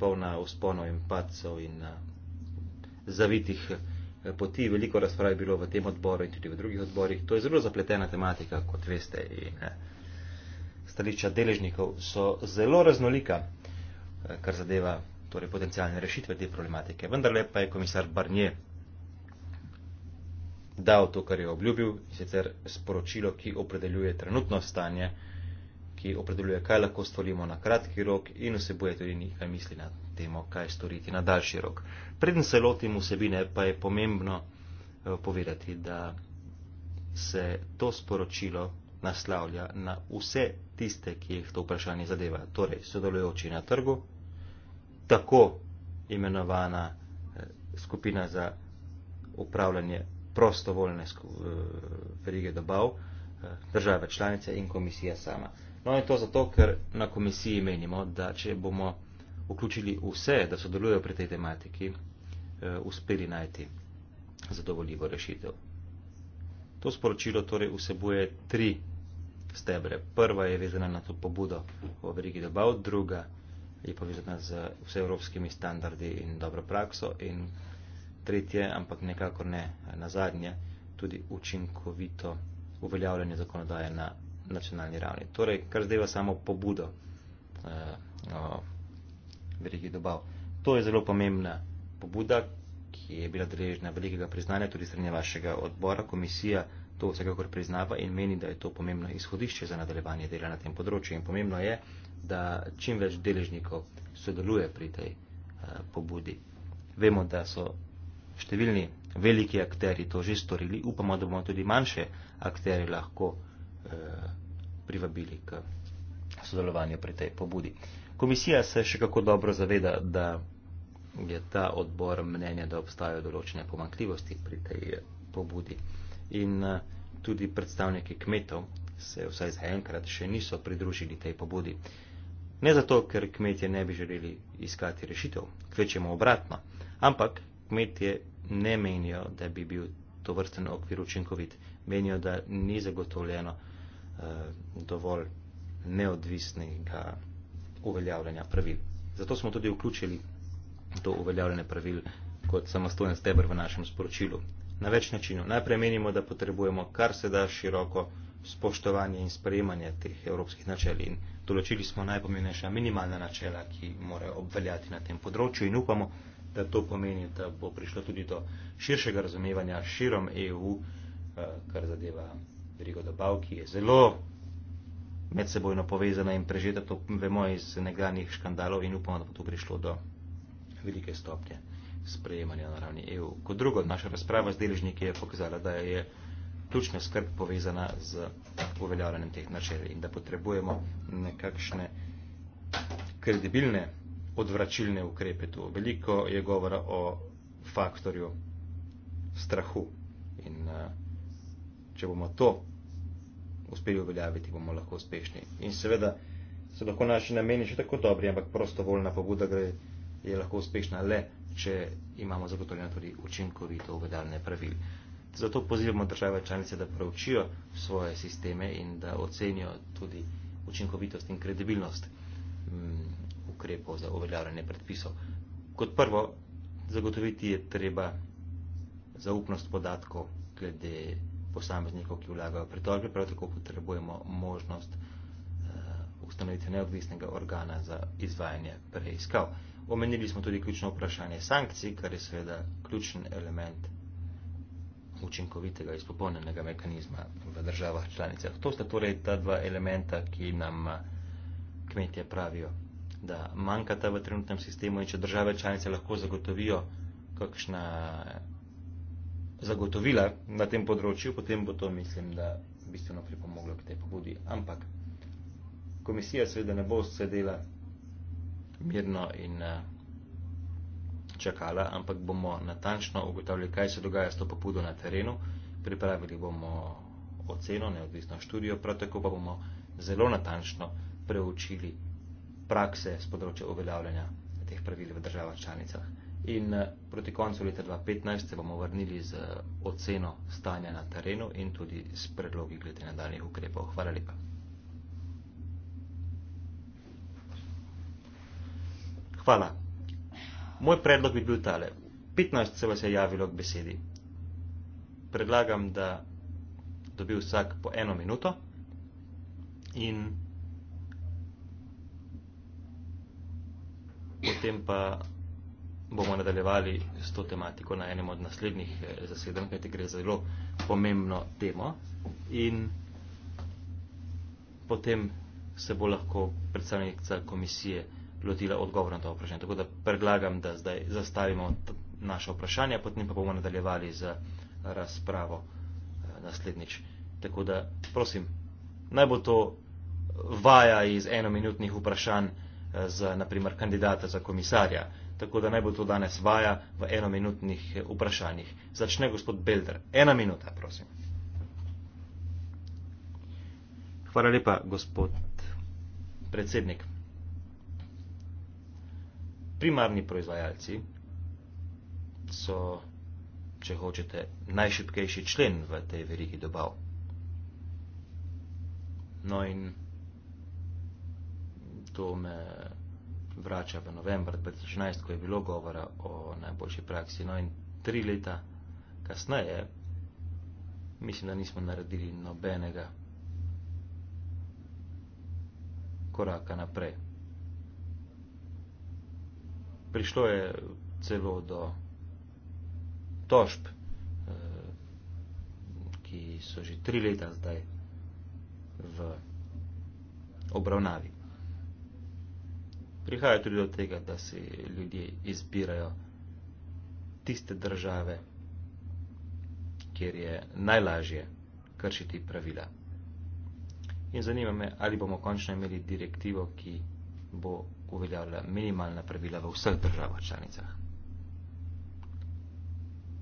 polna usponov in pacov in eh, zavitih eh, poti. Veliko razprav je bilo v tem odboru in tudi v drugih odborih. To je zelo zapletena tematika, kot veste, in stališča deležnikov so zelo raznolika, kar zadeva torej potencijalne rešitve te problematike. Vendar pa je komisar Barnier dal to, kar je obljubil, sicer sporočilo, ki opredeljuje trenutno stanje, ki opredeljuje, kaj lahko stvorimo na kratki rok in vsebuje tudi nekaj misli na temo, kaj storiti na daljši rok. Preden se lotim vsebine, pa je pomembno eh, povedati, da se to sporočilo naslavlja na vse tiste, ki jih to vprašanje zadeva, torej sodelujoči na trgu, tako imenovana eh, skupina za upravljanje prostovoljne eh, verige dobav, eh, države članice in komisija sama. No in to zato, ker na komisiji menimo, da če bomo vključili vse, da sodelujejo pri tej tematiki, uspeli najti zadovoljivo rešitev. To sporočilo torej vsebuje tri stebre. Prva je vezana na to pobudo o verigi dobav, druga je povezana z vseevropskimi standardi in dobro prakso in tretje, ampak nekako ne na zadnje, tudi učinkovito uveljavljanje zakonodaje na nacionalni ravni. Torej, kar zdaj samo pobudo eh, o verigi dobav. To je zelo pomembna pobuda, ki je bila drežna velikega priznanja tudi strani vašega odbora, komisija To vsekakor priznava in meni, da je to pomembno izhodišče za nadaljevanje dela na tem področju in pomembno je, da čim več deležnikov sodeluje pri tej uh, pobudi. Vemo, da so številni veliki akteri to že storili, upamo, da bomo tudi manjše akteri lahko uh, privabili k sodelovanju pri tej pobudi. Komisija se še kako dobro zaveda, da je ta odbor mnenja, da obstajajo določene pomankljivosti pri tej eh, pobudi. Uh, in eh, tudi predstavniki kmetov se vsaj zaenkrat še niso pridružili tej pobudi. Ne zato, ker kmetje ne bi želeli iskati rešitev, kvečemo obratno, ampak kmetje ne menijo, da bi bil to vrsten okvir učinkovit. Menijo, da ni zagotovljeno eh, dovolj neodvisnega uveljavljanja pravil. Zato smo tudi vključili to uveljavljanje pravil kot samostojen stebr v našem sporočilu na več načinov. Najprej menimo, da potrebujemo kar se da široko spoštovanje in sprejemanje teh evropskih načel in določili smo najpomembnejša minimalna načela, ki morajo obveljati na tem področju in upamo, da to pomeni, da bo prišlo tudi do širšega razumevanja širom EU, eh, kar zadeva verigo dobav, ki je zelo medsebojno povezana in prežeta, to vemo iz negranih škandalov in upamo, da bo to prišlo do velike stopnje sprejemanja na ravni EU. Kot drugo, naša razprava z deležniki je pokazala, da je ključna skrb povezana z uveljavljanjem teh načel in da potrebujemo nekakšne kredibilne odvračilne ukrepe tu. Veliko je govora o faktorju strahu in eh, če bomo to uspeli uveljaviti, bomo lahko uspešni. In seveda se lahko naši nameni še tako dobri, ampak prostovoljna pobuda gre, je lahko uspešna le če imamo zagotovljeno tudi učinkovito uvedalne pravil. Zato pozivamo države članice, da preučijo svoje sisteme in da ocenijo tudi učinkovitost in kredibilnost mm, ukrepov za uveljavljanje predpisov. Kot prvo, zagotoviti je treba zaupnost podatkov glede posameznikov, ki vlagajo pritožbe, prav tako potrebujemo možnost uh, ustanovitve neodvisnega organa za izvajanje preiskav omenili smo tudi ključno vprašanje sankcij, kar je seveda ključen element učinkovitega izpopolnjenega mehanizma v državah članicah. To sta torej ta dva elementa, ki nam kmetje pravijo, da manjkata v trenutnem sistemu in če države članice lahko zagotovijo kakšna zagotovila na tem področju, potem bo to, mislim, da bistveno pripomoglo k tej pobudi. Ampak komisija seveda ne bo sedela mirno in uh, čakala, ampak bomo natančno ugotavljali, kaj se dogaja s to popudo na terenu. Pripravili bomo oceno, neodvisno študijo, prav tako pa bomo zelo natančno preučili prakse z področja uveljavljanja teh pravil v državah članicah. In eh, proti koncu leta 2015 se bomo vrnili z oceno stanja na terenu in tudi s predlogi glede nadaljnih ukrepov. Hvala lepa. Hvala. Moj predlog bi bil tale. 15 se vas je javilo k besedi. Predlagam, da dobi vsak po eno minuto in potem pa bomo nadaljevali s to tematiko na enem od naslednjih eh, zasedanj, kajti gre za zelo pomembno temo in potem se bo lahko predstavnica komisije vsega lotila odgovor na to vprašanje. Tako da predlagam, da zdaj zastavimo naše vprašanje, potem pa bomo nadaljevali z razpravo eh, naslednjič. Tako da, prosim, naj bo to vaja iz enominutnih vprašanj eh, za, naprimer, kandidata za komisarja. Tako da naj bo to danes vaja v enominutnih eh, vprašanjih. Začne gospod Belder. Ena minuta, prosim. Hvala lepa, gospod predsednik primarni proizvajalci so, če hočete, najšipkejši člen v tej verigi dobav. No in to me vrača v novembr 2016, ko je bilo govora o najboljši praksi. No in tri leta kasneje, mislim, da nismo naredili nobenega koraka naprej prišlo je celo do tožb, eh, ki so že tri leta zdaj v obravnavi. Prihaja tudi do tega, da si ljudje izbirajo tiste države, kjer je najlažje kršiti pravila. In zanima me, ali bomo končno imeli direktivo, ki bo uveljavlja minimalna pravila v vseh državah članicah.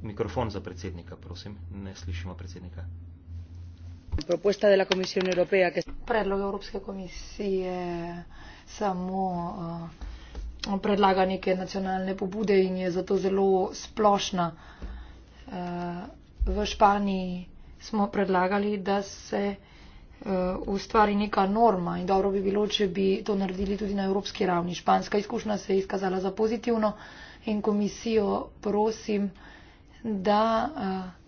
Mikrofon za predsednika, prosim, ne slišimo predsednika. Proposta de la Comisión Europea, ki je predlog Evropske komisije, samo uh, predlaga neke nacionalne pobude in je zato zelo splošna. Uh, v Španiji smo predlagali, da se uh, uh, ustvari neka norma in dobro bi bilo, če bi to naredili tudi na evropski ravni. Španska izkušnja se je izkazala za pozitivno in komisijo prosim, da uh,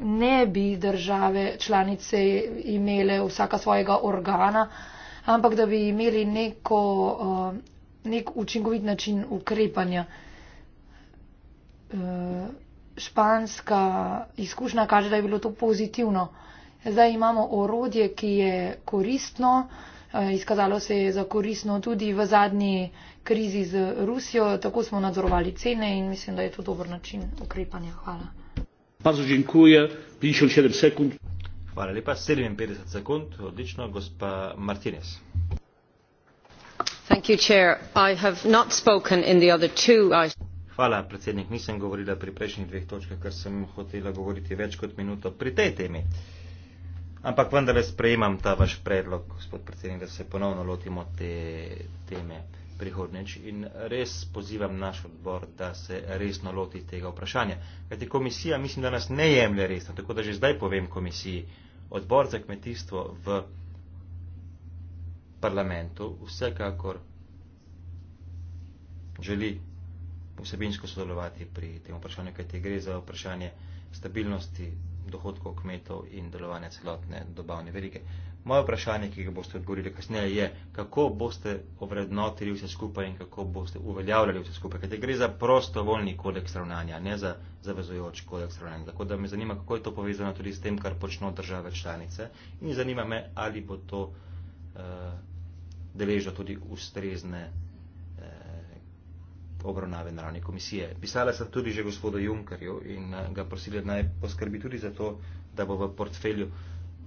ne bi države članice imele vsaka svojega organa, ampak da bi imeli neko, uh, nek učinkovit način ukrepanja. Španska izkušnja kaže, da je bilo to pozitivno uh, Zdaj imamo orodje, ki je koristno, eh, izkazalo se je za koristno tudi v zadnji krizi z Rusijo, tako smo nadzorovali cene in mislim, da je to dober način ukrepanja. Hvala. Hvala lepa, 57 sekund, odlično, gospa Martinez. Hvala, predsednik, nisem govorila pri prejšnjih dveh točkah, ker sem hotela govoriti več kot minuto pri tej temi. Uh, ampak vendarle sprejemam ta vaš predlog, gospod predsednik, da se ponovno lotimo te teme prihodneč in res pozivam naš odbor, da se resno loti tega vprašanja. Kajte komisija mislim, da nas ne jemlje resno, tako da že zdaj povem komisiji, odbor za kmetijstvo v parlamentu vsekakor želi vsebinsko sodelovati pri tem vprašanju, kajte gre za vprašanje stabilnosti dohodkov kmetov in delovanja celotne dobavne verige. Moje vprašanje, ki ga boste odgovorili kasneje, je, kako boste ovrednotili vse skupaj in kako boste uveljavljali vse skupaj. Kajte gre za prostovoljni kodeks ravnanja, ne za zavezojoč kodeks ravnanja. Tako da me zanima, kako je to povezano tudi s tem, kar počno države članice. In zanima me, ali bo to uh, eh, deležo tudi ustrezne obravnave naravne komisije. Pisala sem tudi že gospodu Junkerju in eh, ga prosila naj poskrbi tudi za to, da bo v portfelju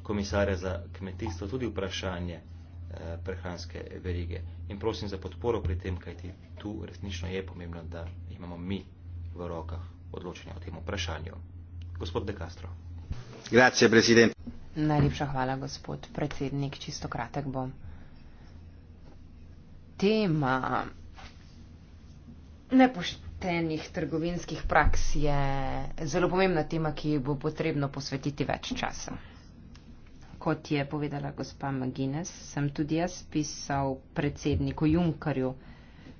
komisarja za kmetijstvo tudi vprašanje eh, prehranske verige. In prosim za podporo pri tem, kajti tu resnično je pomembno, da imamo mi v rokah odločenje o tem vprašanju. Gospod De Castro. Grazie, predsednik. Najlepša hvala, gospod predsednik. Čisto kratek bom. Tema nepoštenih trgovinskih praks je zelo pomembna tema, ki bo potrebno posvetiti več časa. Kot je povedala gospa Magines, sem tudi jaz pisal predsedniku Junkarju.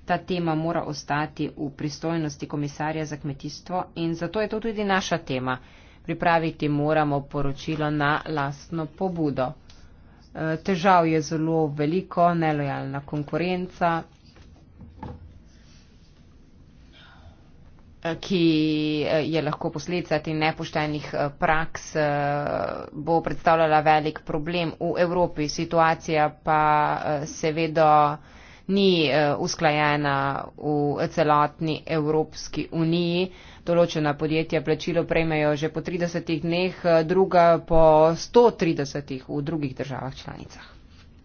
Ta tema mora ostati v pristojnosti komisarja za kmetijstvo in zato je to tudi naša tema. Pripraviti moramo poročilo na lastno pobudo. E, težav je zelo veliko, nelojalna konkurenca. Eh, ki eh, je lahko posledica te nepoštenih eh, praks, bo predstavljala velik problem v Evropi. Situacija pa seveda ni usklajena v celotni Evropski uniji. Določena podjetja plačilo prejmejo že po 30 dneh, druga po 130 v drugih državah članicah.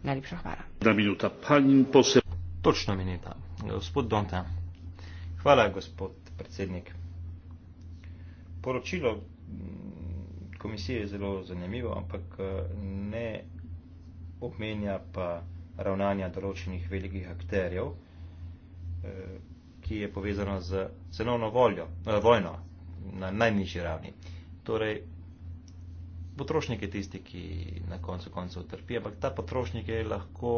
Najlepša hvala. Minuta, Točna minuta. Gospod Donta. Hvala, gospod predsednik. Poročilo komisije je zelo zanimivo, ampak eh, ne obmenja pa ravnanja določenih velikih akterjev, eh, ki je povezano z cenovno voljo, eh, vojno na najnižji ravni. Torej, potrošnik je tisti, ki na koncu koncev trpi, ampak ta potrošnik je lahko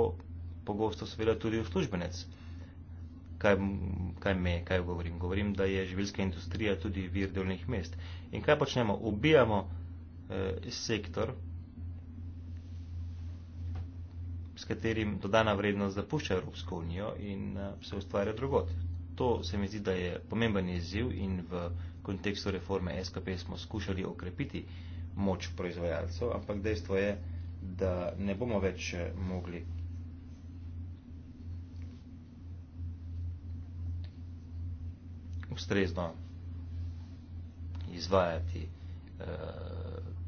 pogosto seveda tudi uslužbenec kaj, kaj me, kaj govorim. Govorim, da je živilska industrija tudi vir delovnih mest. In kaj počnemo? Ubijamo eh, sektor, s katerim dodana vrednost zapušča Evropsko unijo in eh, se ustvarja drugot. To se mi zdi, da je pomemben izziv in v kontekstu reforme SKP smo skušali okrepiti moč proizvajalcev, ampak dejstvo je, da ne bomo več eh, mogli ustrezno izvajati eh,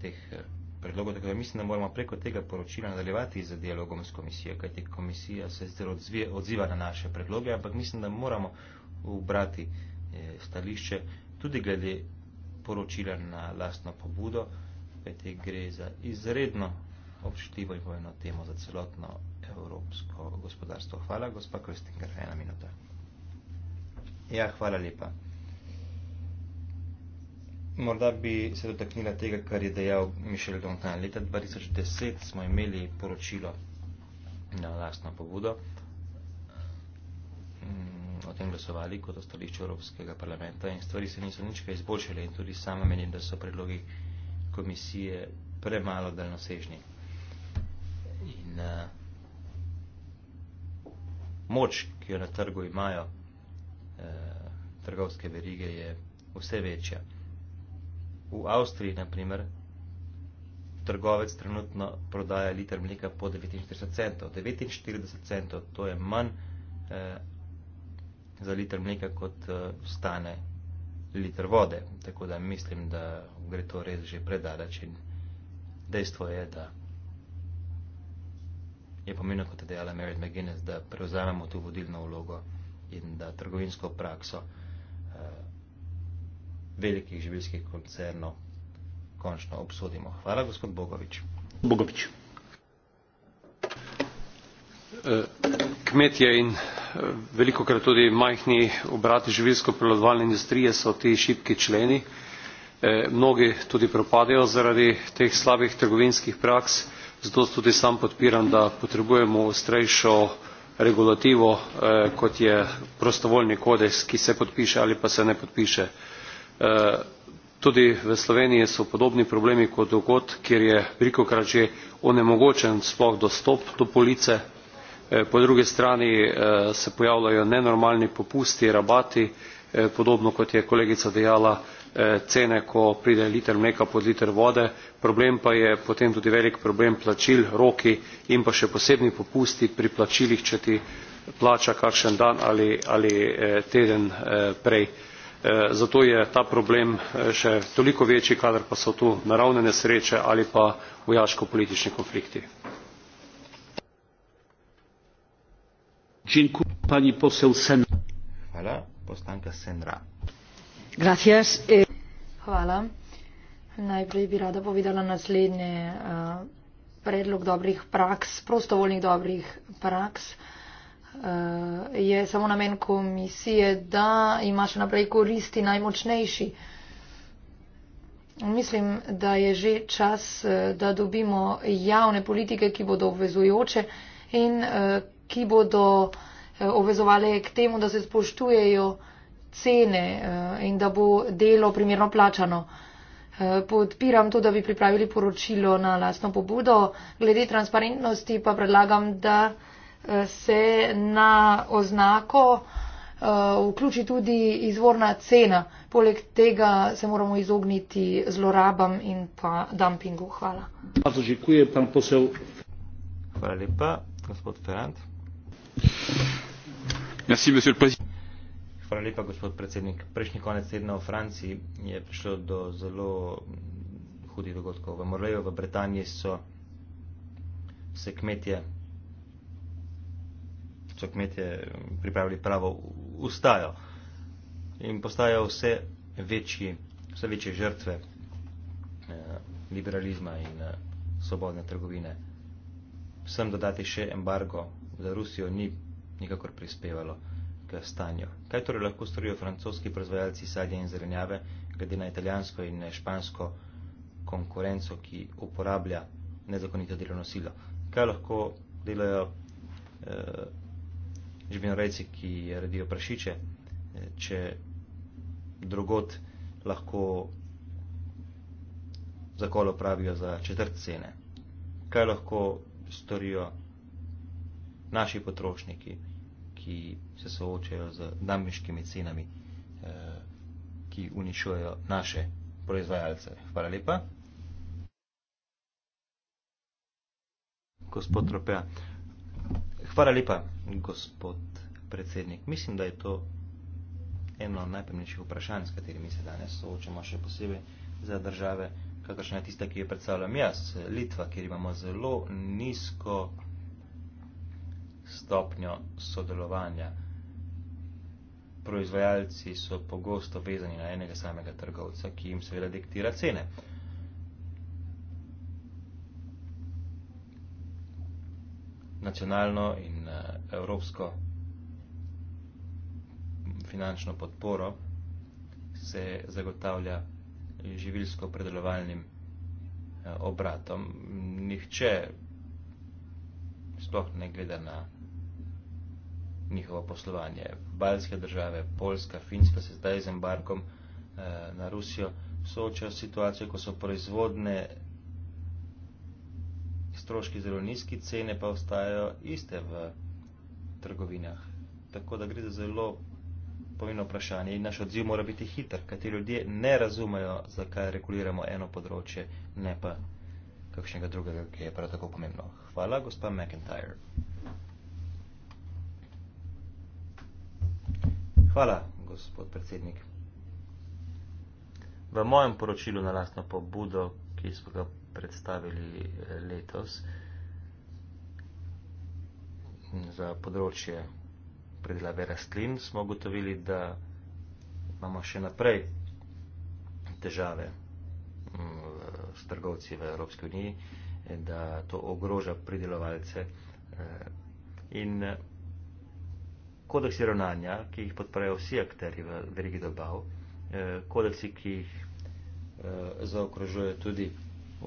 teh eh, predlogov. Tako da mislim, da moramo preko tega poročila nadaljevati z dialogom s komisijo, kajti komisija se zelo odziva na naše predloge, ampak mislim, da moramo ubrati eh, stališče tudi glede poročila na lastno pobudo, kajti gre za izredno občutljivo in pojeno temo za celotno evropsko gospodarstvo. Hvala, gospa Kristinger, ena minuta. Ja, hvala lepa. Morda bi se dotaknila tega, kar je dejal Mišel Dontan. Leta 2010 smo imeli poročilo na lastno pobudo mm, o tem glasovali kot o stališču Evropskega parlamenta in stvari se niso nič kaj izboljšale in tudi sama menim, da so predlogi komisije premalo daljnosežni. In uh, moč, ki jo na trgu imajo, eh, trgovske verige je vse večja. V Avstriji, na primer, trgovec trenutno prodaja liter mleka po 49 centov. 49 centov, to je manj eh, za liter mleka, kot eh, stane liter vode. Tako da mislim, da gre to res že predalač in dejstvo je, da je pomembno, kot je dejala Mary McGuinness, da prevzamemo tu vodilno vlogo in da trgovinsko prakso eh, velikih živilskih koncernov končno obsodimo. Hvala, gospod Bogovič. Bogovič. Eh, kmetje in eh, veliko krat tudi majhni obrati živilsko prelodovalne industrije so ti šibki členi. Eh, mnogi tudi propadajo zaradi teh slabih trgovinskih praks, zato tudi sam podpiram, da potrebujemo ostrejšo regulativo eh, kot je prostovoljni kodeks ki se podpiše ali pa se ne podpiše. Eh, tudi v sloveniji so podobni problemi kot drugod kjer je velikokrat že onemogočen sploh dostop do police eh, po drugi strani se pojavljajo nenormalni popusti rabati podobno kot je kolegica dejala Eh, cene ko pride liter mleka pod liter vode problem pa je potem tudi velik problem plačil roki in pa še posebni popusti pri plačilih če ti plača kakšen dan ali, ali eh, teden eh, prej. Zato je ta problem še toliko večji, kadar pa so tu naravne nesreče ali pa vojaško-politični konflikti. Hvala, poslanka Senra. Eh, najprej bi rada povedala naslednje eh, predlog dobrih praks prostovoljnih dobrih praks eh, je samo namen komisije da ima še naprej koristi najmočnejši mislim da je že čas da dobimo javne politike ki bodo obvezujoče in ki bodo obvezovale k temu da se spoštujejo cene eh, in da bo delo primerno plačano. Eh, podpiram to, da bi pripravili poročilo na lastno pobudo. Glede transparentnosti pa predlagam, da eh, se na oznako vključi tudi izvorna cena. Poleg tega se moramo izogniti zlorabam in pa dumpingu. Hvala. Hvala lepa, gospod Ferrand. Merci, monsieur le président. Hvala lepa, gospod predsednik. Prejšnji konec tedna v Franciji je prišlo do zelo hudih dogodkov. V Morleju, v Britaniji so se kmetje, so kmetje pripravili pravo ustajo in postajajo vse večji, vse večje žrtve eh, liberalizma in eh, svobodne trgovine. Vsem dodati še embargo za Rusijo ni nikakor prispevalo kastanjo. Kaj torej lahko storijo francoski proizvajalci sadja in zelenjave, glede na italijansko in špansko konkurenco, ki uporablja nezakonito delovno silo? Kaj lahko delajo eh, živinorejci, ki redijo prašiče, eh, če drugot lahko zakolo pravijo za četrt cene? Kaj lahko storijo naši potrošniki? ki se soočajo z damiškimi cenami, eh, ki uničujejo naše proizvajalce. Hvala lepa. Gospod Ropea. Hvala lepa, gospod predsednik. Mislim, da je to eno najpomembnejših vprašanj, s katerimi se danes soočamo, še posebej za države, kakršna je tista, ki jo predstavljam jaz, Litva, kjer imamo zelo nizko stopnjo sodelovanja. Proizvajalci so pogosto vezani na enega samega trgovca, ki jim seveda diktira cene. Nacionalno in eh, evropsko finančno podporo se zagotavlja živilsko-predelovalnim eh, obratom. Nihče sploh ne gleda na njihovo poslovanje. Baljske države, Poljska, Finska se zdaj z embarkom eh, na Rusijo soočajo s situacijo, ko so proizvodne stroški zelo nizki, cene pa ostajajo iste v trgovinah. Tako da gre za zelo pomembno vprašanje in naš odziv mora biti hiter, kajti ljudje ne razumejo, zakaj reguliramo eno področje, ne pa kakšnega drugega, ki je prav tako pomembno. Hvala, gospa McIntyre. Hvala, gospod predsednik. V mojem poročilu na lastno pobudo, ki smo ga predstavili eh, letos za področje predelave rastlin, smo ugotovili, da imamo še naprej težave mm, s trgovci v Evropski uniji, da to ogroža pridelovalce eh, in kodeksi ravnanja, ki jih podprejo vsi akteri v verigi dobav, eh, kodeksi, ki jih eh, zaokrožujejo tudi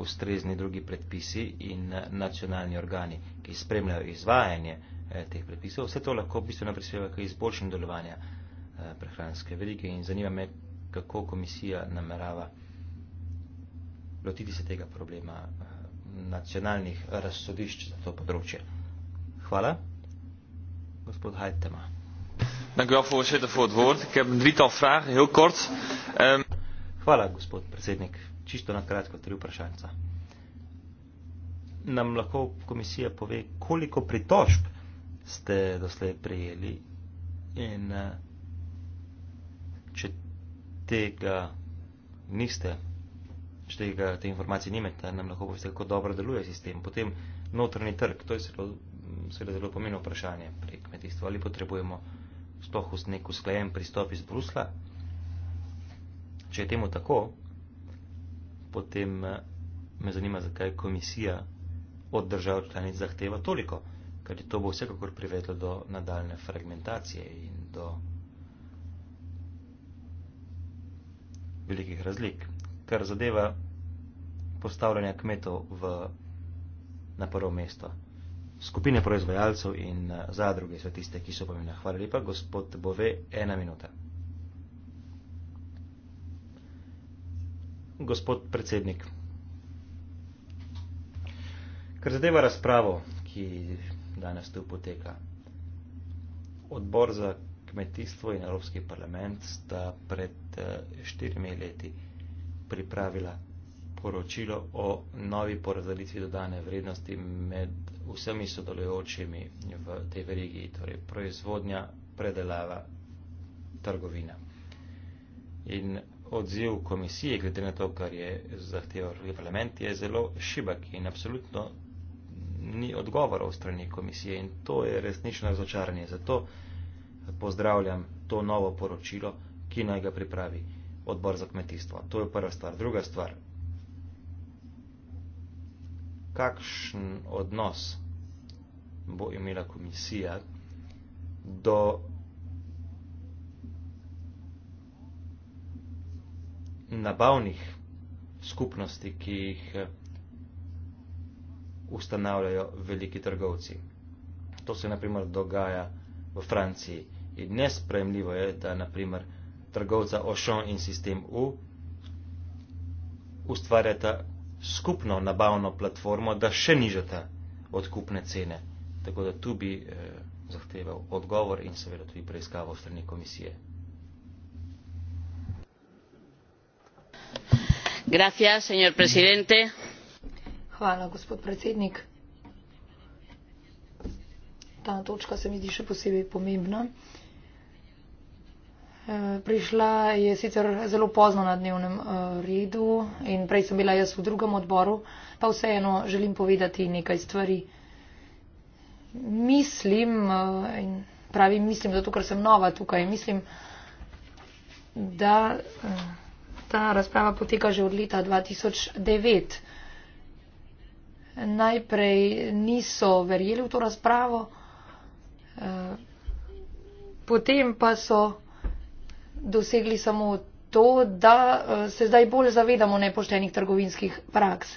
ustrezni drugi predpisi in eh, nacionalni organi, ki spremljajo izvajanje teh predpisov, vse to lahko bistveno prispeva k izboljšanju delovanja prehranske verige in zanima me, kako komisija namerava lotiti se tega problema nacionalnih razsodišč za to področje. Hvala gospod Hajtema. Dank u wel, voorzitter, voor het woord. Ik heb een drietal vragen, heel kort. Um... Hvala, gospod predsednik. Čisto na kratko tri vprašanca. Nam lahko komisija pove, koliko pritožb ste doslej prejeli in eh, če tega niste, če tega, te informacije nimete, nam lahko poveste, kako dobro deluje sistem. Potem notrni trg, to je zelo seveda zelo pomeno vprašanje pri kmetijstvu, ali potrebujemo sploh nek usklajen pristop iz Brusla. Če je temu tako, potem eh, me zanima, zakaj komisija od držav članic zahteva toliko, ker to bo vsekakor privedlo do nadaljne fragmentacije in do velikih razlik. Kar zadeva postavljanja kmetov v, na prvo mesto skupine proizvajalcev in eh, zadruge so tiste, ki so pomembne. Hvala lepa, gospod Bove, ena minuta. Gospod predsednik, kar zadeva razpravo, ki danes tu poteka, odbor za kmetijstvo in Evropski parlament sta pred eh, štirimi leti pripravila poročilo o novi porazdelitvi dodane vrednosti med vsemi sodelujočimi v tej verigi, torej proizvodnja, predelava, trgovina. In odziv komisije, glede na to, kar je zahteval parlament, je zelo šibak in absolutno ni odgovorov strani komisije in to je resnično razočaranje. Zato pozdravljam to novo poročilo, ki naj ga pripravi odbor za kmetijstvo. To je prva stvar. Druga stvar. Kakšen odnos bo imela komisija do nabavnih skupnosti, ki jih eh, ustanavljajo veliki trgovci. To se naprimer dogaja v Franciji in nespremljivo je, da naprimer trgovca Auchan in sistem U ustvarjata skupno nabavno platformo, da še nižata odkupne cene. Tako da tu bi eh, zahteval odgovor in seveda tudi preiskavo strani komisije. Gracias, señor presidente. Hvala, gospod predsednik. Ta točka se mi zdi še posebej pomembna. Eh, prišla je sicer zelo pozno na dnevnem eh, redu in prej sem bila jaz v drugem odboru, pa vseeno želim povedati nekaj stvari mislim, eh, in pravi mislim, zato ker sem nova tukaj, mislim, da eh, ta razprava poteka že od leta 2009. Najprej niso verjeli v to razpravo, eh, potem pa so dosegli samo to, da se zdaj bolj zavedamo nepoštenih trgovinskih praks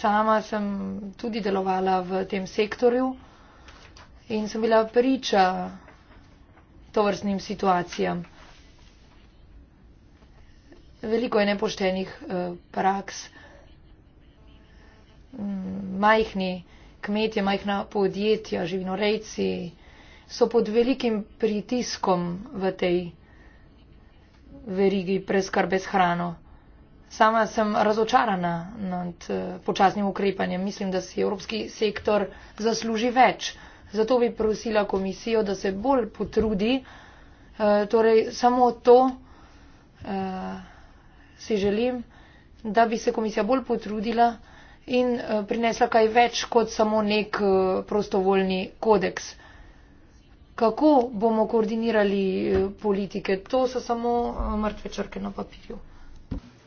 sama sem tudi delovala v tem sektorju in sem bila priča tovrstnim situacijam. Veliko je nepoštenih eh, praks. Mm, majhni kmetje, majhna podjetja, živinorejci so pod velikim pritiskom v tej verigi preskrbe s hrano. Sama sem razočarana nad eh, počasnim ukrepanjem. Mislim, da si evropski sektor zasluži več. Zato bi prosila komisijo, da se bolj potrudi. Eh, torej, samo to eh, si želim, da bi se komisija bolj potrudila in prinesla kaj več kot samo nek prostovoljni kodeks. Kako bomo koordinirali politike? To so samo mrtve črke na papirju.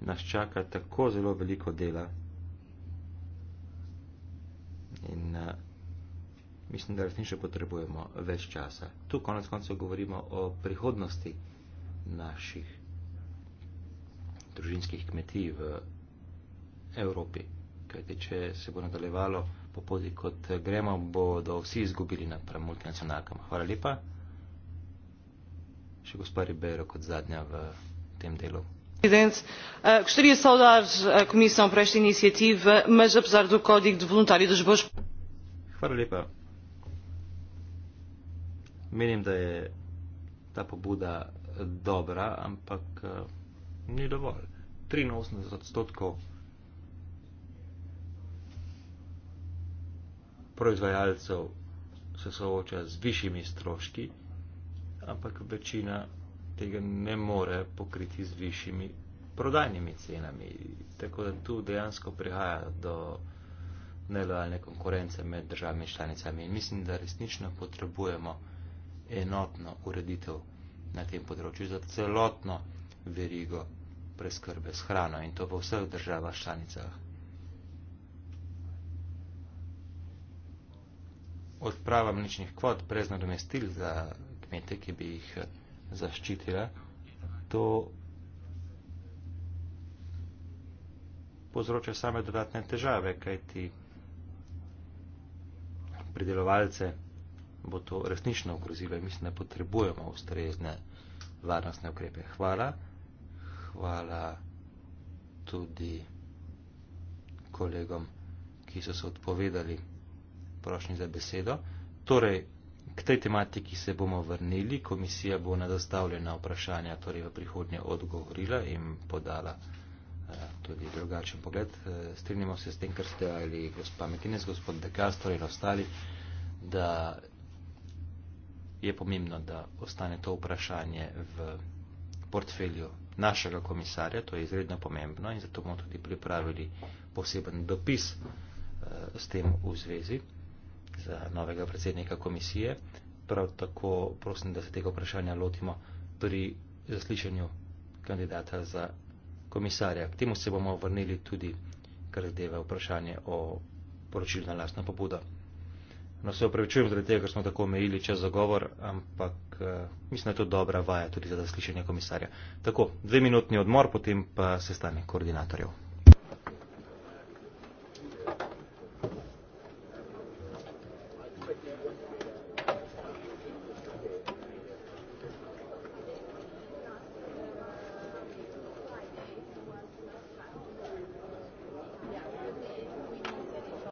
nas čaka tako zelo veliko dela. In uh, mislim, da resnično potrebujemo več časa. Tu konec koncev govorimo o prihodnosti naših družinskih kmetij v Evropi. Kajte, če se bo nadaljevalo po poti, kot gremo, bodo vsi izgubili naprem multinacionalkam. Hvala lepa. Še gospod Ribero kot zadnja v tem delu presidente eh, gostaria de saudar eh, a comissão por esta iniciativa mas apesar do código de voluntário das boas Menim, da je ta pobuda eh, dobra, ampak ni dovolj. 83 odstotkov proizvajalcev se sooča z višjimi stroški, ampak večina tega ne more pokriti z višjimi prodajnimi cenami. Tako da tu dejansko prihaja do nelojalne konkurence med državami članicami. In mislim, da resnično potrebujemo enotno ureditev na tem področju za celotno verigo preskrbe s hrano in to v vseh državah članicah. Odprava mlečnih kvot brez nadomestil za kmete, ki bi jih zaščitile, to povzroča same dodatne težave, kajti pridelovalce bo to resnično ogrozilo in mislim, da potrebujemo ustrezne varnostne ukrepe. Hvala. Hvala tudi kolegom, ki so se odpovedali prošnji za besedo. Torej, K tej tematiki se bomo vrnili, komisija bo na zastavljena vprašanja torej v prihodnje odgovorila in podala eh, tudi drugačen pogled. Eh, strinjamo se s tem, kar ste ali gospod Mekines, gospod Dekastor in ostali, da je pomembno, da ostane to vprašanje v portfelju našega komisarja, to je izredno pomembno in zato bomo tudi pripravili poseben dopis eh, s tem v zvezi za novega predsednika komisije. Prav tako prosim, da se tega vprašanja lotimo pri zaslišanju kandidata za komisarja. K temu se bomo vrnili tudi, kar zadeva vprašanje o poročilu na lastno pobudo. No, se opravičujem zaradi tega, ker smo tako omejili čas za govor, ampak uh, mislim, da je to dobra vaja tudi za zaslišanje komisarja. Tako, dve minutni odmor, potem pa sestanek koordinatorjev.